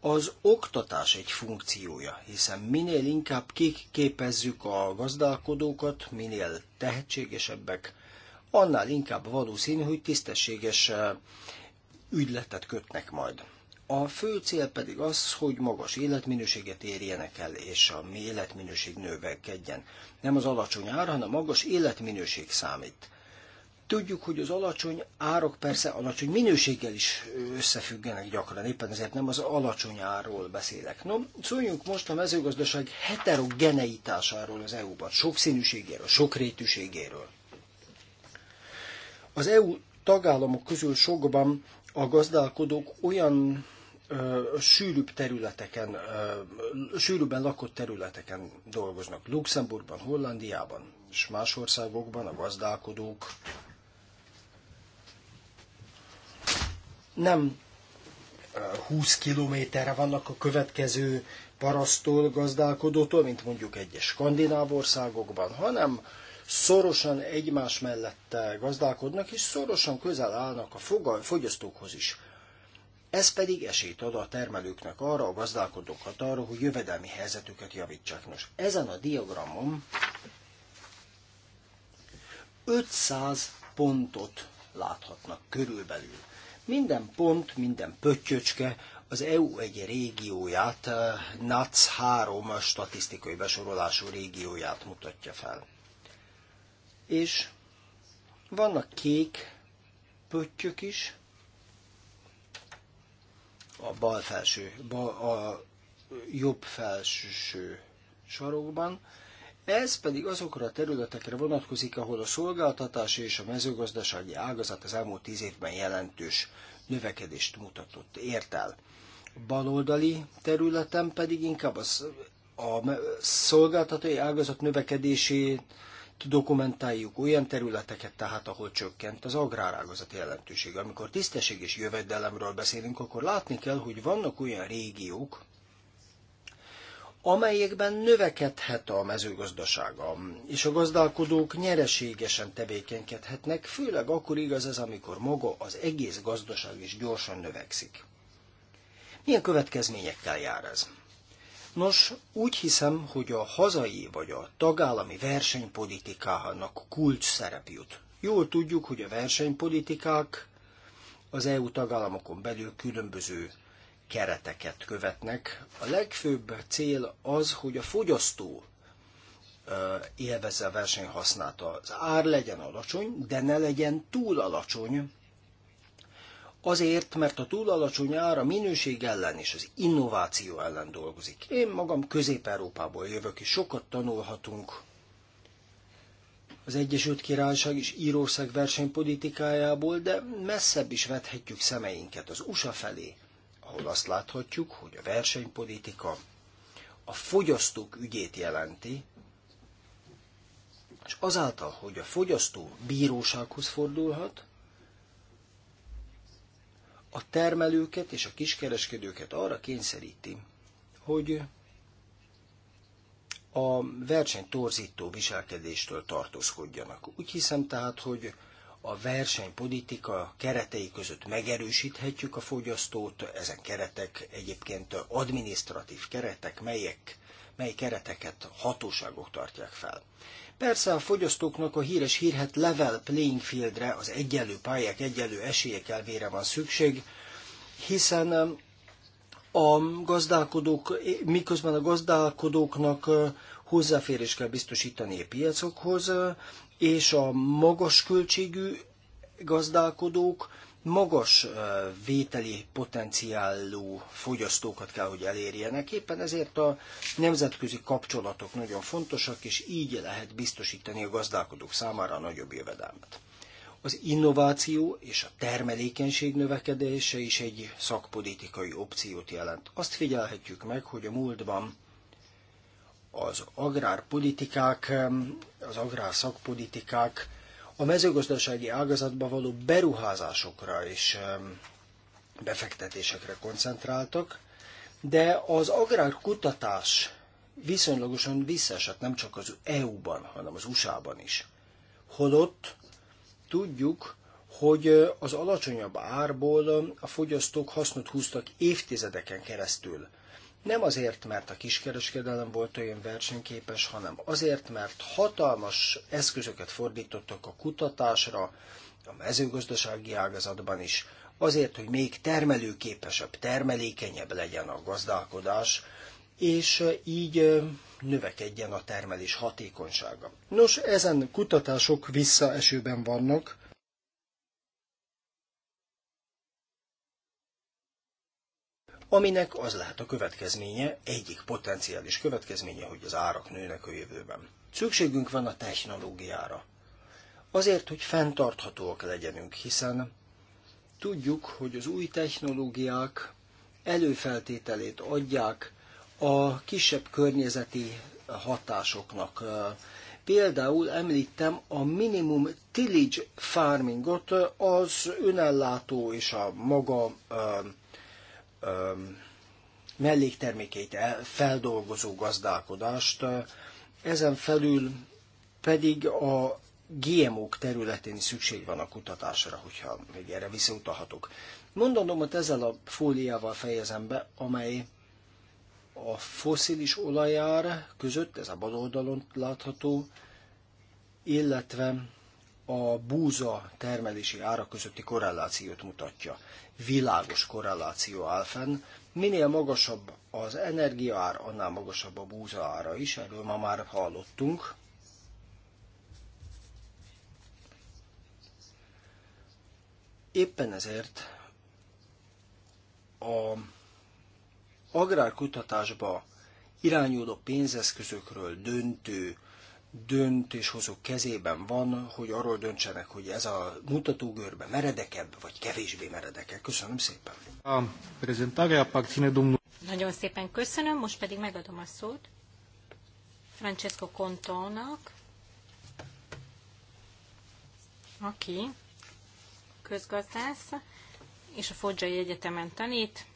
az oktatás egy funkciója, hiszen minél inkább kiképezzük a gazdálkodókat, minél tehetségesebbek, annál inkább valószínű, hogy tisztességes eh, ügyletet kötnek majd. A fő cél pedig az, hogy magas életminőséget érjenek el, és a mi életminőség növekedjen. Nem az alacsony ár, hanem a magas életminőség számít. Tudjuk, hogy az alacsony árak persze alacsony minőséggel is összefüggenek gyakran, éppen ezért nem az alacsony árról beszélek. No, szóljunk most a mezőgazdaság heterogeneitásáról az EU-ban, sokszínűségéről, sokrétűségéről. Az EU tagállamok közül sokban a gazdálkodók olyan ö, sűrűbb területeken, ö, sűrűbben lakott területeken dolgoznak. Luxemburgban, Hollandiában és más országokban a gazdálkodók nem 20 eh, kilométerre vannak a következő parasztól gazdálkodótól, mint mondjuk egyes skandináv országokban, hanem szorosan egymás mellett gazdálkodnak, és szorosan közel állnak a fogyasztókhoz is. Ez pedig esélyt ad a termelőknek arra, a gazdálkodókat arra, hogy jövedelmi helyzetüket javítsák. Nos, ezen a diagramon 500 pontot láthatnak körülbelül. Minden pont, minden pöttyöcske az EU egy régióját, eh, NAC 3 statisztikai besorolású régióját mutatja fel. És vannak kék pöttyök is, a bal felső, bal, a jobb felső sarokban, ez pedig azokra a területekre vonatkozik, ahol a szolgáltatás és a mezőgazdasági ágazat az elmúlt tíz évben jelentős növekedést mutatott, ért el. Baloldali területen pedig inkább az, a szolgáltatói ágazat növekedését dokumentáljuk olyan területeket, tehát ahol csökkent az agrárágazat jelentősége. Amikor tisztesség és jövedelemről beszélünk, akkor látni kell, hogy vannak olyan régiók, amelyekben növekedhet a mezőgazdasága, és a gazdálkodók nyereségesen tevékenykedhetnek, főleg akkor igaz ez, amikor maga az egész gazdaság is gyorsan növekszik. Milyen következményekkel jár ez? Nos, úgy hiszem, hogy a hazai vagy a tagállami versenypolitikának kulcs szerep jut. Jól tudjuk, hogy a versenypolitikák az EU tagállamokon belül különböző kereteket követnek. A legfőbb cél az, hogy a fogyasztó élvezze a verseny használta. Az ár legyen alacsony, de ne legyen túl alacsony, Azért, mert a túl alacsony ár a minőség ellen és az innováció ellen dolgozik. Én magam Közép-Európából jövök, és sokat tanulhatunk az Egyesült Királyság és Írország versenypolitikájából, de messzebb is vethetjük szemeinket az USA felé, ahol azt láthatjuk, hogy a versenypolitika a fogyasztók ügyét jelenti, és azáltal, hogy a fogyasztó bírósághoz fordulhat, a termelőket és a kiskereskedőket arra kényszeríti, hogy a versenytorzító viselkedéstől tartózkodjanak. Úgy hiszem tehát, hogy a versenypolitika keretei között megerősíthetjük a fogyasztót, ezen keretek egyébként administratív keretek, melyek, mely kereteket hatóságok tartják fel. Persze a fogyasztóknak a híres hírhet level playing fieldre, az egyenlő pályák, egyenlő esélyek elvére van szükség, hiszen um, a gazdálkodók, miközben a gazdálkodóknak uh, hozzáférés kell biztosítani a piacokhoz, uh, és a magas költségű gazdálkodók magas vételi potenciálú fogyasztókat kell, hogy elérjenek. Éppen ezért a nemzetközi kapcsolatok nagyon fontosak, és így lehet biztosítani a gazdálkodók számára a nagyobb jövedelmet. Az innováció és a termelékenység növekedése is egy szakpolitikai opciót jelent. Azt figyelhetjük meg, hogy a múltban az agrárpolitikák, az agrárszakpolitikák a mezőgazdasági ágazatba való beruházásokra és befektetésekre koncentráltak, de az agrárkutatás viszonylagosan visszaesett nem csak az EU-ban, hanem az USA-ban is. Holott tudjuk, hogy az alacsonyabb árból a fogyasztók hasznot húztak évtizedeken keresztül nem azért, mert a kiskereskedelem volt olyan versenyképes, hanem azért, mert hatalmas eszközöket fordítottak a kutatásra, a mezőgazdasági ágazatban is, azért, hogy még termelőképesebb, termelékenyebb legyen a gazdálkodás, és így növekedjen a termelés hatékonysága. Nos, ezen kutatások visszaesőben vannak, aminek az lehet a következménye, egyik potenciális következménye, hogy az árak nőnek a jövőben. Szükségünk van a technológiára. Azért, hogy fenntarthatóak legyenünk, hiszen tudjuk, hogy az új technológiák előfeltételét adják a kisebb környezeti hatásoknak. Például említem a minimum tillage farmingot, az önellátó és a maga melléktermékeit feldolgozó gazdálkodást, ezen felül pedig a GMO-k területén is szükség van a kutatásra, hogyha még erre visszautalhatok. hogy ezzel a fóliával fejezem be, amely a foszilis olajár között, ez a bal oldalon látható, illetve a búza termelési ára közötti korrelációt mutatja. Világos korreláció áll fenn. Minél magasabb az energiaár, annál magasabb a búza ára is, erről ma már hallottunk. Éppen ezért a agrárkutatásba irányuló pénzeszközökről döntő döntéshozók kezében van, hogy arról döntsenek, hogy ez a mutatógörbe meredekebb, vagy kevésbé meredekebb. Köszönöm szépen. A a Nagyon szépen köszönöm, most pedig megadom a szót Francesco Contónak, aki közgazdász, és a Foggiai Egyetemen tanít,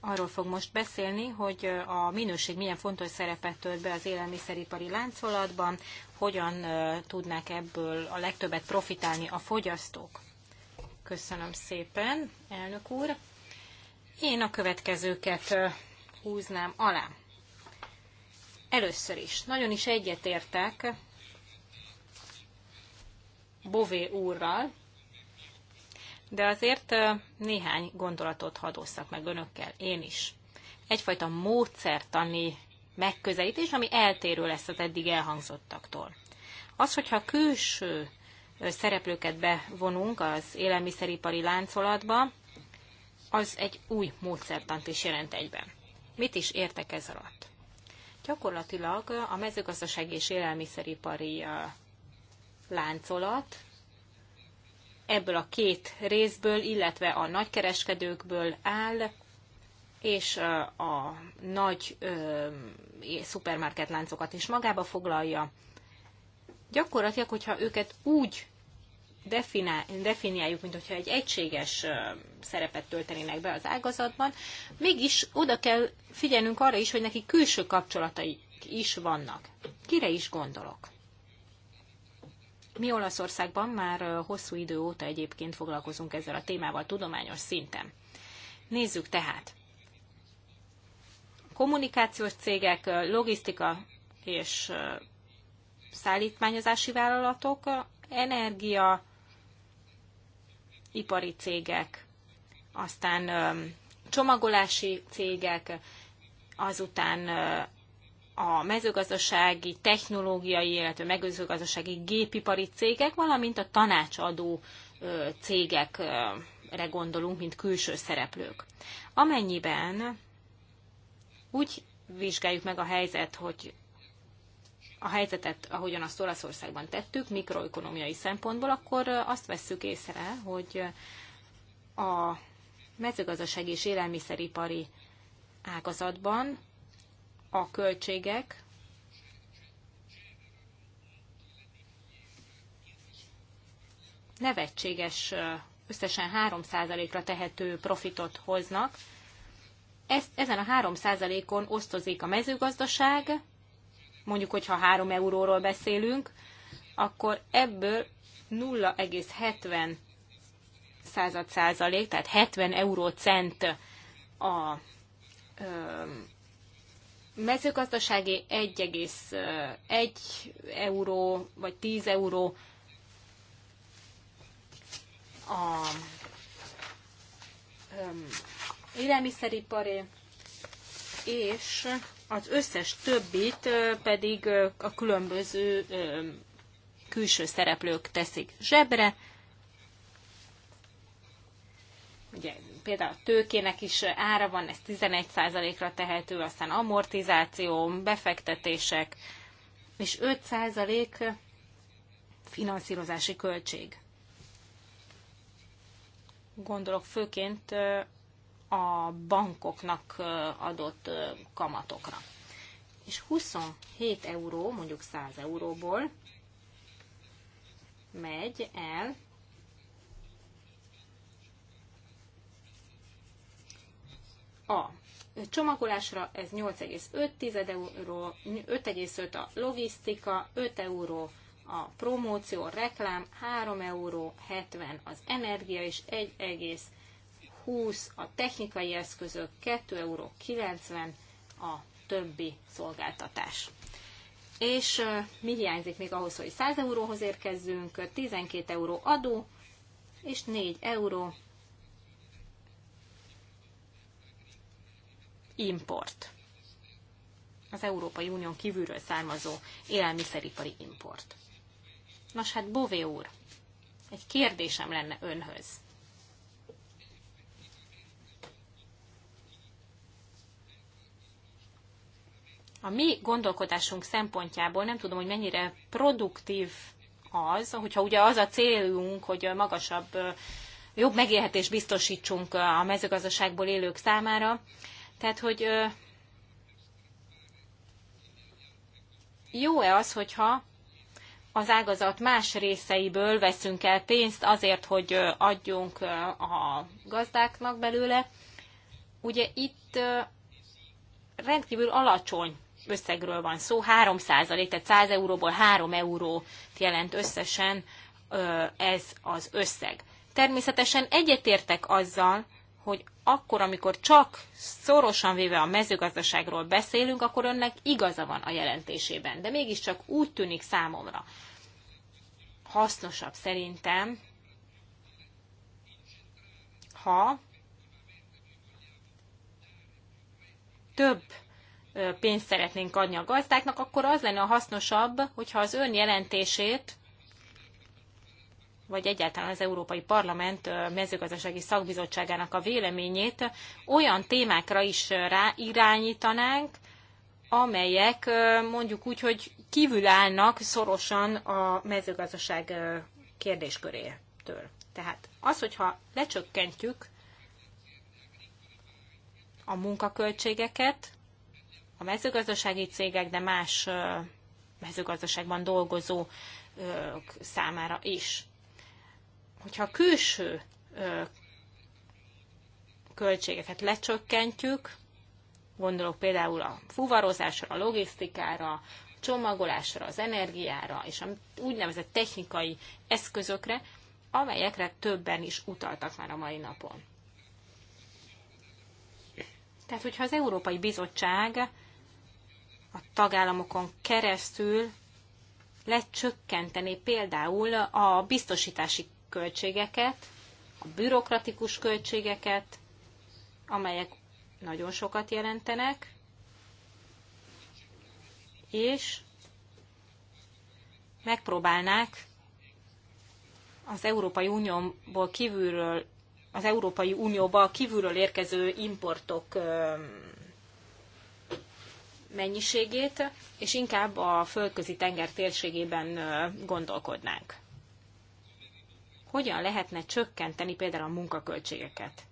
arról fog most beszélni, hogy a minőség milyen fontos szerepet tölt be az élelmiszeripari láncolatban, hogyan tudnák ebből a legtöbbet profitálni a fogyasztók. Köszönöm szépen, elnök úr. Én a következőket húznám alá. Először is, nagyon is egyetértek Bové úrral, de azért néhány gondolatot hadosszak meg önökkel, én is. Egyfajta módszertani megközelítés, ami eltérő lesz az eddig elhangzottaktól. Az, hogyha külső szereplőket bevonunk az élelmiszeripari láncolatba, az egy új módszertant is jelent egyben. Mit is értek ez alatt? Gyakorlatilag a mezőgazdaság és élelmiszeripari láncolat ebből a két részből, illetve a nagykereskedőkből áll, és a nagy ö, szupermarketláncokat is magába foglalja. Gyakorlatilag, hogyha őket úgy definiáljuk, mint hogyha egy egységes szerepet töltenének be az ágazatban, mégis oda kell figyelnünk arra is, hogy neki külső kapcsolatai is vannak. Kire is gondolok? Mi Olaszországban már hosszú idő óta egyébként foglalkozunk ezzel a témával tudományos szinten. Nézzük tehát. Kommunikációs cégek, logisztika és szállítmányozási vállalatok, energia, ipari cégek, aztán csomagolási cégek, azután a mezőgazdasági, technológiai, illetve mezőgazdasági gépipari cégek, valamint a tanácsadó cégekre gondolunk, mint külső szereplők. Amennyiben úgy vizsgáljuk meg a helyzet, hogy a helyzetet, ahogyan azt Olaszországban tettük, mikroökonomiai szempontból, akkor azt vesszük észre, hogy a mezőgazdasági és élelmiszeripari ágazatban a költségek, nevetséges, összesen 3%-ra tehető profitot hoznak. ezen a 3%-on osztozik a mezőgazdaság, mondjuk, hogyha 3 euróról beszélünk, akkor ebből 0,70 század százalék, tehát 70 eurócent a mezőgazdasági 1,1 euró vagy 10 euró a élelmiszeriparé, és az összes többit pedig a különböző külső szereplők teszik zsebre. Ugye például a tőkének is ára van, ez 11%-ra tehető, aztán amortizáció, befektetések, és 5% finanszírozási költség. Gondolok főként a bankoknak adott kamatokra. És 27 euró, mondjuk 100 euróból megy el a csomagolásra, ez 8,5 euró, 5,5 a logisztika, 5 euró a promóció, a reklám, 3 euró 70 az energia és 1,20 a technikai eszközök, 2 euró 90 a többi szolgáltatás. És mi hiányzik még ahhoz, hogy 100 euróhoz érkezzünk, 12 euró adó, és 4 euró import. Az Európai Unión kívülről származó élelmiszeripari import. Nos hát, Bové úr, egy kérdésem lenne önhöz. A mi gondolkodásunk szempontjából nem tudom, hogy mennyire produktív az, hogyha ugye az a célunk, hogy magasabb, jobb megélhetést biztosítsunk a mezőgazdaságból élők számára, tehát, hogy jó-e az, hogyha az ágazat más részeiből veszünk el pénzt azért, hogy adjunk a gazdáknak belőle. Ugye itt rendkívül alacsony összegről van szó, 3 százalék, tehát 100 euróból 3 euró jelent összesen ez az összeg. Természetesen egyetértek azzal, hogy akkor, amikor csak szorosan véve a mezőgazdaságról beszélünk, akkor önnek igaza van a jelentésében. De mégiscsak úgy tűnik számomra hasznosabb szerintem, ha több pénzt szeretnénk adni a gazdáknak, akkor az lenne a hasznosabb, hogyha az ön jelentését vagy egyáltalán az Európai Parlament mezőgazdasági szakbizottságának a véleményét olyan témákra is rá irányítanánk, amelyek mondjuk úgy, hogy kívül állnak szorosan a mezőgazdaság kérdéskörétől. Tehát az, hogyha lecsökkentjük a munkaköltségeket, a mezőgazdasági cégek, de más mezőgazdaságban dolgozó számára is hogyha a külső költségeket lecsökkentjük, gondolok például a fuvarozásra, a logisztikára, a csomagolásra, az energiára és a úgynevezett technikai eszközökre, amelyekre többen is utaltak már a mai napon. Tehát, hogyha az Európai Bizottság a tagállamokon keresztül lecsökkenteni például a biztosítási költségeket, a bürokratikus költségeket, amelyek nagyon sokat jelentenek, és megpróbálnák az Európai Unióból kívülről, az Európai Unióba kívülről érkező importok mennyiségét, és inkább a földközi tenger térségében gondolkodnánk hogyan lehetne csökkenteni például a munkaköltségeket.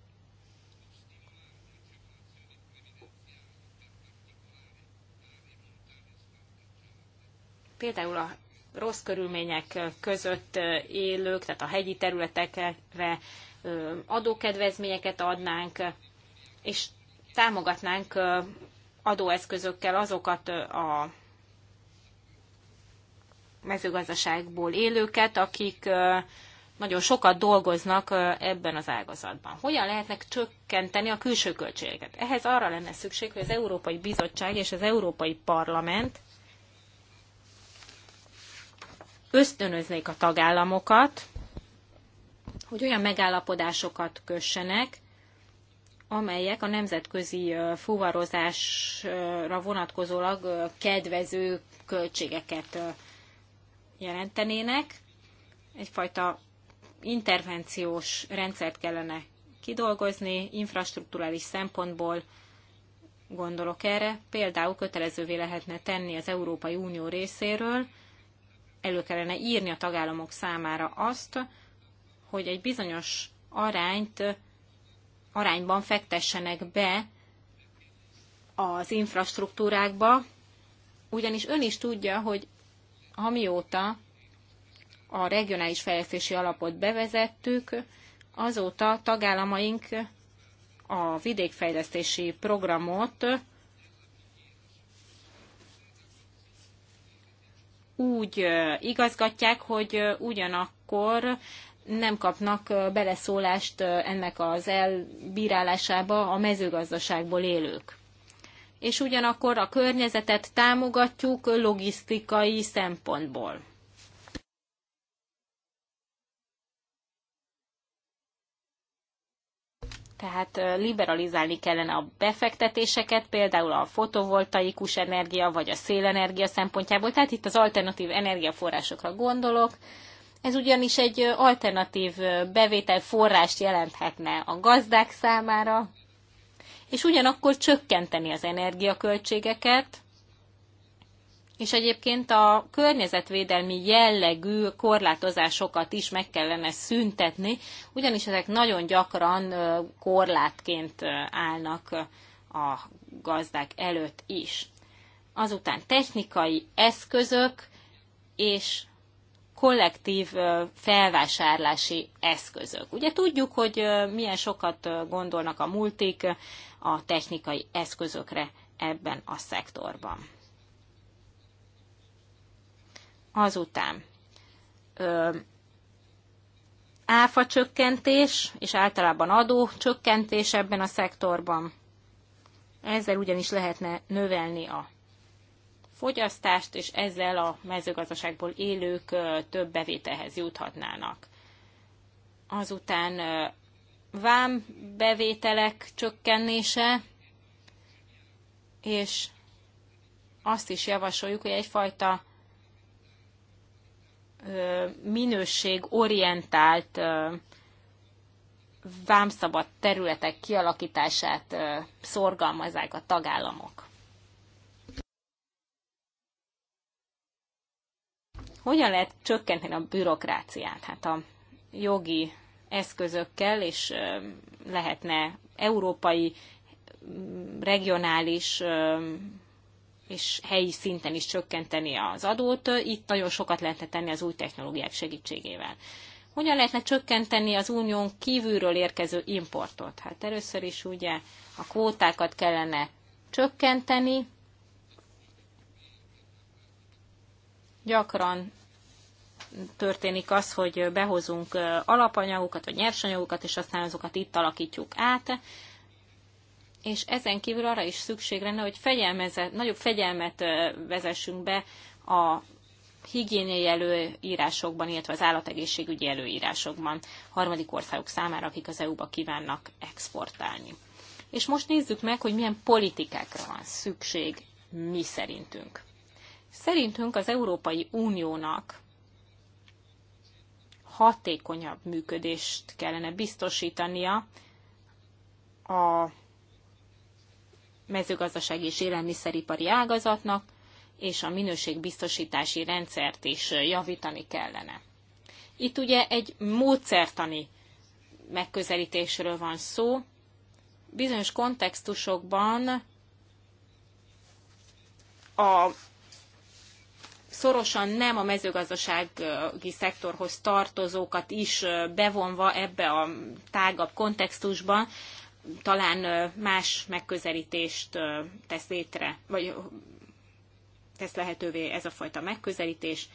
Például a rossz körülmények között élők, tehát a hegyi területekre adókedvezményeket adnánk, és támogatnánk adóeszközökkel azokat a mezőgazdaságból élőket, akik nagyon sokat dolgoznak ebben az ágazatban. Hogyan lehetnek csökkenteni a külső költségeket? Ehhez arra lenne szükség, hogy az Európai Bizottság és az Európai Parlament ösztönöznék a tagállamokat, hogy olyan megállapodásokat kössenek, amelyek a nemzetközi fuvarozásra vonatkozólag kedvező költségeket jelentenének, egyfajta intervenciós rendszert kellene kidolgozni, infrastruktúrális szempontból gondolok erre, például kötelezővé lehetne tenni az Európai Unió részéről, elő kellene írni a tagállamok számára azt, hogy egy bizonyos arányt, arányban fektessenek be az infrastruktúrákba, ugyanis ön is tudja, hogy amióta a regionális fejlesztési alapot bevezettük, azóta tagállamaink a vidékfejlesztési programot úgy igazgatják, hogy ugyanakkor nem kapnak beleszólást ennek az elbírálásába a mezőgazdaságból élők. És ugyanakkor a környezetet támogatjuk logisztikai szempontból. tehát liberalizálni kellene a befektetéseket, például a fotovoltaikus energia vagy a szélenergia szempontjából, tehát itt az alternatív energiaforrásokra gondolok. Ez ugyanis egy alternatív bevételforrást jelenthetne a gazdák számára, és ugyanakkor csökkenteni az energiaköltségeket, és egyébként a környezetvédelmi jellegű korlátozásokat is meg kellene szüntetni, ugyanis ezek nagyon gyakran korlátként állnak a gazdák előtt is. Azután technikai eszközök és kollektív felvásárlási eszközök. Ugye tudjuk, hogy milyen sokat gondolnak a multik a technikai eszközökre ebben a szektorban. Azután ö, áfa csökkentés, és általában adó csökkentés ebben a szektorban. Ezzel ugyanis lehetne növelni a fogyasztást, és ezzel a mezőgazdaságból élők több bevételhez juthatnának. Azután vám bevételek csökkenése, és azt is javasoljuk, hogy egyfajta minőségorientált vámszabad területek kialakítását szorgalmazzák a tagállamok. Hogyan lehet csökkenteni a bürokráciát? Hát a jogi eszközökkel, és lehetne európai, regionális és helyi szinten is csökkenteni az adót. Itt nagyon sokat lehetne tenni az új technológiák segítségével. Hogyan lehetne csökkenteni az unión kívülről érkező importot? Hát először is ugye a kvótákat kellene csökkenteni. Gyakran történik az, hogy behozunk alapanyagokat vagy nyersanyagokat, és aztán azokat itt alakítjuk át és ezen kívül arra is szükség lenne, hogy nagyobb fegyelmet vezessünk be a higiéniai előírásokban, illetve az állategészségügyi előírásokban harmadik országok számára, akik az EU-ba kívánnak exportálni. És most nézzük meg, hogy milyen politikákra van szükség mi szerintünk. Szerintünk az Európai Uniónak hatékonyabb működést kellene biztosítania a mezőgazdasági és élelmiszeripari ágazatnak, és a minőségbiztosítási rendszert is javítani kellene. Itt ugye egy módszertani megközelítésről van szó. Bizonyos kontextusokban a szorosan nem a mezőgazdasági szektorhoz tartozókat is bevonva ebbe a tágabb kontextusba talán más megközelítést tesz létre, vagy tesz lehetővé ez a fajta megközelítés,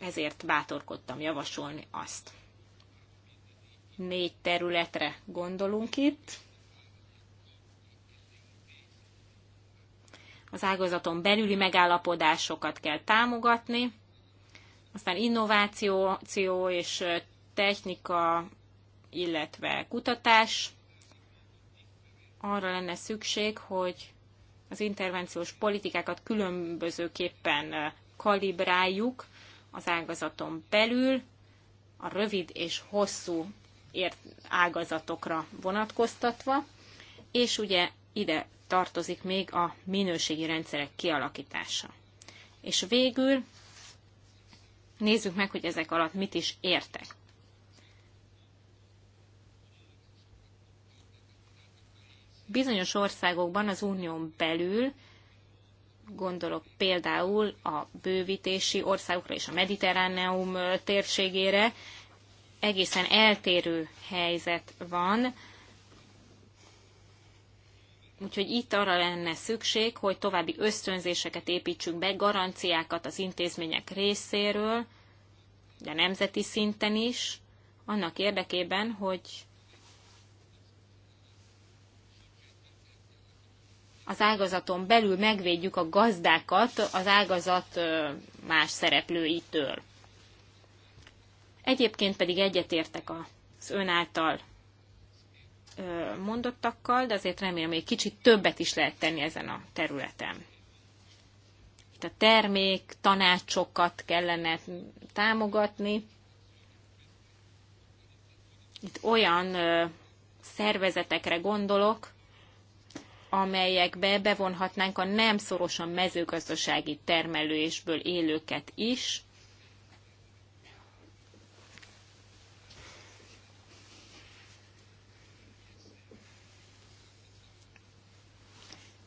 ezért bátorkodtam javasolni azt. Négy területre gondolunk itt. Az ágazaton belüli megállapodásokat kell támogatni, aztán innováció és technika, illetve kutatás, arra lenne szükség, hogy az intervenciós politikákat különbözőképpen kalibráljuk az ágazaton belül, a rövid és hosszú ért ágazatokra vonatkoztatva, és ugye ide tartozik még a minőségi rendszerek kialakítása. És végül nézzük meg, hogy ezek alatt mit is értek. bizonyos országokban az unión belül, gondolok például a bővítési országokra és a mediterráneum térségére, egészen eltérő helyzet van, Úgyhogy itt arra lenne szükség, hogy további ösztönzéseket építsünk be, garanciákat az intézmények részéről, de nemzeti szinten is, annak érdekében, hogy az ágazaton belül megvédjük a gazdákat az ágazat más szereplőitől. Egyébként pedig egyetértek az ön által mondottakkal, de azért remélem, hogy egy kicsit többet is lehet tenni ezen a területen. Itt a termék, tanácsokat kellene támogatni. Itt olyan szervezetekre gondolok, amelyekbe bevonhatnánk a nem szorosan mezőgazdasági termelésből élőket is.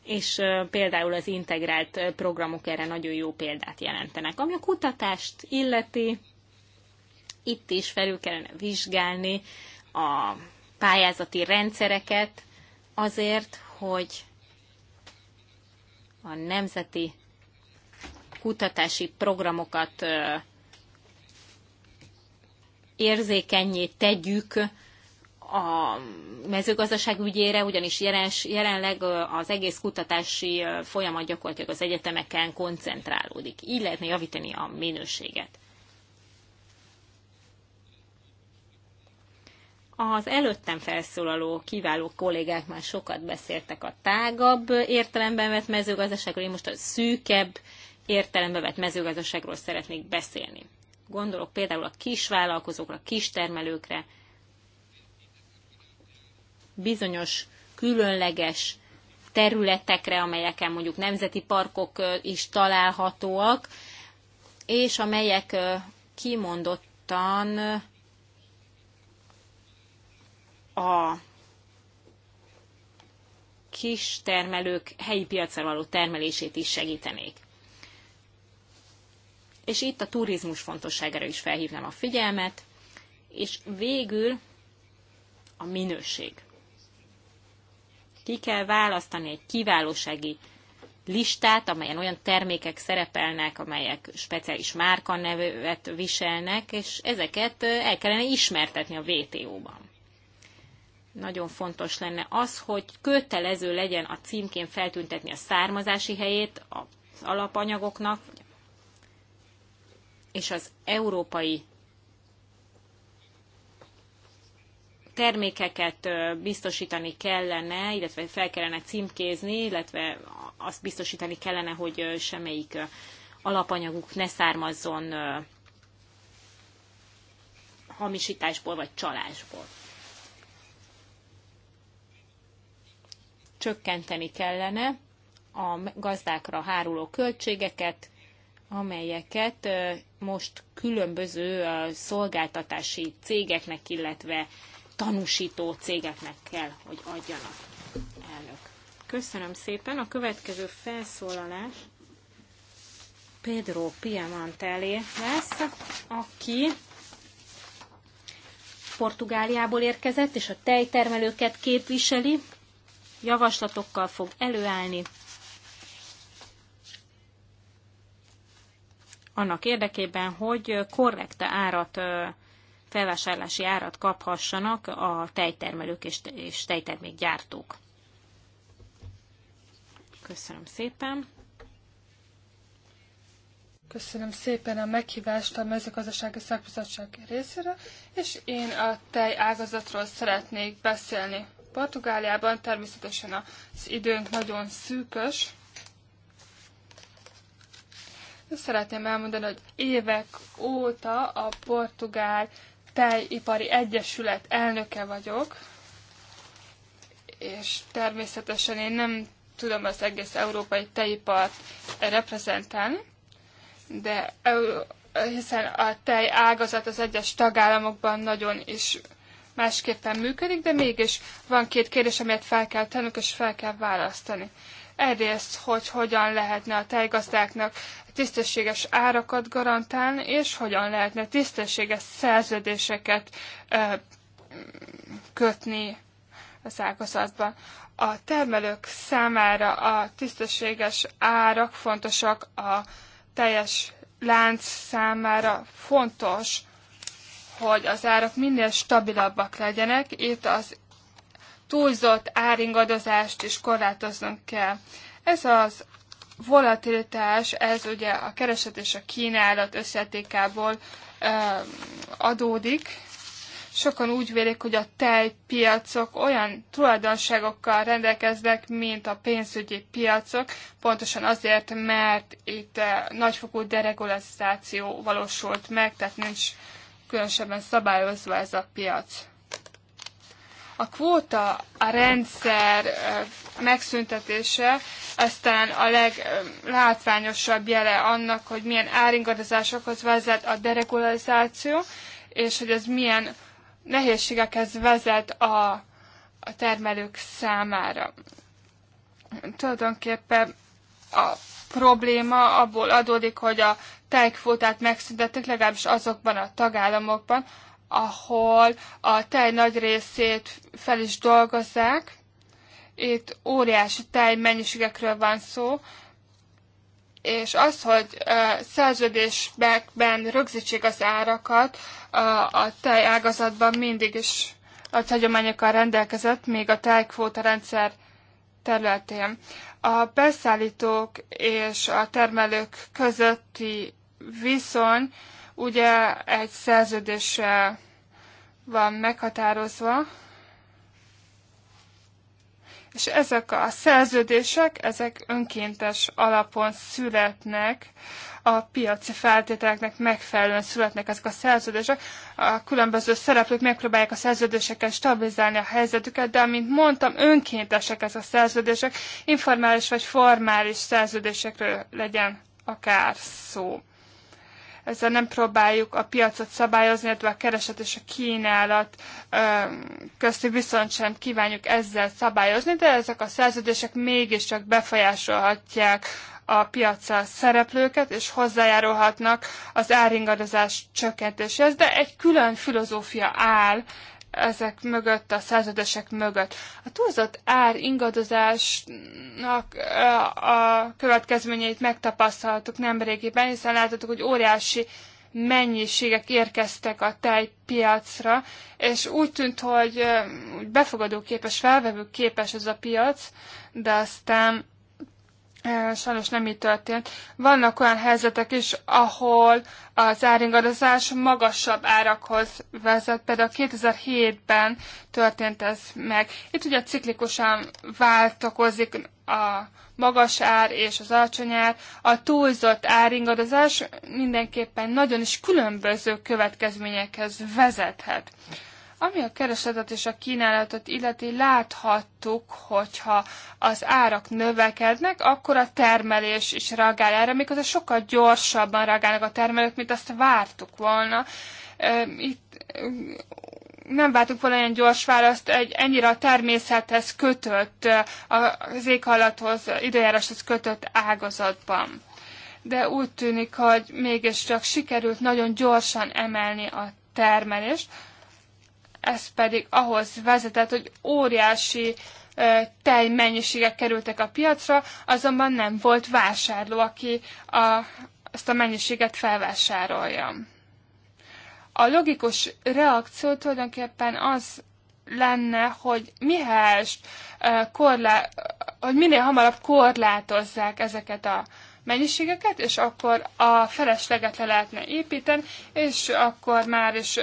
és például az integrált programok erre nagyon jó példát jelentenek. Ami a kutatást illeti, itt is felül kellene vizsgálni a pályázati rendszereket azért, hogy a nemzeti kutatási programokat érzékenyé tegyük a mezőgazdaság ügyére, ugyanis jelenleg az egész kutatási folyamat gyakorlatilag az egyetemeken koncentrálódik. Így lehetne javítani a minőséget. Az előttem felszólaló kiváló kollégák már sokat beszéltek a tágabb értelemben vett mezőgazdaságról, én most a szűkebb értelemben vett mezőgazdaságról szeretnék beszélni. Gondolok például a kisvállalkozókra, kistermelőkre, bizonyos különleges területekre, amelyeken mondjuk nemzeti parkok is találhatóak, és amelyek kimondottan a kis termelők helyi piacra való termelését is segítenék. És itt a turizmus fontosságára is felhívnám a figyelmet, és végül a minőség. Ki kell választani egy kiválósági listát, amelyen olyan termékek szerepelnek, amelyek speciális márkanevet viselnek, és ezeket el kellene ismertetni a WTO-ban nagyon fontos lenne az, hogy kötelező legyen a címkén feltüntetni a származási helyét az alapanyagoknak, és az európai termékeket biztosítani kellene, illetve fel kellene címkézni, illetve azt biztosítani kellene, hogy semmelyik alapanyaguk ne származzon hamisításból vagy csalásból. csökkenteni kellene a gazdákra háruló költségeket, amelyeket most különböző szolgáltatási cégeknek, illetve tanúsító cégeknek kell, hogy adjanak. Elnök. Köszönöm szépen. A következő felszólalás Pedro Piemantelé lesz, aki Portugáliából érkezett, és a tejtermelőket képviseli javaslatokkal fog előállni, annak érdekében, hogy korrekt árat, felvásárlási árat kaphassanak a tejtermelők és, tejtermékgyártók. Köszönöm szépen! Köszönöm szépen a meghívást a mezőgazdasági szakbizottság részéről, és én a tej ágazatról szeretnék beszélni. Portugáliában természetesen az időnk nagyon szűkös. De szeretném elmondani, hogy évek óta a Portugál Tejipari Egyesület elnöke vagyok, és természetesen én nem tudom az egész európai tejipart reprezentálni, de hiszen a tej ágazat az egyes tagállamokban nagyon is másképpen működik, de mégis van két kérdés, amelyet fel kell tennünk és fel kell választani. Egyrészt, hogy hogyan lehetne a tejgazdáknak tisztességes árakat garantálni, és hogyan lehetne tisztességes szerződéseket ö, kötni az ágazatban. A termelők számára a tisztességes árak fontosak, a teljes lánc számára fontos, hogy az árak minél stabilabbak legyenek, itt az túlzott áringadozást is korlátoznunk kell. Ez az volatilitás, ez ugye a kereset és a kínálat összetékából adódik. Sokan úgy vélik, hogy a tejpiacok olyan tulajdonságokkal rendelkeznek, mint a pénzügyi piacok, pontosan azért, mert itt eh, nagyfokú deregulizáció valósult meg, tehát nincs különösebben szabályozva ez a piac. A kvóta, a rendszer megszüntetése, ez talán a leglátványosabb jele annak, hogy milyen áringadozásokhoz vezet a deregulizáció, és hogy ez milyen nehézségekhez vezet a, a termelők számára. Tulajdonképpen a probléma abból adódik, hogy a tejkvótát megszüntették, legalábbis azokban a tagállamokban, ahol a tej nagy részét fel is dolgozzák. Itt óriási tej mennyiségekről van szó, és az, hogy uh, szerződésben rögzítsék az árakat, uh, a tej ágazatban mindig is a hagyományokkal rendelkezett, még a tejkvóta rendszer területén. A beszállítók és a termelők közötti viszony ugye egy szerződéssel van meghatározva, és ezek a szerződések, ezek önkéntes alapon születnek, a piaci feltételeknek megfelelően születnek ezek a szerződések. A különböző szereplők megpróbálják a szerződésekkel stabilizálni a helyzetüket, de amint mondtam, önkéntesek ezek a szerződések, informális vagy formális szerződésekről legyen akár szó ezzel nem próbáljuk a piacot szabályozni, illetve a kereset és a kínálat közti viszont sem kívánjuk ezzel szabályozni, de ezek a szerződések mégiscsak befolyásolhatják a piacra szereplőket, és hozzájárulhatnak az áringadozás csökkentéséhez, de egy külön filozófia áll ezek mögött, a szerződések mögött. A túlzott ár ingadozásnak a következményeit megtapasztaltuk nemrégiben, hiszen láthatjuk, hogy óriási mennyiségek érkeztek a tejpiacra, és úgy tűnt, hogy befogadó képes, felvevő képes ez a piac, de aztán sajnos nem így történt. Vannak olyan helyzetek is, ahol az áringadozás magasabb árakhoz vezet. Például 2007-ben történt ez meg. Itt ugye ciklikusan váltokozik a magas ár és az alacsony ár. A túlzott áringadozás mindenképpen nagyon is különböző következményekhez vezethet. Ami a keresetet és a kínálatot illeti, láthattuk, hogyha az árak növekednek, akkor a termelés is reagál erre, miközben sokkal gyorsabban reagálnak a termelők, mint azt vártuk volna. Itt nem váltunk volna olyan gyors választ egy ennyire a természethez kötött, az éghajlathoz, időjáráshoz kötött ágazatban. De úgy tűnik, hogy mégiscsak sikerült nagyon gyorsan emelni a termelést, ez pedig ahhoz vezetett, hogy óriási tejmennyiségek kerültek a piacra, azonban nem volt vásárló, aki a, ezt a mennyiséget felvásárolja. A logikus reakció tulajdonképpen az lenne, hogy mihelyest korlá, hogy minél hamarabb korlátozzák ezeket a mennyiségeket, és akkor a felesleget le lehetne építeni, és akkor már is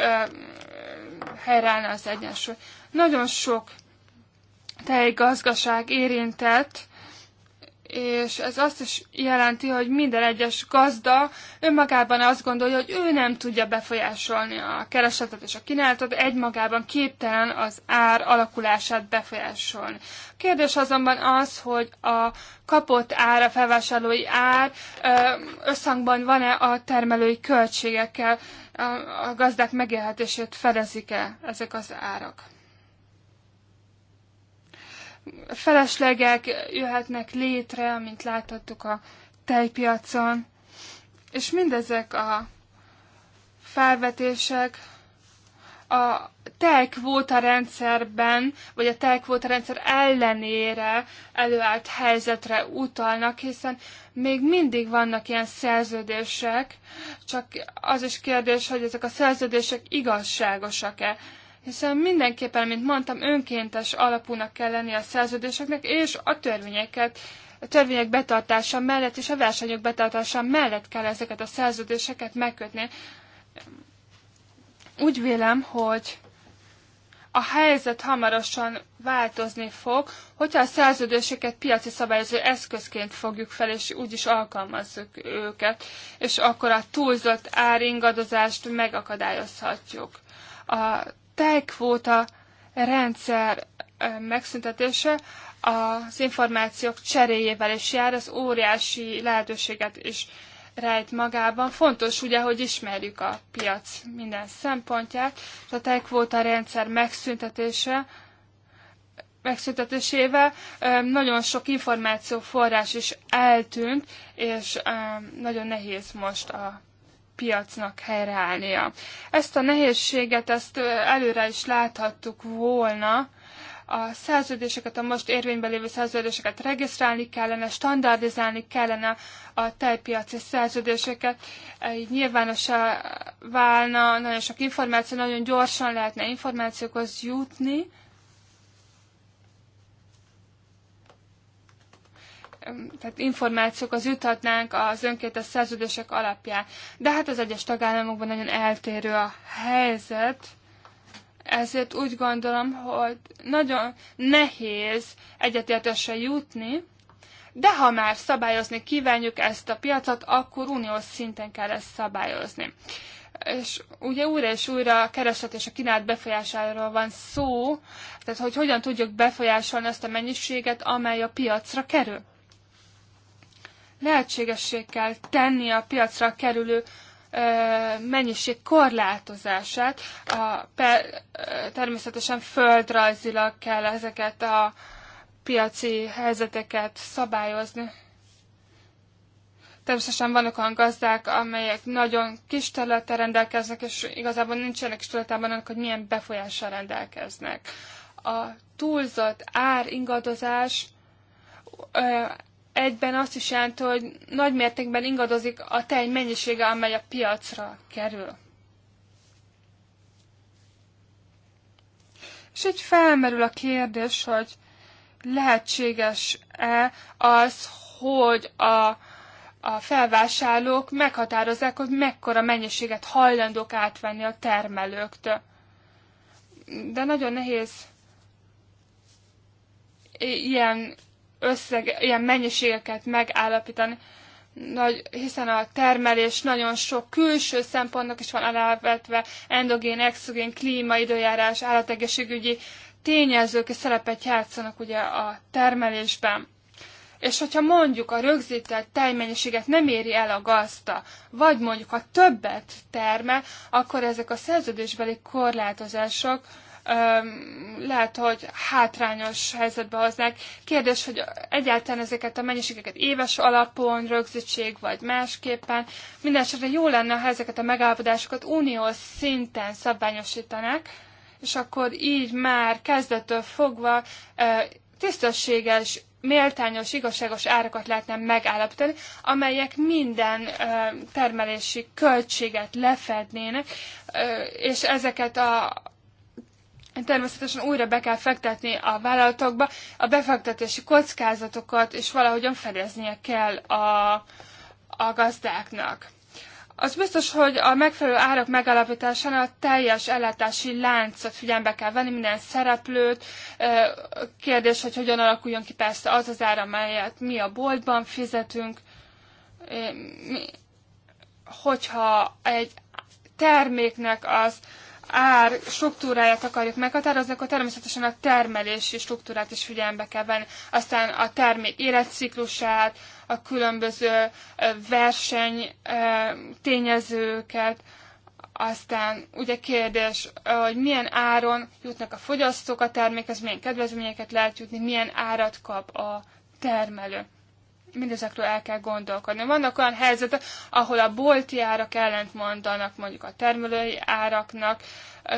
helyreállna az egyensúly. Nagyon sok tejgazdaság érintett, és ez azt is jelenti, hogy minden egyes gazda önmagában azt gondolja, hogy ő nem tudja befolyásolni a keresetet és a kínálatot, egymagában képtelen az ár alakulását befolyásolni. A kérdés azonban az, hogy a kapott ár, a felvásárlói ár összhangban van-e a termelői költségekkel, a gazdák megélhetését fedezik-e ezek az árak feleslegek jöhetnek létre, amint láthattuk a tejpiacon. És mindezek a felvetések a telkvóta rendszerben, vagy a telkvóta rendszer ellenére előállt helyzetre utalnak, hiszen még mindig vannak ilyen szerződések, csak az is kérdés, hogy ezek a szerződések igazságosak-e hiszen mindenképpen, mint mondtam, önkéntes alapúnak kell lenni a szerződéseknek, és a törvényeket, a törvények betartása mellett és a versenyok betartása mellett kell ezeket a szerződéseket megkötni. Úgy vélem, hogy a helyzet hamarosan változni fog, hogyha a szerződéseket piaci szabályozó eszközként fogjuk fel, és úgy is alkalmazzuk őket, és akkor a túlzott áringadozást megakadályozhatjuk. A tejkvóta rendszer megszüntetése az információk cseréjével is jár, az óriási lehetőséget is rejt magában. Fontos ugye, hogy ismerjük a piac minden szempontját, és a tejkvóta rendszer megszüntetése megszüntetésével nagyon sok információforrás is eltűnt, és nagyon nehéz most a piacnak helyreállnia. Ezt a nehézséget, ezt előre is láthattuk volna, a szerződéseket, a most érvényben lévő szerződéseket regisztrálni kellene, standardizálni kellene a tejpiaci szerződéseket, így nyilvánosá válna, nagyon sok információ, nagyon gyorsan lehetne információkhoz jutni, tehát információkhoz juthatnánk az önkéntes szerződések alapján. De hát az egyes tagállamokban nagyon eltérő a helyzet, ezért úgy gondolom, hogy nagyon nehéz egyetértésre jutni, de ha már szabályozni kívánjuk ezt a piacot, akkor uniós szinten kell ezt szabályozni. És ugye újra és újra a kereslet és a kínálat befolyásáról van szó, tehát hogy hogyan tudjuk befolyásolni azt a mennyiséget, amely a piacra kerül lehetségessé kell tenni a piacra kerülő mennyiség korlátozását. A, per, természetesen földrajzilag kell ezeket a piaci helyzeteket szabályozni. Természetesen vannak olyan gazdák, amelyek nagyon kis területen rendelkeznek, és igazából nincsenek is tudatában annak, hogy milyen befolyással rendelkeznek. A túlzott ár ingadozás egyben azt is jelenti, hogy nagy mértékben ingadozik a tej mennyisége, amely a piacra kerül. És így felmerül a kérdés, hogy lehetséges-e az, hogy a, a felvásárlók meghatározzák, hogy mekkora mennyiséget hajlandók átvenni a termelőktől. De nagyon nehéz ilyen összeg, ilyen mennyiségeket megállapítani. Nagy, hiszen a termelés nagyon sok külső szempontnak is van alávetve, endogén, exogén, klíma, időjárás, állategészségügyi tényezők és szerepet játszanak ugye a termelésben. És hogyha mondjuk a rögzített tejmennyiséget nem éri el a gazda, vagy mondjuk ha többet termel, akkor ezek a szerződésbeli korlátozások lehet, hogy hátrányos helyzetbe hoznák. Kérdés, hogy egyáltalán ezeket a mennyiségeket éves alapon, rögzítség vagy másképpen. Mindenesetre jó lenne, ha ezeket a megállapodásokat uniós szinten szabványosítanák, és akkor így már kezdettől fogva tisztességes méltányos, igazságos árakat lehetne megállapítani, amelyek minden termelési költséget lefednének, és ezeket a természetesen újra be kell fektetni a vállalatokba, a befektetési kockázatokat, és valahogyan fedeznie kell a, a gazdáknak. Az biztos, hogy a megfelelő árak megalapításánál a teljes ellátási láncot figyelembe kell venni, minden szereplőt. Kérdés, hogy hogyan alakuljon ki persze az az ára, amelyet mi a boltban fizetünk. Hogyha egy terméknek az ár struktúráját akarjuk meghatározni, akkor természetesen a termelési struktúrát is figyelembe kell venni. Aztán a termék életciklusát, a különböző verseny tényezőket, aztán ugye kérdés, hogy milyen áron jutnak a fogyasztók a termékhez, milyen kedvezményeket lehet jutni, milyen árat kap a termelő mindezekről el kell gondolkodni. Vannak olyan helyzetek, ahol a bolti árak ellent mondanak mondjuk a termelői áraknak,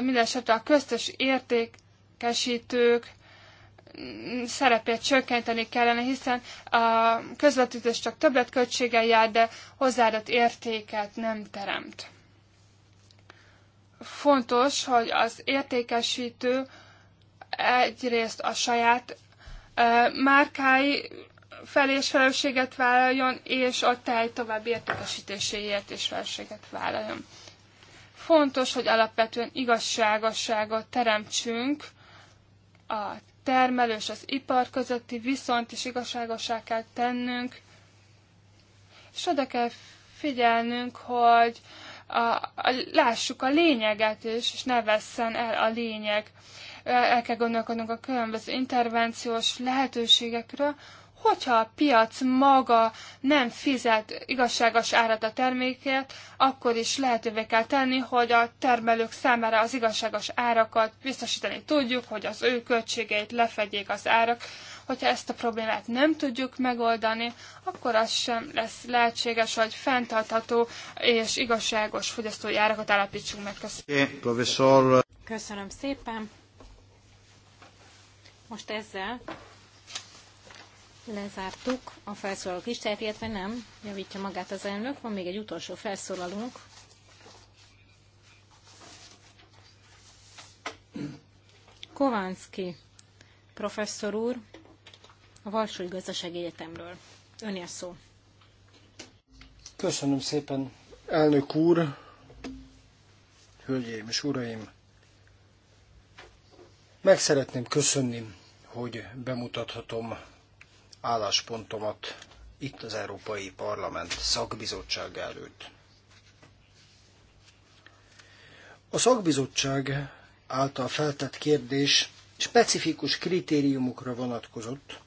mindesetre a köztes értékesítők szerepét csökkenteni kellene, hiszen a közvetítés csak költséggel jár, de hozzáadott értéket nem teremt. Fontos, hogy az értékesítő egyrészt a saját márkái felé is felelősséget vállaljon, és a táj további értékesítéséért is felelősséget vállaljon. Fontos, hogy alapvetően igazságosságot teremtsünk a termelő és az ipar közötti viszont is igazságosá kell tennünk, és oda kell figyelnünk, hogy a, a, lássuk a lényeget is, és ne vesszen el a lényeg. El kell gondolkodnunk a különböző intervenciós lehetőségekről, hogyha a piac maga nem fizet igazságos árat a termékért, akkor is lehetővé kell tenni, hogy a termelők számára az igazságos árakat biztosítani tudjuk, hogy az ő költségeit lefedjék az árak. Hogyha ezt a problémát nem tudjuk megoldani, akkor az sem lesz lehetséges, hogy fenntartható és igazságos fogyasztói árakat állapítsunk meg. Köszönöm. Köszönöm szépen. Most ezzel Lezártuk a felszólalók tehát illetve nem, javítja magát az elnök. Van még egy utolsó felszólalunk. Kovánszki professzor úr a Varsói Gazdasági Egyetemről. Öné a szó. Köszönöm szépen, elnök úr, hölgyeim és uraim. Meg szeretném köszönni, hogy bemutathatom álláspontomat itt az Európai Parlament szakbizottság előtt. A szakbizottság által feltett kérdés specifikus kritériumokra vonatkozott,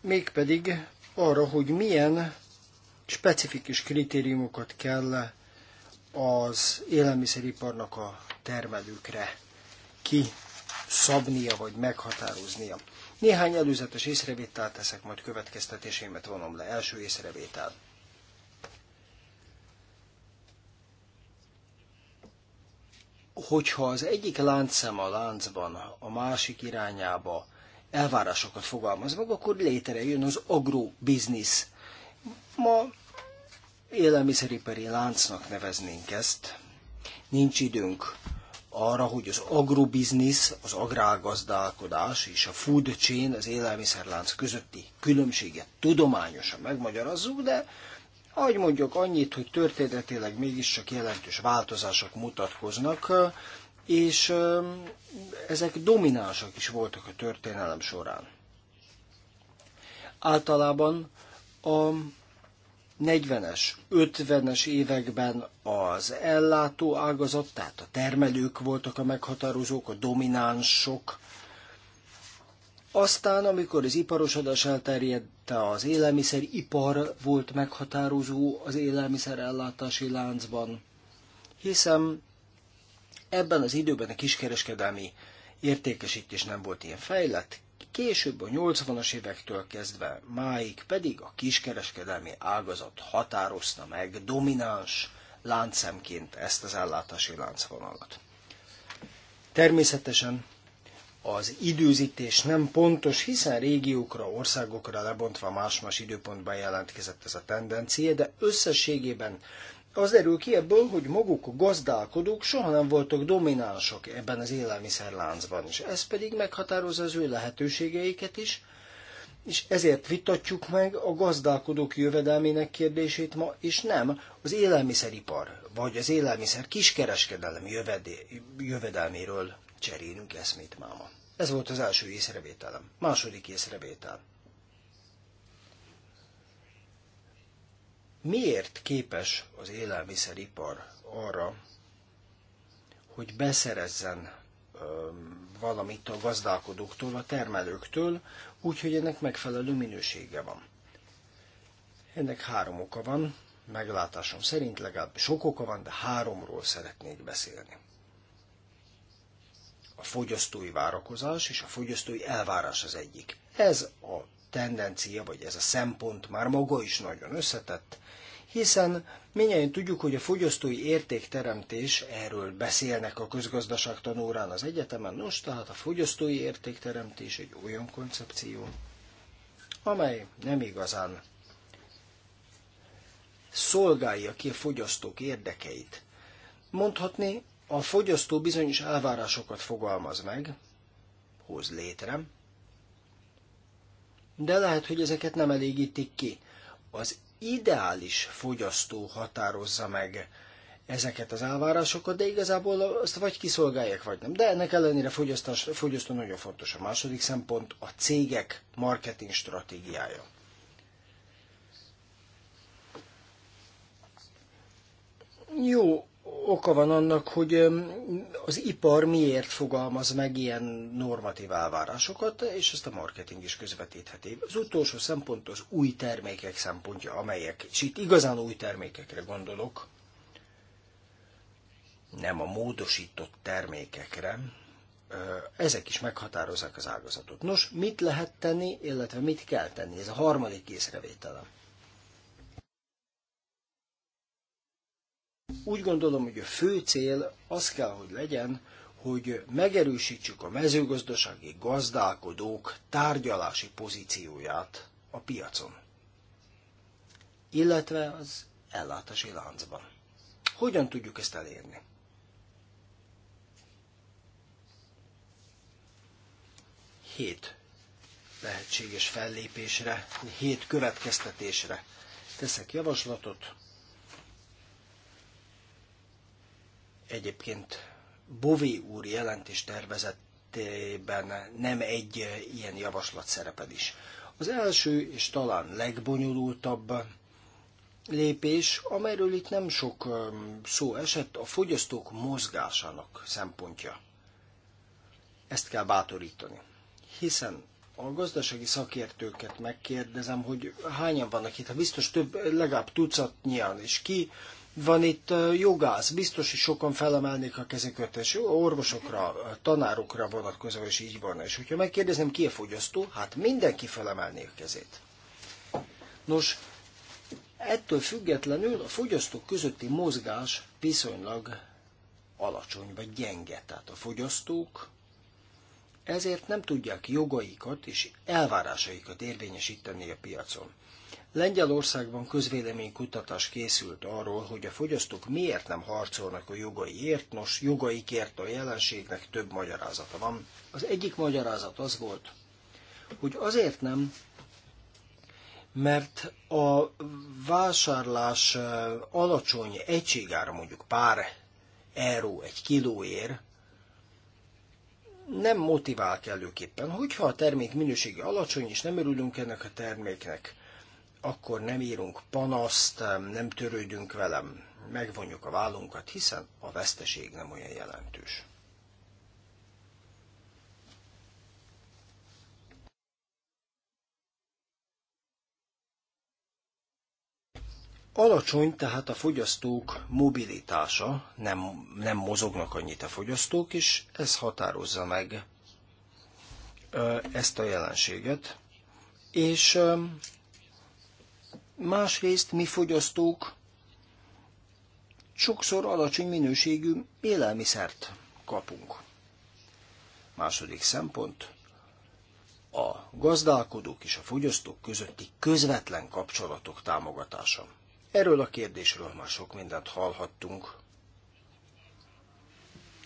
mégpedig arra, hogy milyen specifikus kritériumokat kell az élelmiszeriparnak a termelőkre ki szabnia vagy meghatároznia. Néhány előzetes észrevétel teszek, majd következtetésémet vonom le. Első észrevétel. Hogyha az egyik láncszem a láncban, a másik irányába elvárásokat fogalmaz meg, akkor létrejön az agrobiznisz. Ma élelmiszeripari láncnak neveznénk ezt. Nincs időnk arra, hogy az agrobiznisz, az agrárgazdálkodás és a food chain, az élelmiszerlánc közötti különbséget tudományosan megmagyarázzuk, de ahogy mondjuk annyit, hogy történetileg mégiscsak jelentős változások mutatkoznak, és ezek dominánsak is voltak a történelem során. Általában a 40-es, 50-es években az ellátó ágazat, tehát a termelők voltak a meghatározók, a dominánsok. Aztán, amikor az iparosodás elterjedt, az élelmiszeripar volt meghatározó az élelmiszer ellátási láncban, hiszen ebben az időben a kiskereskedelmi értékesítés nem volt ilyen fejlett, később a 80-as évektől kezdve máig pedig a kiskereskedelmi ágazat határozta meg domináns láncszemként ezt az ellátási láncvonalat. Természetesen az időzítés nem pontos, hiszen régiókra, országokra lebontva más-más időpontban jelentkezett ez a tendencia, de összességében az derül ki ebből, hogy maguk a gazdálkodók soha nem voltak dominánsak ebben az élelmiszerláncban, és ez pedig meghatározza az ő lehetőségeiket is, és ezért vitatjuk meg a gazdálkodók jövedelmének kérdését ma, és nem az élelmiszeripar, vagy az élelmiszer kiskereskedelem jövedelméről cserélünk eszmét máma. Ez volt az első észrevételem. Második észrevétel. Miért képes az élelmiszeripar arra, hogy beszerezzen valamit a gazdálkodóktól, a termelőktől, úgyhogy ennek megfelelő minősége van. Ennek három oka van, meglátásom szerint legalább sok oka van, de háromról szeretnék beszélni. A fogyasztói várakozás és a fogyasztói elvárás az egyik. Ez a tendencia, vagy ez a szempont már maga is nagyon összetett, hiszen minnyáján tudjuk, hogy a fogyasztói értékteremtés, erről beszélnek a közgazdaságtanórán az egyetemen, nos, tehát a fogyasztói értékteremtés egy olyan koncepció, amely nem igazán szolgálja ki a fogyasztók érdekeit. Mondhatni, a fogyasztó bizonyos elvárásokat fogalmaz meg, hoz létre, de lehet, hogy ezeket nem elégítik ki. Az ideális fogyasztó határozza meg ezeket az elvárásokat, de igazából azt vagy kiszolgálják, vagy nem. De ennek ellenére fogyasztás, fogyasztó nagyon fontos. A második szempont a cégek marketing stratégiája. Jó oka van annak, hogy az ipar miért fogalmaz meg ilyen normatív elvárásokat, és ezt a marketing is közvetítheti. Az utolsó szempont az új termékek szempontja, amelyek, és itt igazán új termékekre gondolok, nem a módosított termékekre, ezek is meghatározzák az ágazatot. Nos, mit lehet tenni, illetve mit kell tenni? Ez a harmadik észrevételem. Úgy gondolom, hogy a fő cél az kell, hogy legyen, hogy megerősítsük a mezőgazdasági gazdálkodók tárgyalási pozícióját a piacon, illetve az ellátási láncban. Hogyan tudjuk ezt elérni? Hét lehetséges fellépésre, hét következtetésre teszek javaslatot, Egyébként Bové úr jelentés tervezetében nem egy ilyen javaslat szerepel is. Az első és talán legbonyolultabb lépés, amelyről itt nem sok um, szó esett, a fogyasztók mozgásának szempontja. Ezt kell bátorítani. Hiszen a gazdasági szakértőket megkérdezem, hogy hányan vannak itt, ha biztos több, legalább tucatnyian, és ki van itt jogász, biztos, hogy sokan felemelnék a kezüket, és orvosokra, tanárokra vonatkozó, és így van. És hogyha megkérdezem, ki a fogyasztó, hát mindenki felemelné a kezét. Nos, ettől függetlenül a fogyasztók közötti mozgás viszonylag alacsony vagy gyenge. Tehát a fogyasztók ezért nem tudják jogaikat és elvárásaikat érvényesíteni a piacon. Lengyelországban közvéleménykutatás készült arról, hogy a fogyasztók miért nem harcolnak a jogaiért, nos, jogaikért a jelenségnek több magyarázata van. Az egyik magyarázat az volt, hogy azért nem, mert a vásárlás alacsony egységára mondjuk pár euró egy kilóért, nem motivál kellőképpen. Hogyha a termék minősége alacsony, és nem örülünk ennek a terméknek, akkor nem írunk panaszt, nem törődünk velem, megvonjuk a vállunkat, hiszen a veszteség nem olyan jelentős. Alacsony tehát a fogyasztók mobilitása, nem, nem mozognak annyit a fogyasztók, és ez határozza meg ezt a jelenséget. És Másrészt mi fogyasztók sokszor alacsony minőségű élelmiszert kapunk. Második szempont, a gazdálkodók és a fogyasztók közötti közvetlen kapcsolatok támogatása. Erről a kérdésről már sok mindent hallhattunk.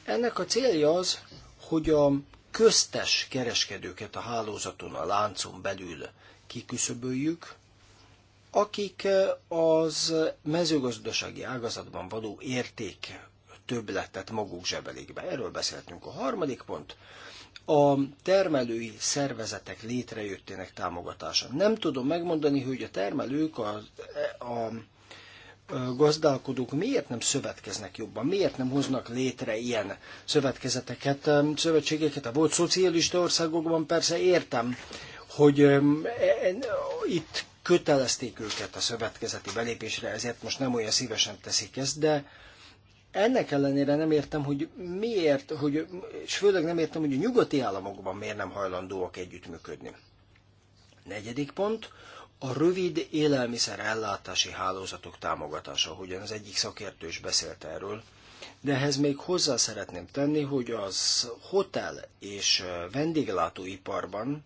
Ennek a célja az, hogy a köztes kereskedőket a hálózaton, a láncon belül kiküszöböljük, akik eh, az mezőgazdasági ágazatban való érték többletet maguk zsebelik be. Erről beszéltünk. A harmadik pont a termelői szervezetek létrejöttének támogatása. Nem tudom megmondani, hogy a termelők, a, a gazdálkodók miért nem szövetkeznek jobban, miért nem hoznak létre ilyen szövetkezeteket, szövetségeket. A volt szocialista országokban persze értem, hogy e, e, itt kötelezték őket a szövetkezeti belépésre, ezért most nem olyan szívesen teszik ezt, de ennek ellenére nem értem, hogy miért, hogy, és főleg nem értem, hogy a nyugati államokban miért nem hajlandóak együttműködni. Negyedik pont, a rövid élelmiszer ellátási hálózatok támogatása, ahogyan az egyik szakértő is beszélt erről. De ehhez még hozzá szeretném tenni, hogy az hotel és vendéglátóiparban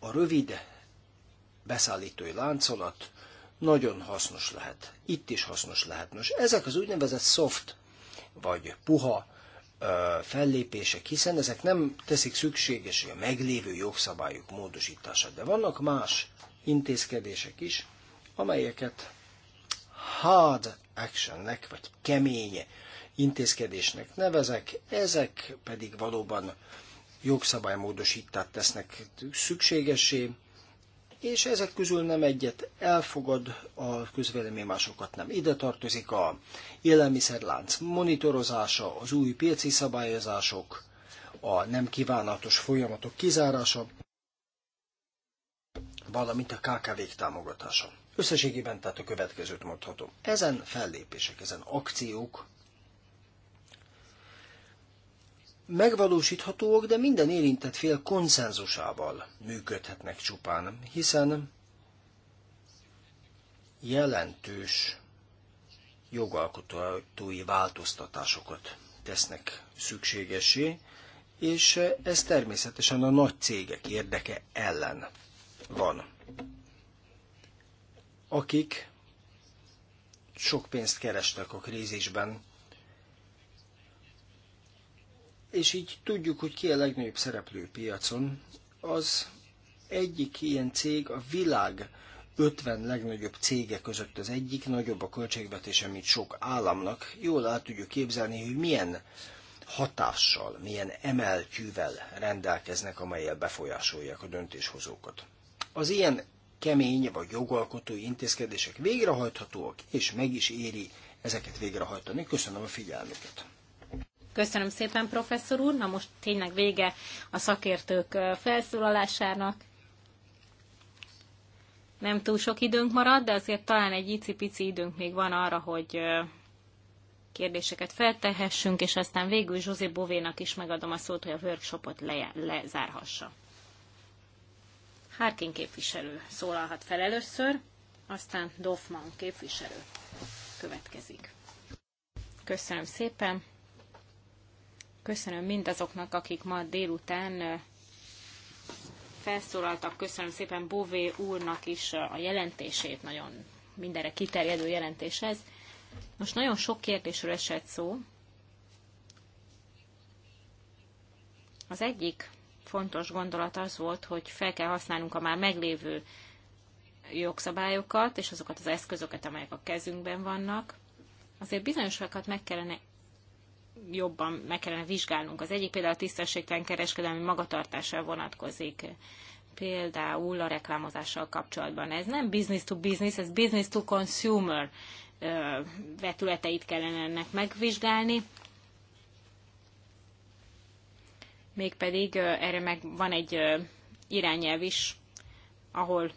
a rövid beszállítói láncolat nagyon hasznos lehet. Itt is hasznos lehet. Nos, ezek az úgynevezett soft vagy puha fellépések, hiszen ezek nem teszik szükséges a meglévő jogszabályok módosítását. De vannak más intézkedések is, amelyeket hard actionnek, vagy kemény intézkedésnek nevezek, ezek pedig valóban jogszabálymódosítást tesznek szükségesé, és ezek közül nem egyet elfogad a közvélemény, másokat nem. Ide tartozik a élelmiszerlánc monitorozása, az új piaci szabályozások, a nem kívánatos folyamatok kizárása, valamint a KKV-k támogatása. Összességében tehát a következőt mondhatom. Ezen fellépések, ezen akciók megvalósíthatóak, de minden érintett fél konszenzusával működhetnek csupán, hiszen jelentős jogalkotói változtatásokat tesznek szükségesé, és ez természetesen a nagy cégek érdeke ellen van, akik sok pénzt kerestek a krízisben, és így tudjuk, hogy ki a legnagyobb szereplő piacon. Az egyik ilyen cég a világ 50 legnagyobb cége között az egyik, nagyobb a költségvetése, mint sok államnak. Jól át tudjuk képzelni, hogy milyen hatással, milyen emeltjűvel rendelkeznek, amelyel befolyásolják a döntéshozókat. Az ilyen kemény vagy jogalkotói intézkedések végrehajthatóak, és meg is éri ezeket végrehajtani. Köszönöm a figyelmüket! Köszönöm szépen, professzor úr. Na most tényleg vége a szakértők felszólalásának. Nem túl sok időnk marad, de azért talán egy icipici időnk még van arra, hogy kérdéseket feltehessünk, és aztán végül Zsuzsi Bovénak is megadom a szót, hogy a workshopot le- lezárhassa. Harkin képviselő szólalhat fel először, aztán Doffman képviselő következik. Köszönöm szépen! Köszönöm mindazoknak, akik ma délután felszólaltak. Köszönöm szépen Bové úrnak is a jelentését, nagyon mindenre kiterjedő jelentés ez. Most nagyon sok kérdésről esett szó. Az egyik fontos gondolat az volt, hogy fel kell használnunk a már meglévő jogszabályokat, és azokat az eszközöket, amelyek a kezünkben vannak. Azért bizonyosakat meg kellene jobban meg kellene vizsgálnunk. Az egyik például a tisztességtelen kereskedelmi magatartásra vonatkozik, például a reklámozással kapcsolatban. Ez nem business to business, ez business to consumer vetületeit kellene ennek megvizsgálni. Mégpedig erre meg van egy irányelv is, ahol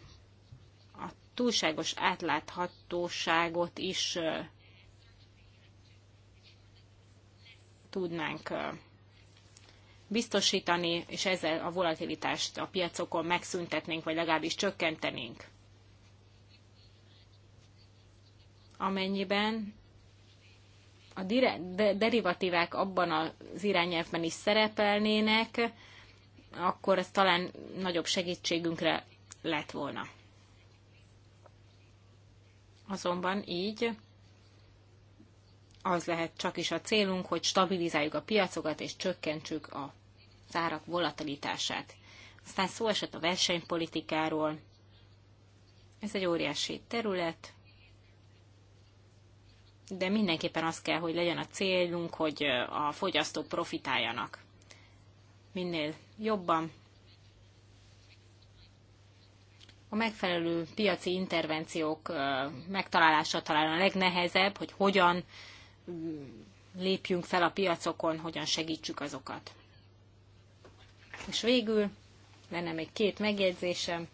a túlságos átláthatóságot is tudnánk biztosítani, és ezzel a volatilitást a piacokon megszüntetnénk, vagy legalábbis csökkentenénk. Amennyiben a derivatívák abban az irányelvben is szerepelnének, akkor ez talán nagyobb segítségünkre lett volna. Azonban így az lehet csak is a célunk, hogy stabilizáljuk a piacokat és csökkentsük a árak volatilitását. Aztán szó esett a versenypolitikáról. Ez egy óriási terület, de mindenképpen az kell, hogy legyen a célunk, hogy a fogyasztók profitáljanak minél jobban. A megfelelő piaci intervenciók megtalálása talán a legnehezebb, hogy hogyan lépjünk fel a piacokon, hogyan segítsük azokat. És végül lenne még két megjegyzésem.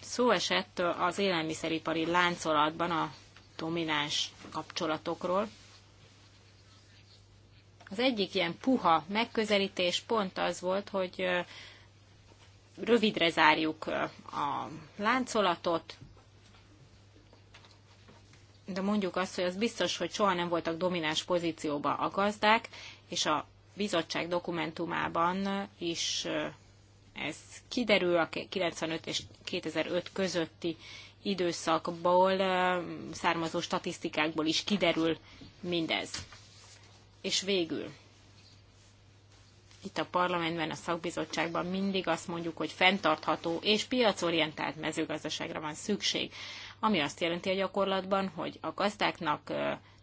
Szó esett az élelmiszeripari láncolatban a domináns kapcsolatokról. Az egyik ilyen puha megközelítés pont az volt, hogy rövidre zárjuk a láncolatot, de mondjuk azt, hogy az biztos, hogy soha nem voltak domináns pozícióban a gazdák, és a bizottság dokumentumában is ez kiderül a 95 és 2005 közötti időszakból származó statisztikákból is kiderül mindez. És végül, itt a parlamentben, a szakbizottságban mindig azt mondjuk, hogy fenntartható és piacorientált mezőgazdaságra van szükség ami azt jelenti a gyakorlatban, hogy a gazdáknak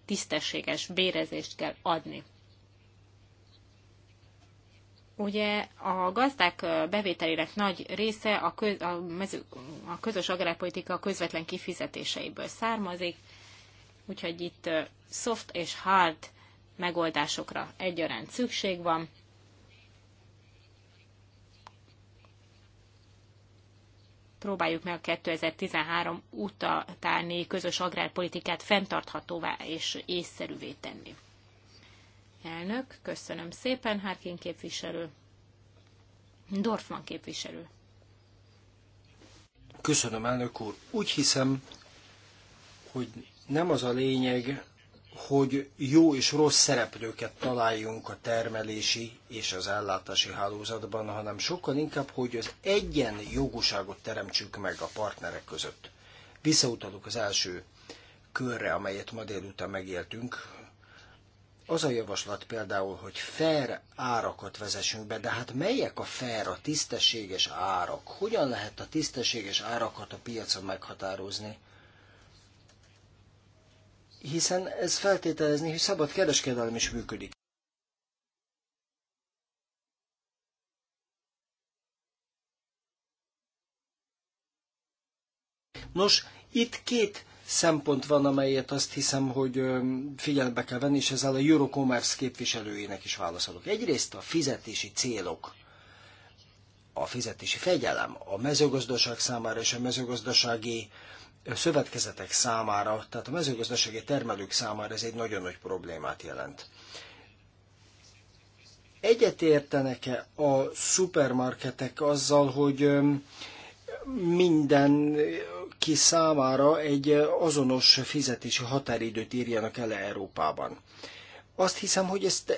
tisztességes bérezést kell adni. Ugye a gazdák bevételének nagy része a, köz, a, mező, a közös agrárpolitika közvetlen kifizetéseiből származik, úgyhogy itt soft és hard megoldásokra egyaránt szükség van. próbáljuk meg a 2013 utáni közös agrárpolitikát fenntarthatóvá és észszerűvé tenni. Elnök, köszönöm szépen, Harkin képviselő. Dorfman képviselő. Köszönöm, elnök úr. Úgy hiszem, hogy nem az a lényeg, hogy jó és rossz szereplőket találjunk a termelési és az ellátási hálózatban, hanem sokkal inkább, hogy az egyen jogúságot teremtsük meg a partnerek között. Visszautalok az első körre, amelyet ma délután megéltünk. Az a javaslat például, hogy fair árakat vezessünk be, de hát melyek a fair, a tisztességes árak? Hogyan lehet a tisztességes árakat a piacon meghatározni? hiszen ez feltételezni, hogy szabad kereskedelem is működik. Nos, itt két szempont van, amelyet azt hiszem, hogy figyelembe kell venni, és ezzel a Eurocommerce képviselőjének is válaszolok. Egyrészt a fizetési célok, a fizetési fegyelem a mezőgazdaság számára és a mezőgazdasági szövetkezetek számára, tehát a mezőgazdasági termelők számára ez egy nagyon nagy problémát jelent. Egyetértenek-e a szupermarketek azzal, hogy minden ki számára egy azonos fizetési határidőt írjanak el Európában? Azt hiszem, hogy ezt, e,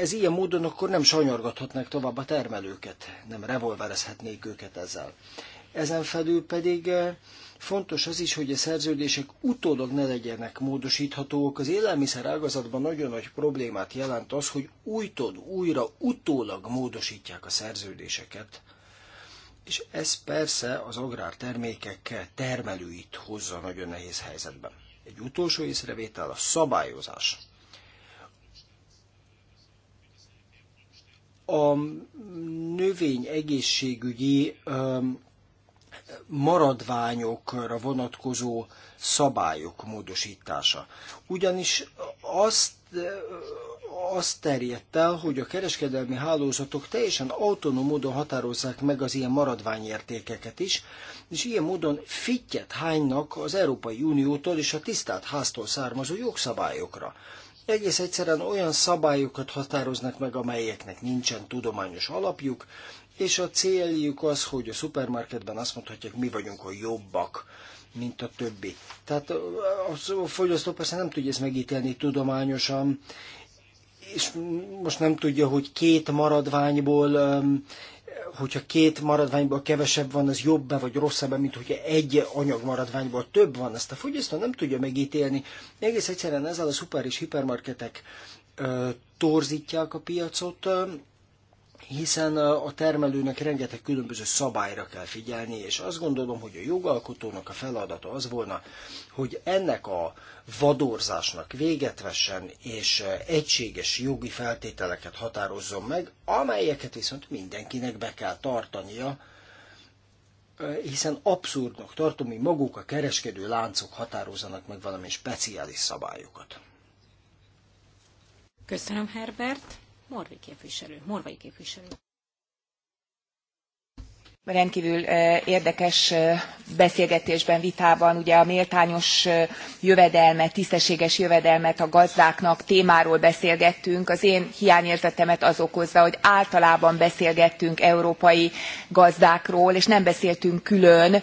ez ilyen módon akkor nem sanyargathatnák tovább a termelőket, nem revolverezhetnék őket ezzel. Ezen felül pedig Fontos az is, hogy a szerződések utólag ne legyenek módosíthatóak. Az élelmiszer ágazatban nagyon nagy problémát jelent az, hogy újtól újra utólag módosítják a szerződéseket. És ez persze az agrártermékek termelőit hozza nagyon nehéz helyzetben. Egy utolsó észrevétel a szabályozás. A növény egészségügyi maradványokra vonatkozó szabályok módosítása. Ugyanis azt, azt terjedt el, hogy a kereskedelmi hálózatok teljesen autonóm módon határozzák meg az ilyen maradványértékeket is, és ilyen módon fittyet hánynak az Európai Uniótól és a tisztát háztól származó jogszabályokra. Egész egyszerűen olyan szabályokat határoznak meg, amelyeknek nincsen tudományos alapjuk, és a céljuk az, hogy a szupermarketben azt mondhatják, mi vagyunk a jobbak, mint a többi. Tehát a fogyasztó persze nem tudja ezt megítélni tudományosan, és most nem tudja, hogy két maradványból, hogyha két maradványból kevesebb van, az jobb-e vagy rosszabb-e, mint hogyha egy anyag maradványból több van. Ezt a fogyasztó nem tudja megítélni. Egész egyszerűen ezzel a szuper és hipermarketek torzítják a piacot, hiszen a termelőnek rengeteg különböző szabályra kell figyelni, és azt gondolom, hogy a jogalkotónak a feladata az volna, hogy ennek a vadorzásnak véget vessen, és e, egységes jogi feltételeket határozzon meg, amelyeket viszont mindenkinek be kell tartania, e, hiszen abszurdnak tartom, hogy maguk a kereskedő láncok határozzanak meg valami speciális szabályokat. Köszönöm, Herbert. Morvai képviselő, Morvai képviselő rendkívül érdekes beszélgetésben vitában ugye a méltányos jövedelmet tisztességes jövedelmet a gazdáknak témáról beszélgettünk az én hiányérzetemet az okozza hogy általában beszélgettünk európai gazdákról és nem beszéltünk külön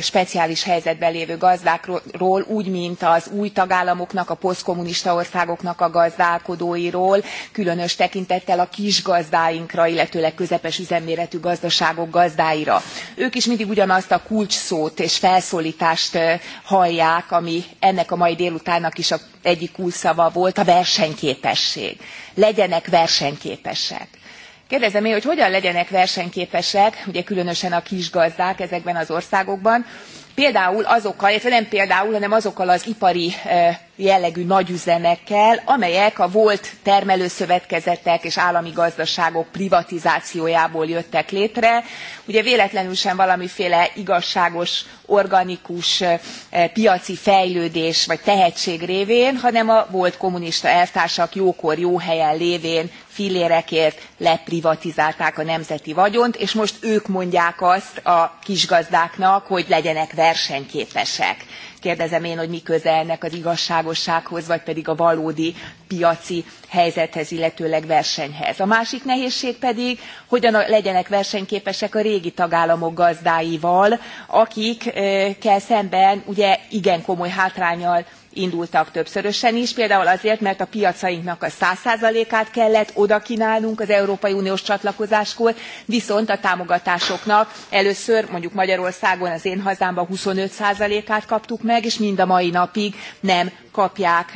speciális helyzetben lévő gazdákról úgy mint az új tagállamoknak a posztkommunista országoknak a gazdálkodóiról különös tekintettel a kisgazdáinkra illetőleg közepes üzemméretű gazdaságok gazdáira. ők is mindig ugyanazt a kulcsszót és felszóltást hallják ami ennek a mai délutánnak is az egyik kulcsszava volt a versenyképesség. legyenek versenyképesek! kérdezem én hogy hogyan legyenek versenyképesek ugye különösen a kisgazdák ezekben az országokban? például azokkal illetve nem például hanem azokkal az ipari jellegű nagyüzemekkel amelyek a volt termelőszövetkezetek és állami gazdaságok privatizációjából jöttek létre ugye véletlenül sem valamiféle igazságos organikus piaci fejlődés vagy tehetség révén hanem a volt kommunista elvtársak jókor jó helyen lévén fillérekért leprivatizálták a nemzeti vagyont és most ők mondják azt a kisgazdáknak hogy legyenek versenyképesek. kérdezem én hogy mi köze ennek az igazságossághoz vagy pedig a valódi piaci helyzethez illetőleg versenyhez. a másik nehézség pedig hogyan legyenek versenyképesek a régi tagállamok gazdáival akikkel szemben ugye igen komoly hátrányal indultak többszörösen is például azért mert a piacainknak a one hundred át kellett oda knálnunk az európai uniós csatlakozáskor viszont a támogatásoknak először mondjuk magyarországon az én hazámban twenty five át kaptuk meg és mind a mai napig nem kapják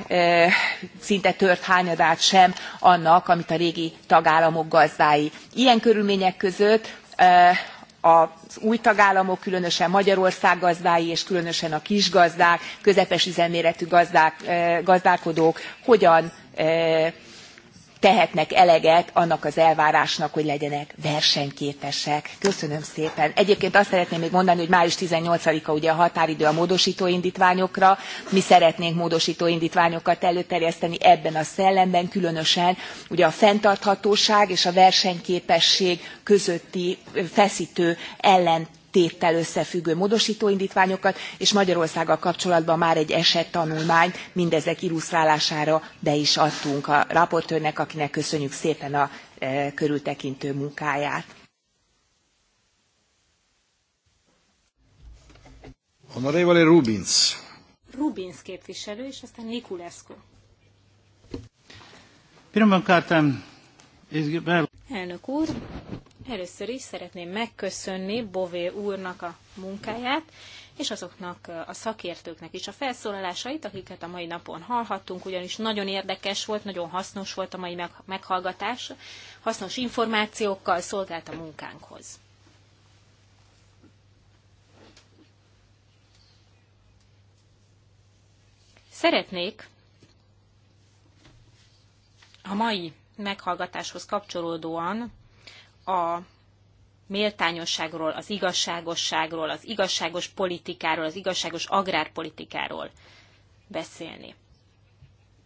szinte tört hányadát sem annak amit a régi tagállamok gazdái. ilyen körülmények között az új tagállamok, különösen Magyarország gazdái és különösen a kisgazdák, közepes üzemméretű gazdák, eh, gazdálkodók hogyan eh, tehetnek eleget annak az elvárásnak, hogy legyenek versenyképesek. Köszönöm szépen. Egyébként azt szeretném még mondani, hogy május 18-a ugye a határidő a módosító indítványokra. Mi szeretnénk módosító indítványokat előterjeszteni ebben a szellemben, különösen ugye a fenntarthatóság és a versenyképesség közötti feszítő ellent téttel összefüggő módostó indtványokat és magyarországgal kapcsolatban már egy esettanulmányt mindezek illusztrálására be is adtunk a raportőrnek akinek köszönjük szépen a e, körültekintő munkáját. Honorevole Rubins. Rubins képviselő, és aztán Nikulescu. Elnök úr, Először is szeretném megköszönni Bové úrnak a munkáját, és azoknak a szakértőknek is a felszólalásait, akiket a mai napon hallhattunk, ugyanis nagyon érdekes volt, nagyon hasznos volt a mai meghallgatás, hasznos információkkal szolgált a munkánkhoz. Szeretnék a mai meghallgatáshoz kapcsolódóan a méltányosságról, az igazságosságról, az igazságos politikáról, az igazságos agrárpolitikáról beszélni.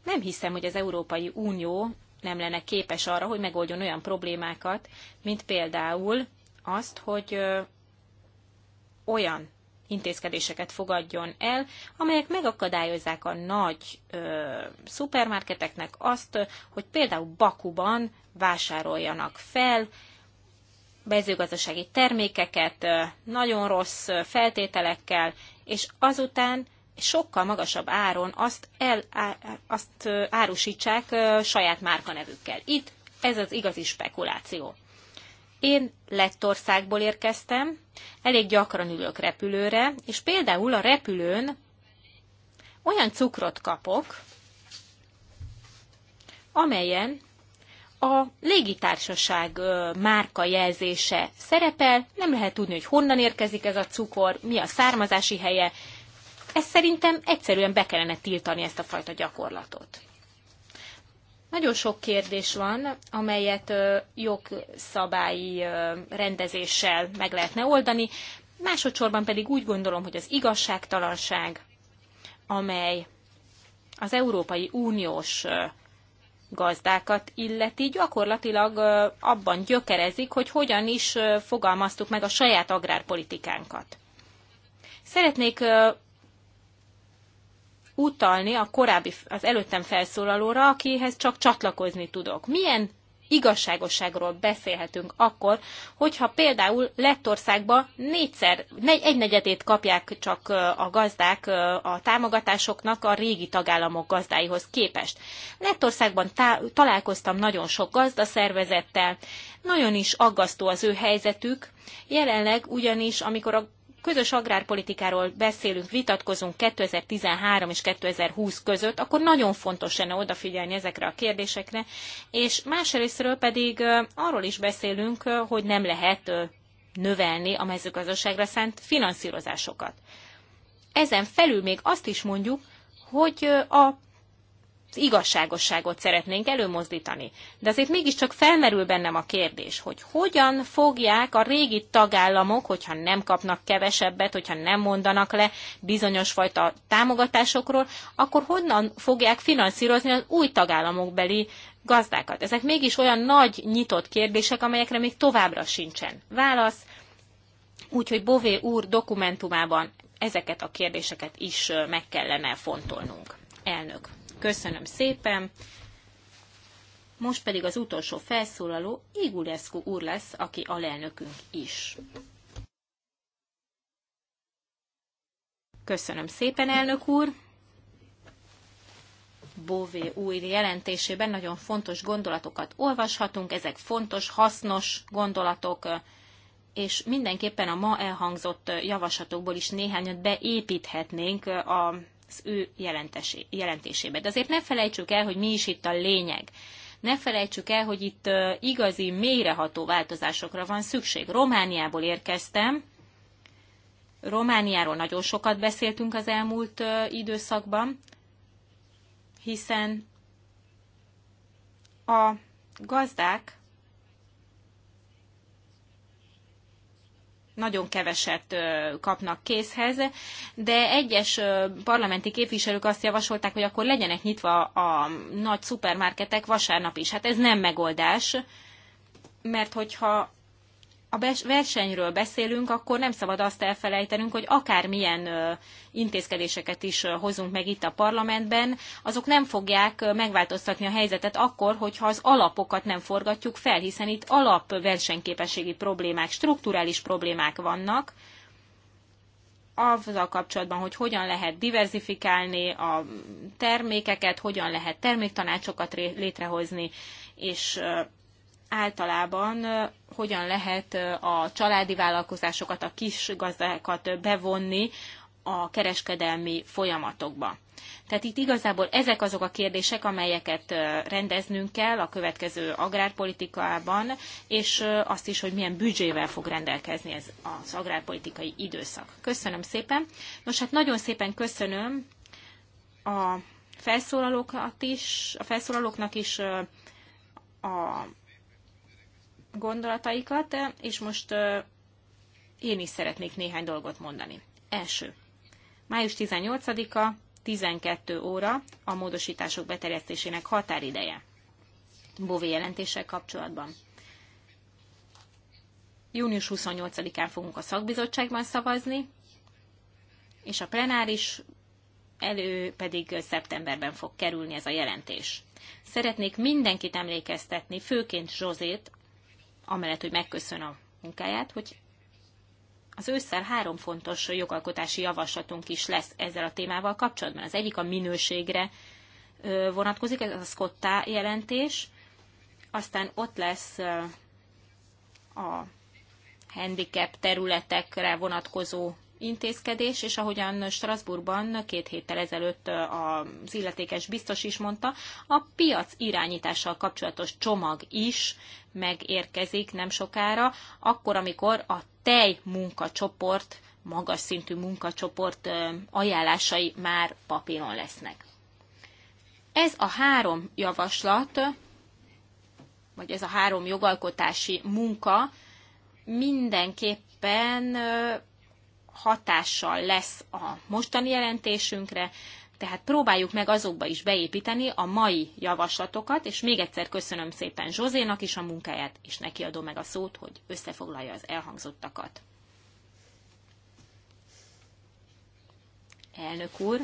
Nem hiszem, hogy az Európai Unió nem lenne képes arra, hogy megoldjon olyan problémákat, mint például azt, hogy olyan intézkedéseket fogadjon el, amelyek megakadályozzák a nagy ö, szupermarketeknek azt, hogy például Bakuban vásároljanak fel mezőgazdasági termékeket nagyon rossz feltételekkel, és azután sokkal magasabb áron azt, el, azt árusítsák saját márkanevükkel. Itt ez az igazi spekuláció. Én Lettországból érkeztem, elég gyakran ülök repülőre, és például a repülőn olyan cukrot kapok, amelyen a légitársaság márka jelzése szerepel, nem lehet tudni, hogy honnan érkezik ez a cukor, mi a származási helye. Ez szerintem egyszerűen be kellene tiltani ezt a fajta gyakorlatot. Nagyon sok kérdés van, amelyet jogszabályi rendezéssel meg lehetne oldani, másodszorban pedig úgy gondolom, hogy az igazságtalanság, amely az Európai Uniós gazdákat illeti, gyakorlatilag abban gyökerezik, hogy hogyan is fogalmaztuk meg a saját agrárpolitikánkat. Szeretnék utalni a korábbi, az előttem felszólalóra, akihez csak csatlakozni tudok. Milyen igazságosságról beszélhetünk akkor, hogyha például Lettországban négyszer, egy negyedét kapják csak a gazdák a támogatásoknak a régi tagállamok gazdáihoz képest. Lettországban tá- találkoztam nagyon sok gazdaszervezettel, nagyon is aggasztó az ő helyzetük, jelenleg ugyanis, amikor a közös agrárpolitikáról beszélünk, vitatkozunk 2013 és 2020 között, akkor nagyon fontos lenne odafigyelni ezekre a kérdésekre, és másrésztről pedig arról is beszélünk, hogy nem lehet növelni a mezőgazdaságra szánt finanszírozásokat. Ezen felül még azt is mondjuk, hogy a igazságosságot szeretnénk előmozdítani. De azért mégiscsak felmerül bennem a kérdés, hogy hogyan fogják a régi tagállamok, hogyha nem kapnak kevesebbet, hogyha nem mondanak le bizonyos fajta támogatásokról, akkor honnan fogják finanszírozni az új tagállamokbeli gazdákat. Ezek mégis olyan nagy nyitott kérdések, amelyekre még továbbra sincsen válasz, úgyhogy Bové úr dokumentumában ezeket a kérdéseket is meg kellene fontolnunk. Elnök. Köszönöm szépen. Most pedig az utolsó felszólaló Igulescu úr lesz, aki alelnökünk is. Köszönöm szépen, elnök úr! Bové új jelentésében nagyon fontos gondolatokat olvashatunk, ezek fontos, hasznos gondolatok, és mindenképpen a ma elhangzott javaslatokból is néhányat beépíthetnénk a az ő jelentésébe. De azért ne felejtsük el, hogy mi is itt a lényeg. Ne felejtsük el, hogy itt igazi, mélyreható változásokra van szükség. Romániából érkeztem, Romániáról nagyon sokat beszéltünk az elmúlt időszakban, hiszen a gazdák nagyon keveset kapnak készhez, de egyes parlamenti képviselők azt javasolták, hogy akkor legyenek nyitva a nagy szupermarketek vasárnap is. Hát ez nem megoldás, mert hogyha a versenyről beszélünk, akkor nem szabad azt elfelejtenünk, hogy akármilyen intézkedéseket is hozunk meg itt a parlamentben, azok nem fogják megváltoztatni a helyzetet akkor, hogyha az alapokat nem forgatjuk fel, hiszen itt alap versenyképességi problémák, strukturális problémák vannak, azzal kapcsolatban, hogy hogyan lehet diversifikálni a termékeket, hogyan lehet terméktanácsokat létrehozni, és általában hogyan lehet a családi vállalkozásokat, a kis gazdákat bevonni a kereskedelmi folyamatokba. Tehát itt igazából ezek azok a kérdések, amelyeket rendeznünk kell a következő agrárpolitikában, és azt is, hogy milyen büdzsével fog rendelkezni ez az agrárpolitikai időszak. Köszönöm szépen. Nos, hát nagyon szépen köszönöm a felszólalókat is, a felszólalóknak is a gondolataikat, eh, és most eh, én is szeretnék néhány dolgot mondani. Első. Május 18-a, 12 óra a módosítások beterjesztésének határideje. Bové jelentéssel kapcsolatban. Június 28-án fogunk a szakbizottságban szavazni, és a plenáris elő pedig szeptemberben fog kerülni ez a jelentés. Szeretnék mindenkit emlékeztetni, főként Zsozét, amellett, hogy megköszön a munkáját, hogy az ősszel három fontos jogalkotási javaslatunk is lesz ezzel a témával kapcsolatban. Az egyik a minőségre vonatkozik, ez a Scottá jelentés, aztán ott lesz a handicap területekre vonatkozó intézkedés, és ahogyan Strasbourgban két héttel ezelőtt az illetékes biztos is mondta, a piac irányítással kapcsolatos csomag is megérkezik nem sokára, akkor, amikor a tej munkacsoport, magas szintű munkacsoport ajánlásai már papíron lesznek. Ez a három javaslat, vagy ez a három jogalkotási munka mindenképpen hatással lesz a mostani jelentésünkre, tehát próbáljuk meg azokba is beépíteni a mai javaslatokat, és még egyszer köszönöm szépen Zsozénak is a munkáját, és neki adom meg a szót, hogy összefoglalja az elhangzottakat. Elnök úr!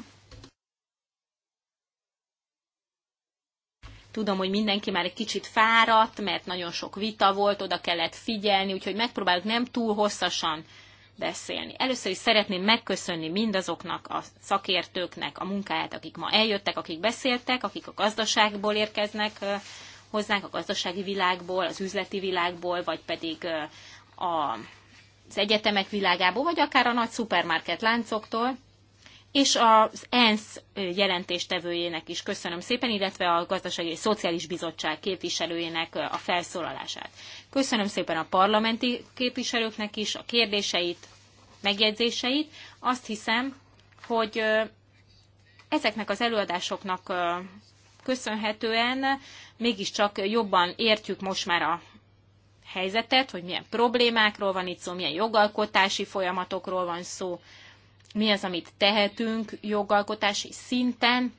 Tudom, hogy mindenki már egy kicsit fáradt, mert nagyon sok vita volt, oda kellett figyelni, úgyhogy megpróbáljuk nem túl hosszasan beszélni. Először is szeretném megköszönni mindazoknak a szakértőknek a munkáját, akik ma eljöttek, akik beszéltek, akik a gazdaságból érkeznek hozzánk, a gazdasági világból, az üzleti világból, vagy pedig a, az egyetemek világából, vagy akár a nagy szupermarket láncoktól és az ENSZ jelentéstevőjének is köszönöm szépen, illetve a Gazdasági és Szociális Bizottság képviselőjének a felszólalását. Köszönöm szépen a parlamenti képviselőknek is a kérdéseit, megjegyzéseit. Azt hiszem, hogy ezeknek az előadásoknak köszönhetően mégiscsak jobban értjük most már a helyzetet, hogy milyen problémákról van itt szó, milyen jogalkotási folyamatokról van szó, mi az, amit tehetünk jogalkotási szinten,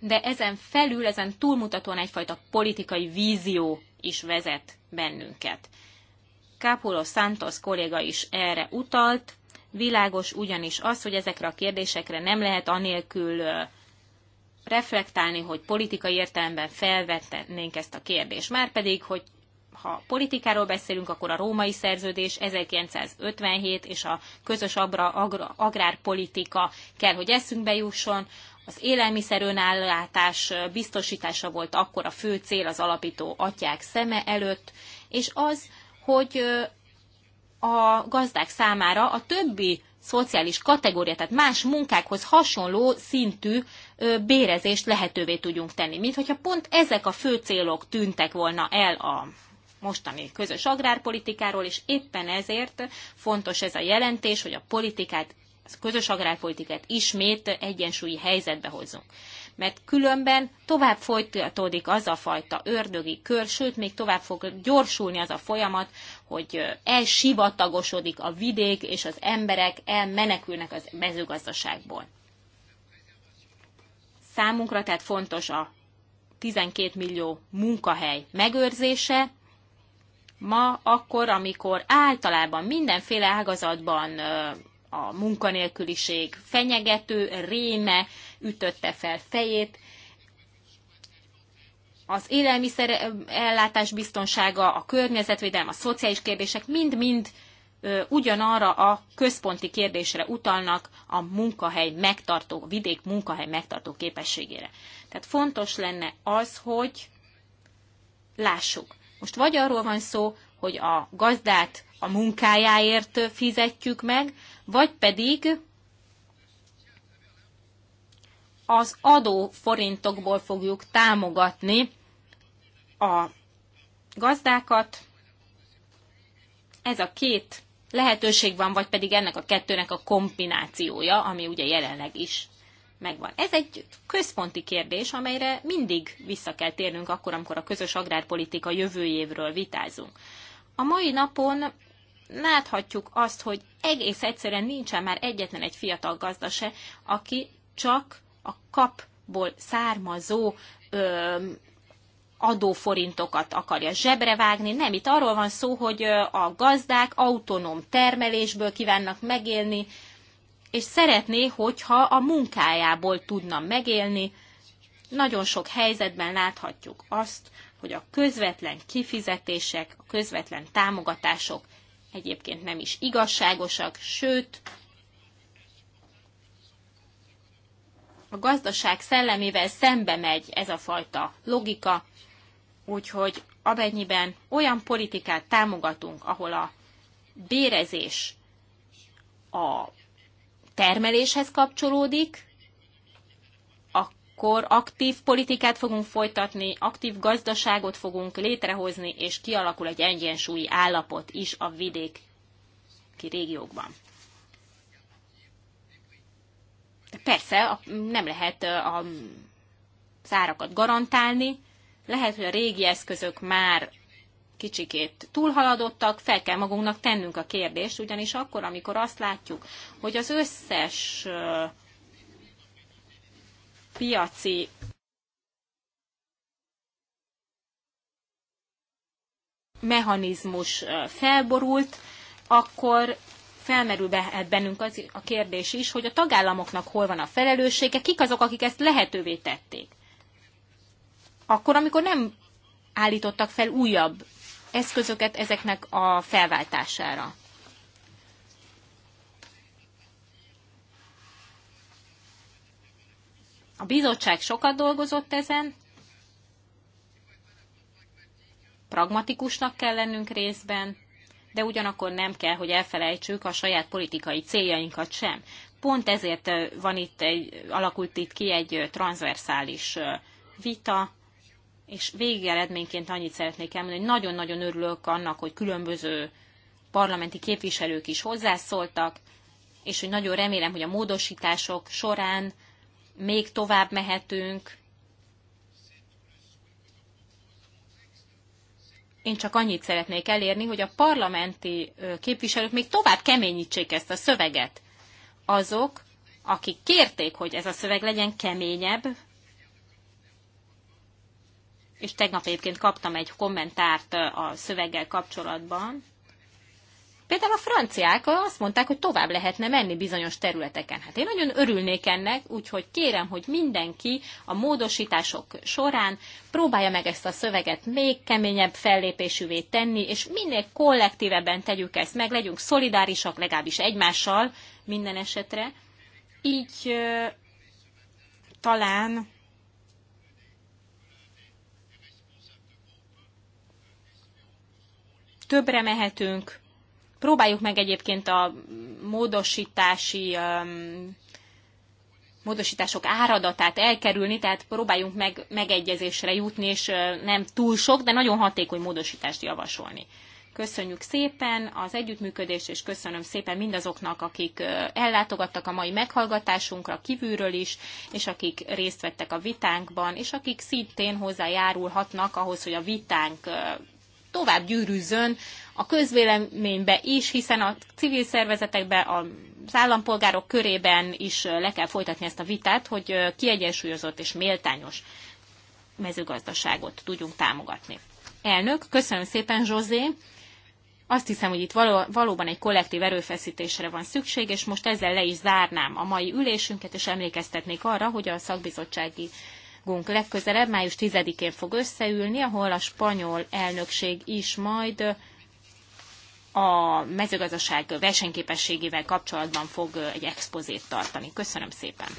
de ezen felül, ezen túlmutatóan egyfajta politikai vízió is vezet bennünket. Kápoló Santos kolléga is erre utalt, világos ugyanis az, hogy ezekre a kérdésekre nem lehet anélkül reflektálni, hogy politikai értelemben felvetnénk ezt a kérdést. Márpedig, hogy ha politikáról beszélünk, akkor a római szerződés 1957 és a közös abra, agra, agrárpolitika kell, hogy eszünkbe jusson. Az élelmiszer önállátás biztosítása volt akkor a fő cél az alapító atyák szeme előtt, és az, hogy a gazdák számára a többi szociális kategória, tehát más munkákhoz hasonló szintű bérezést lehetővé tudjunk tenni. Mint hogyha pont ezek a fő célok tűntek volna el a mostani közös agrárpolitikáról, és éppen ezért fontos ez a jelentés, hogy a politikát, a közös agrárpolitikát ismét egyensúlyi helyzetbe hozzunk mert különben tovább folytatódik az a fajta ördögi kör, sőt, még tovább fog gyorsulni az a folyamat, hogy elsivatagosodik a vidék, és az emberek elmenekülnek az mezőgazdaságból. Számunkra tehát fontos a 12 millió munkahely megőrzése, ma akkor, amikor általában mindenféle ágazatban a munkanélküliség fenyegető réme ütötte fel fejét, az élelmiszer ellátás biztonsága, a környezetvédelem, a szociális kérdések mind-mind ugyanarra a központi kérdésre utalnak a munkahely megtartó, a vidék munkahely megtartó képességére. Tehát fontos lenne az, hogy lássuk, most vagy arról van szó, hogy a gazdát a munkájáért fizetjük meg, vagy pedig az adóforintokból fogjuk támogatni a gazdákat. Ez a két lehetőség van, vagy pedig ennek a kettőnek a kombinációja, ami ugye jelenleg is megvan. Ez egy központi kérdés, amelyre mindig vissza kell térnünk akkor, amikor a közös agrárpolitika jövőjévről vitázunk. A mai napon láthatjuk azt, hogy egész egyszerűen nincsen már egyetlen egy fiatal gazda se, aki csak a kapból származó ö, adóforintokat akarja zsebre vágni. Nem, itt arról van szó, hogy a gazdák autonóm termelésből kívánnak megélni, és szeretné, hogyha a munkájából tudna megélni. Nagyon sok helyzetben láthatjuk azt, hogy a közvetlen kifizetések, a közvetlen támogatások egyébként nem is igazságosak, sőt, a gazdaság szellemével szembe megy ez a fajta logika, úgyhogy amennyiben olyan politikát támogatunk, ahol a bérezés, a termeléshez kapcsolódik, akkor aktív politikát fogunk folytatni, aktív gazdaságot fogunk létrehozni, és kialakul egy egyensúlyi állapot is a vidéki régiókban. Persze, nem lehet a szárakat garantálni, lehet, hogy a régi eszközök már kicsikét túlhaladottak, fel kell magunknak tennünk a kérdést, ugyanis akkor, amikor azt látjuk, hogy az összes piaci mechanizmus felborult, akkor felmerül be hát bennünk az a kérdés is, hogy a tagállamoknak hol van a felelőssége, kik azok, akik ezt lehetővé tették. Akkor, amikor nem állítottak fel újabb eszközöket ezeknek a felváltására. A bizottság sokat dolgozott ezen, pragmatikusnak kell lennünk részben, de ugyanakkor nem kell, hogy elfelejtsük a saját politikai céljainkat sem. Pont ezért van itt egy, alakult itt ki egy transzverszális vita, és végeredményként annyit szeretnék elmondani, hogy nagyon-nagyon örülök annak, hogy különböző parlamenti képviselők is hozzászóltak, és hogy nagyon remélem, hogy a módosítások során még tovább mehetünk. Én csak annyit szeretnék elérni, hogy a parlamenti képviselők még tovább keményítsék ezt a szöveget. Azok, akik kérték, hogy ez a szöveg legyen keményebb, és tegnap egyébként kaptam egy kommentárt a szöveggel kapcsolatban. Például a franciák azt mondták, hogy tovább lehetne menni bizonyos területeken. Hát én nagyon örülnék ennek, úgyhogy kérem, hogy mindenki a módosítások során próbálja meg ezt a szöveget még keményebb fellépésűvé tenni, és minél kollektívebben tegyük ezt meg, legyünk szolidárisak legalábbis egymással minden esetre. Így talán többre mehetünk. Próbáljuk meg egyébként a módosítási um, módosítások áradatát elkerülni, tehát próbáljunk meg megegyezésre jutni, és nem túl sok, de nagyon hatékony módosítást javasolni. Köszönjük szépen az együttműködést, és köszönöm szépen mindazoknak, akik ellátogattak a mai meghallgatásunkra kívülről is, és akik részt vettek a vitánkban, és akik szintén hozzájárulhatnak ahhoz, hogy a vitánk tovább gyűrűzön a közvéleménybe is, hiszen a civil szervezetekben az állampolgárok körében is le kell folytatni ezt a vitát, hogy kiegyensúlyozott és méltányos mezőgazdaságot tudjunk támogatni. Elnök, köszönöm szépen, Zsozé! Azt hiszem, hogy itt való, valóban egy kollektív erőfeszítésre van szükség, és most ezzel le is zárnám a mai ülésünket, és emlékeztetnék arra, hogy a szakbizottsági fogunk legközelebb, május 10-én fog összeülni, ahol a spanyol elnökség is majd a mezőgazdaság versenyképességével kapcsolatban fog egy expozét tartani. Köszönöm szépen!